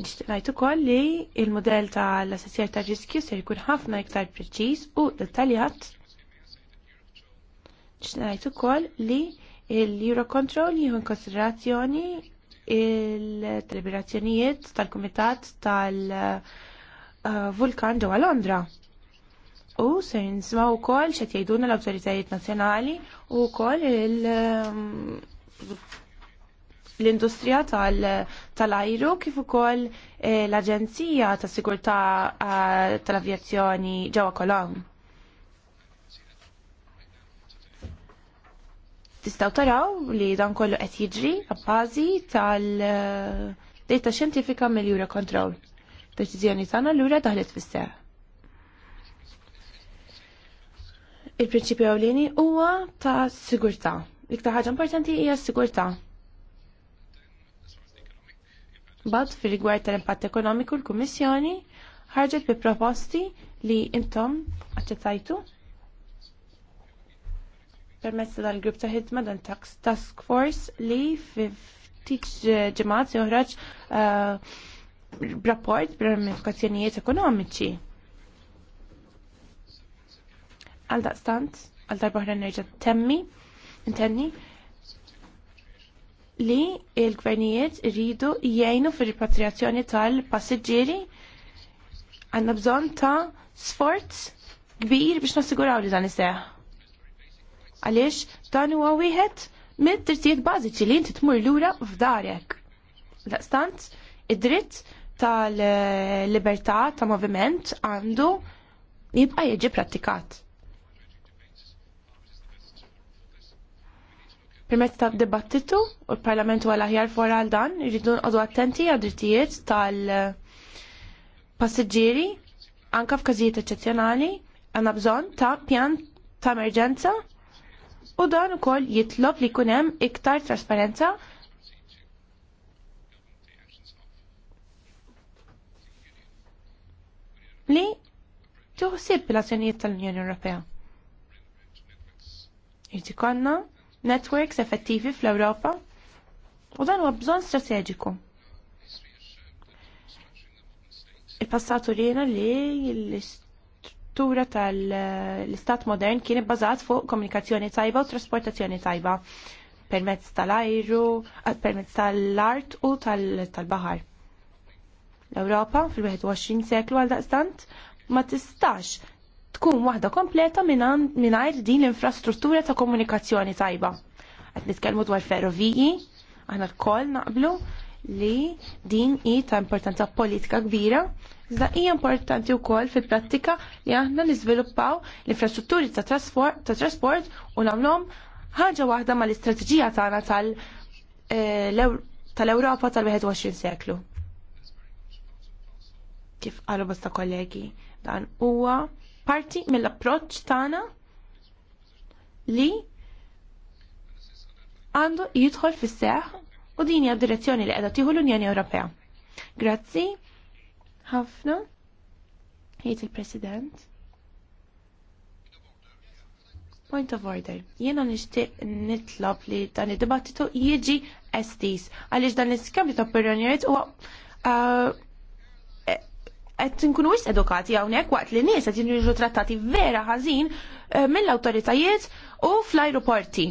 ngħid ukoll li il-modell tal-assessjar ta' riskju se jkun ħafna iktar preċiż u dettaljat. ngħid ukoll li il-Eurocontrol jieħu in konsiderazzjoni il-deliberazzjonijiet tal-Kumitat tal-Vulkan ġewwa Londra u se nisma' kol x'qed jajduna l-awtoritajiet nazzjonali u wkoll um, l-industrija tal-ajru kif ukoll eh, l-Aġenzija ta' sigurtà eh, tal-Avjazzjoni ġewwa Kolom. Tistgħu taraw li dan kollu qed jiġri b'bażi tal-data eh, xjentifika mill-Euro Control. Deċiżjoni tagħna lura daħlet fis-seħħ. il-prinċipju ewlieni huwa ta' sigurtà. iktar ħaġa importanti hija s-sigurtà. Bad fil rigward tal-impatt ekonomiku l-Kummissjoni ħarġet bi proposti li intom aċċettajtu permezz tal-grupp ta' ħidma dan task force li ftit ġimgħat joħraġ eh, rapport bl ramifikazzjonijiet ekonomiċi għal daqstant, għal darba ħra nerġa' temmi, intenni, li il-gvernijiet rridu jgħinu fir ripatriazzjoni tal-passiġġieri għandna bżonn ta' sforz kbir biex nassiguraw li dan iseħ. Għaliex dan huwa wieħed mid-drittijiet bażiċi li inti tmur lura f'darek. Daqstant, id-dritt tal-libertà ta' moviment għandu jibqa' jiġi prattikat. Permezz ta' dibattitu u l-Parlamentu għal aħjar fora għal dan, jridun għadu attenti għad drittijiet tal-passiġġieri anka f'każijiet eċċezzjonali għandna bżonn ta' pjan ta' emerġenza u dan ukoll jitlob li jkun hemm iktar trasparenza li tuħsib l-azzjonijiet tal-Unjoni Ewropea. Jiġi konna networks effettivi fl-Ewropa u dan huwa bżonn strateġiku. Il-passatu rina li l-istruttura tal-istat modern kien ibbażat fuq komunikazzjoni tajba u trasportazzjoni tajba permezz tal-ajru, eh, permezz tal-art u tal-bahar. L-Ewropa fil-21 seklu għal daqstant ma tistax tkun waħda kompleta mingħajr din l-infrastruttura ta' komunikazzjoni tajba. Qed nitkellmu dwar ferroviji, aħna lkoll naqblu li din hi ta' importanza politika kbira, iżda hija importanti wkoll fil-prattika li aħna niżviluppaw l-infrastrutturi ta' trasport u nagħmlhom ħaġa waħda mal-istrateġija tagħna tal- eh, tal-Ewropa tal-21 seklu. Kif qalu bosta kollegi, dan huwa parti mill-approċċ tagħna li għandu jidħol fis seħ u din hija direzzjoni li qiegħda tieħu l-Unjoni Ewropea. Grazzi ħafna jgħid il-President. Point of order. Jiena nixtieq nitlob li dan id-dibattitu jiġi estis għaliex dan l-iskambju ta' opinjonijiet huwa uh, qed inkunu wis edukati hawnhekk waqt li nies qed jiġu trattati vera ħażin mill-awtoritajiet u fl-ajruporti.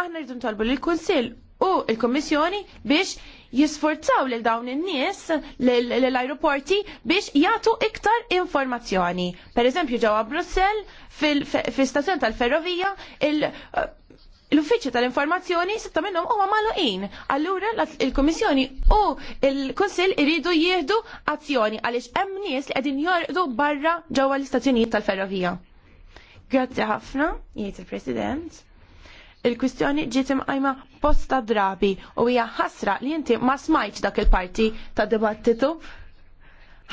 Aħna rridu ntolbu lill kunsill u l-Kummissjoni biex jisforzaw lil dawn in-nies l-ajruporti biex jagħtu iktar informazzjoni. pereżempju ġewwa Brussell fil istazzjon tal-ferrovija il- l-uffiċċju tal-informazzjoni setta minnhom huma magħluqin. Allura il-Kummissjoni u l-Kunsill iridu jieħdu azzjoni għaliex hemm nies li qegħdin jorqdu barra ġewwa l-istazzjonijiet tal-ferrovija. Grazzi ħafna, jgħid il-President. Il-kwistjoni ġiet imqajma posta drabi u hija ħasra li inti ma smajtx dak il-parti tad dibattitu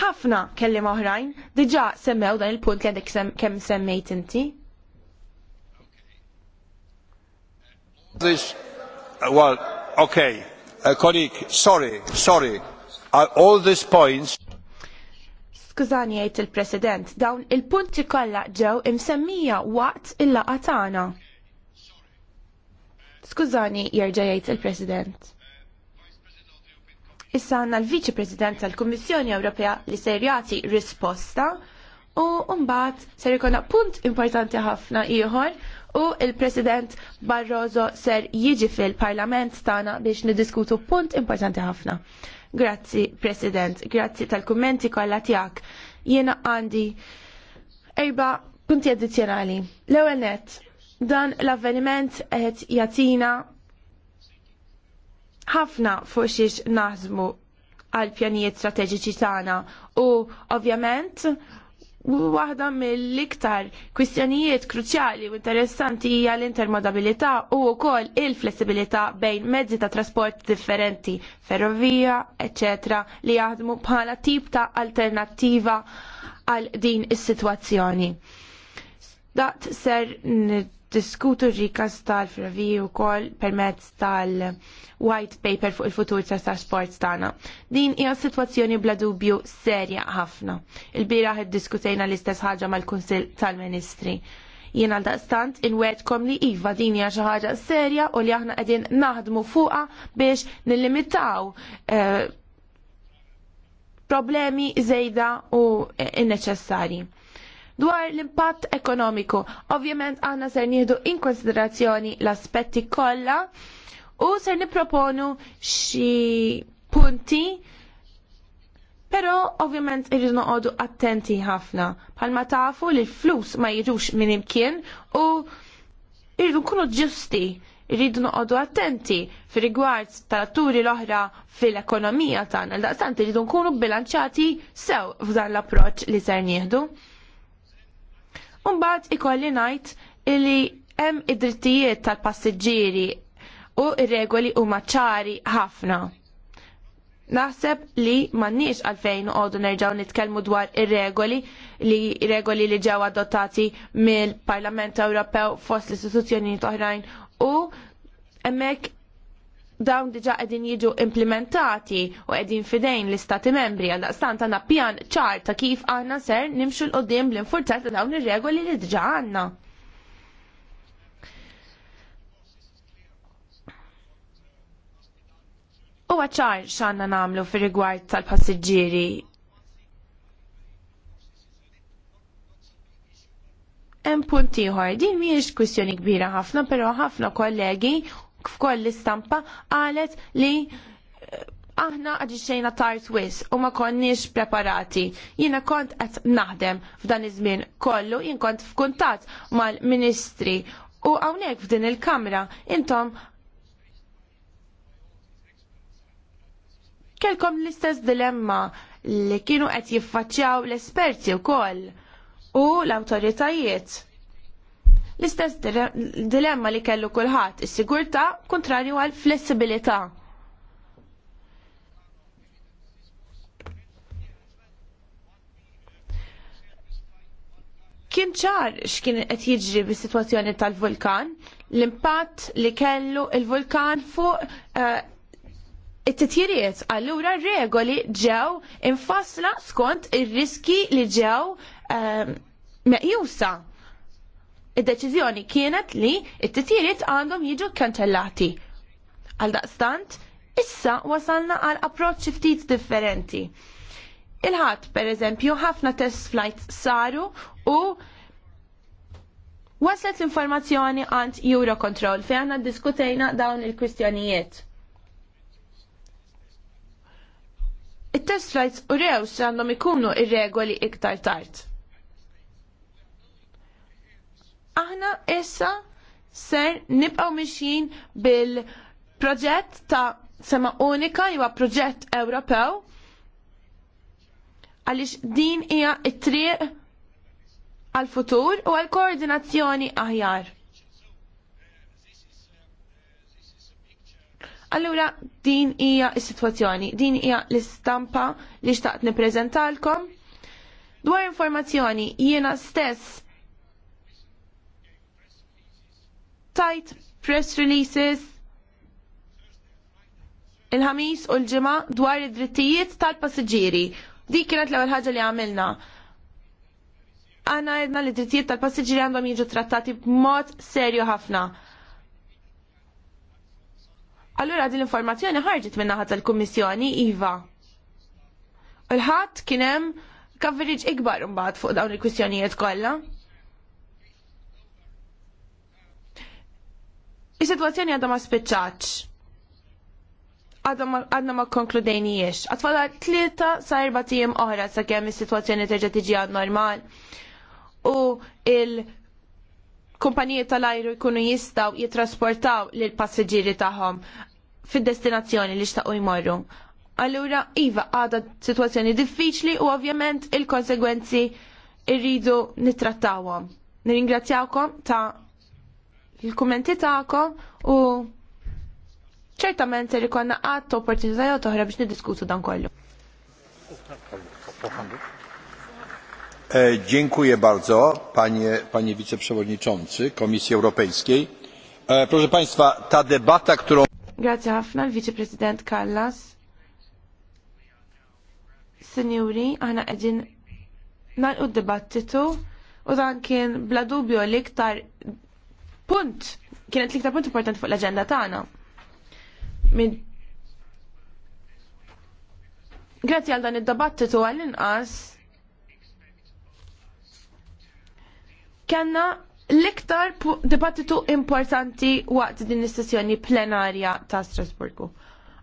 ħafna kelli oħrajn diġà semmew dan il-punt li għandek kemm semmejt inti. This, uh, well, okay, uh, colleague, sorry, sorry, uh, all these points. Skużani jgħid il-President, dawn il-punti kollha ġew imsemmija waqt il-laqa tagħna. Skużani jerġa' jgħid il-President. Issa għandna l-Viċi President tal-Kummissjoni Ewropea li ser jagħti risposta u mbagħad ser jkollna punt importanti ħafna ieħor u il-President Barroso ser jiġi fil-Parlament tagħna biex niddiskutu punt importanti ħafna. Grazzi, President, grazzi tal-kummenti kollha tiegħek. Jena għandi erba' punti addizzjonali. L-ewwel net, dan l-avveniment qed jagħtina ħafna fuq naħzmu għal pjanijiet strateġiċi tagħna u ovvjament Waħda mill-iktar kwistjonijiet kruċjali u interessanti hija l-intermodabilità u wkoll il-flessibilità bejn mezzi ta' trasport differenti, ferrovija, eċetera, li jaħdmu bħala tip ta' alternattiva għal din is-sitwazzjoni. Dat ser diskutu ġikas tal-fravi u kol permezz tal-white paper fuq il-futur ta' sport tagħna. Din hija situazzjoni bla dubju serja ħafna. Il-biraħ iddiskutejna l-istess ħaġa mal-Kunsill tal-Ministri. Jien għal daqstant inwedkom li iva din hija xi ħaġa serja u li aħna qegħdin naħdmu fuqha biex nillimitaw eh, problemi żejda u eh, inneċessarji Dwar l-impatt ekonomiku, ovvjament aħna ser nieħdu in konsiderazzjoni l-aspetti kollha u ser nipproponu xi punti Pero ovvjament irridu noqogħdu attenti ħafna bħalma tafu li l-flus ma jiġux minn imkien u irridu nkunu ġusti irridu noqogħdu attenti fir rigward tal-atturi l-oħra fil-ekonomija tagħna. Daqstant irridu nkunu bilanċati sew f'dan l-approċċ li ser nieħdu. Umbat ikolli najt illi hemm id-drittijiet tal-passiġġieri u ir-regoli huma ċari ħafna. Naħseb li m'għandniex għalfejn għodu nerġgħu nitkellmu dwar ir-regoli li regoli li ġew adottati mill-Parlament Ewropew fost l-istituzzjonijiet oħrajn u hemmhekk dawn diġa qegħdin jiġu implementati u qegħdin fidejn l-istati membri għal daqstant għandna pjan ċar ta' kif aħna ser nimxu l qoddim bl-infurzat ta' dawn ir-regoli li diġa għandna. U ċar x'għandna nagħmlu fir-rigward tal-passiġġieri Hemm punt ieħor, din mhijiex kwistjoni kbira ħafna, però ħafna kollegi f'koll l-istampa qalet li eh, aħna għadġi xejna tart wis u ma konniex preparati. Jina kont għet naħdem f'dan iż-żmien kollu, jien kont f'kuntat mal-ministri u hawnhekk f'din il-kamra intom kelkom l-istess dilemma li kienu qed jiffaċċjaw l-esperti wkoll u l-awtoritajiet L-istess dilemma li kellu kulħadd, is-sigurtà kontrarju għal flessibilità. Kien ċar x'kien qed jiġri bis-sitwazzjoni tal-vulkan, l-impatt li kellu il-vulkan fuq uh, it-titjiriet allura regoli ġew infassla skont ir-riski li ġew uh, meqjusa id-deċiżjoni kienet li it-titjiriet għandhom jiġu kantellati. Għal daqstant, issa wasalna għal approċċi ftit differenti. Il-ħadd, per eżempju, ħafna test flight saru u waslet l-informazzjoni għand Eurocontrol fejn għandna diskutejna dawn il-kwistjonijiet. It-test flights u rew għandhom ikunu ir-regoli iktar tard aħna issa ser nibqaw mixjin bil-proġett ta' sema unika jew proġett Ewropew għaliex din hija t-triq għal futur u għal koordinazzjoni aħjar. Allura din hija s-sitwazzjoni, din hija l-istampa li xtaqt niprezentalkom. Dwar informazzjoni jiena stess tajt press releases il-ħamis u l-ġimgħa dwar id-drittijiet tal-passiġġieri. Dik kienet l-ewwel ħaġa li għamilna. Aħna għedna li drittijiet tal-passiġġieri għandhom jiġu trattati b'mod serju ħafna. Allura din l-informazzjoni ħarġet minn naħat tal-Kummissjoni iva. Il-ħadd kien hemm coverage ikbar imbagħad fuq dawn il-kwistjonijiet kollha. Is-sitwazzjoni għadha ma spiċċaċ. Għadna ma konkludejnijiex. Għatfalla tlieta sa' erba tijem oħra sa' kemm is-sitwazzjoni terġa' tiġi għad normal. U il- kumpaniji tal-ajru jkunu jistaw jitrasportaw lil passiġġieri tagħhom fid-destinazzjoni li xtaqu jmorru. Allura, Iva, għadha situazzjoni diffiċli u ovvjament il-konsegwenzi irridu nittrattawhom. Nirringrazzjawkom ta' il-kummenti tagħkom u ċertament se jkollna qatt opportunitajiet oħra biex nidiskutu dan kollu. E, dziękuję bardzo panie, panie wiceprzewodniczący Komisji Europejskiej. E, Proszę państwa, ta debata, którą Grazie ħafna wiceprezydent viċi president Kallas. Sinjuri, aħna qegħdin nagħlqu d-dibattitu u dan kien bla dubju l-iktar punt kienet l-iktar punt importanti fuq l-agenda tagħna. Min... Grazzi għal dan id-dibattitu għall-inqas kellna l-iktar dibattitu importanti waqt din is-sessjoni plenarja ta' Strasburgu.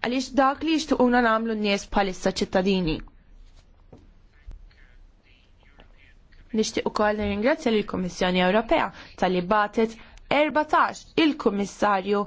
Għaliex dak li jixtuquna nagħmlu n-nies bħalissa ċittadini. Nixtieq ukoll nirringrazzja lill-Kummissjoni Ewropea tal-li batet 14 il-Kummissarju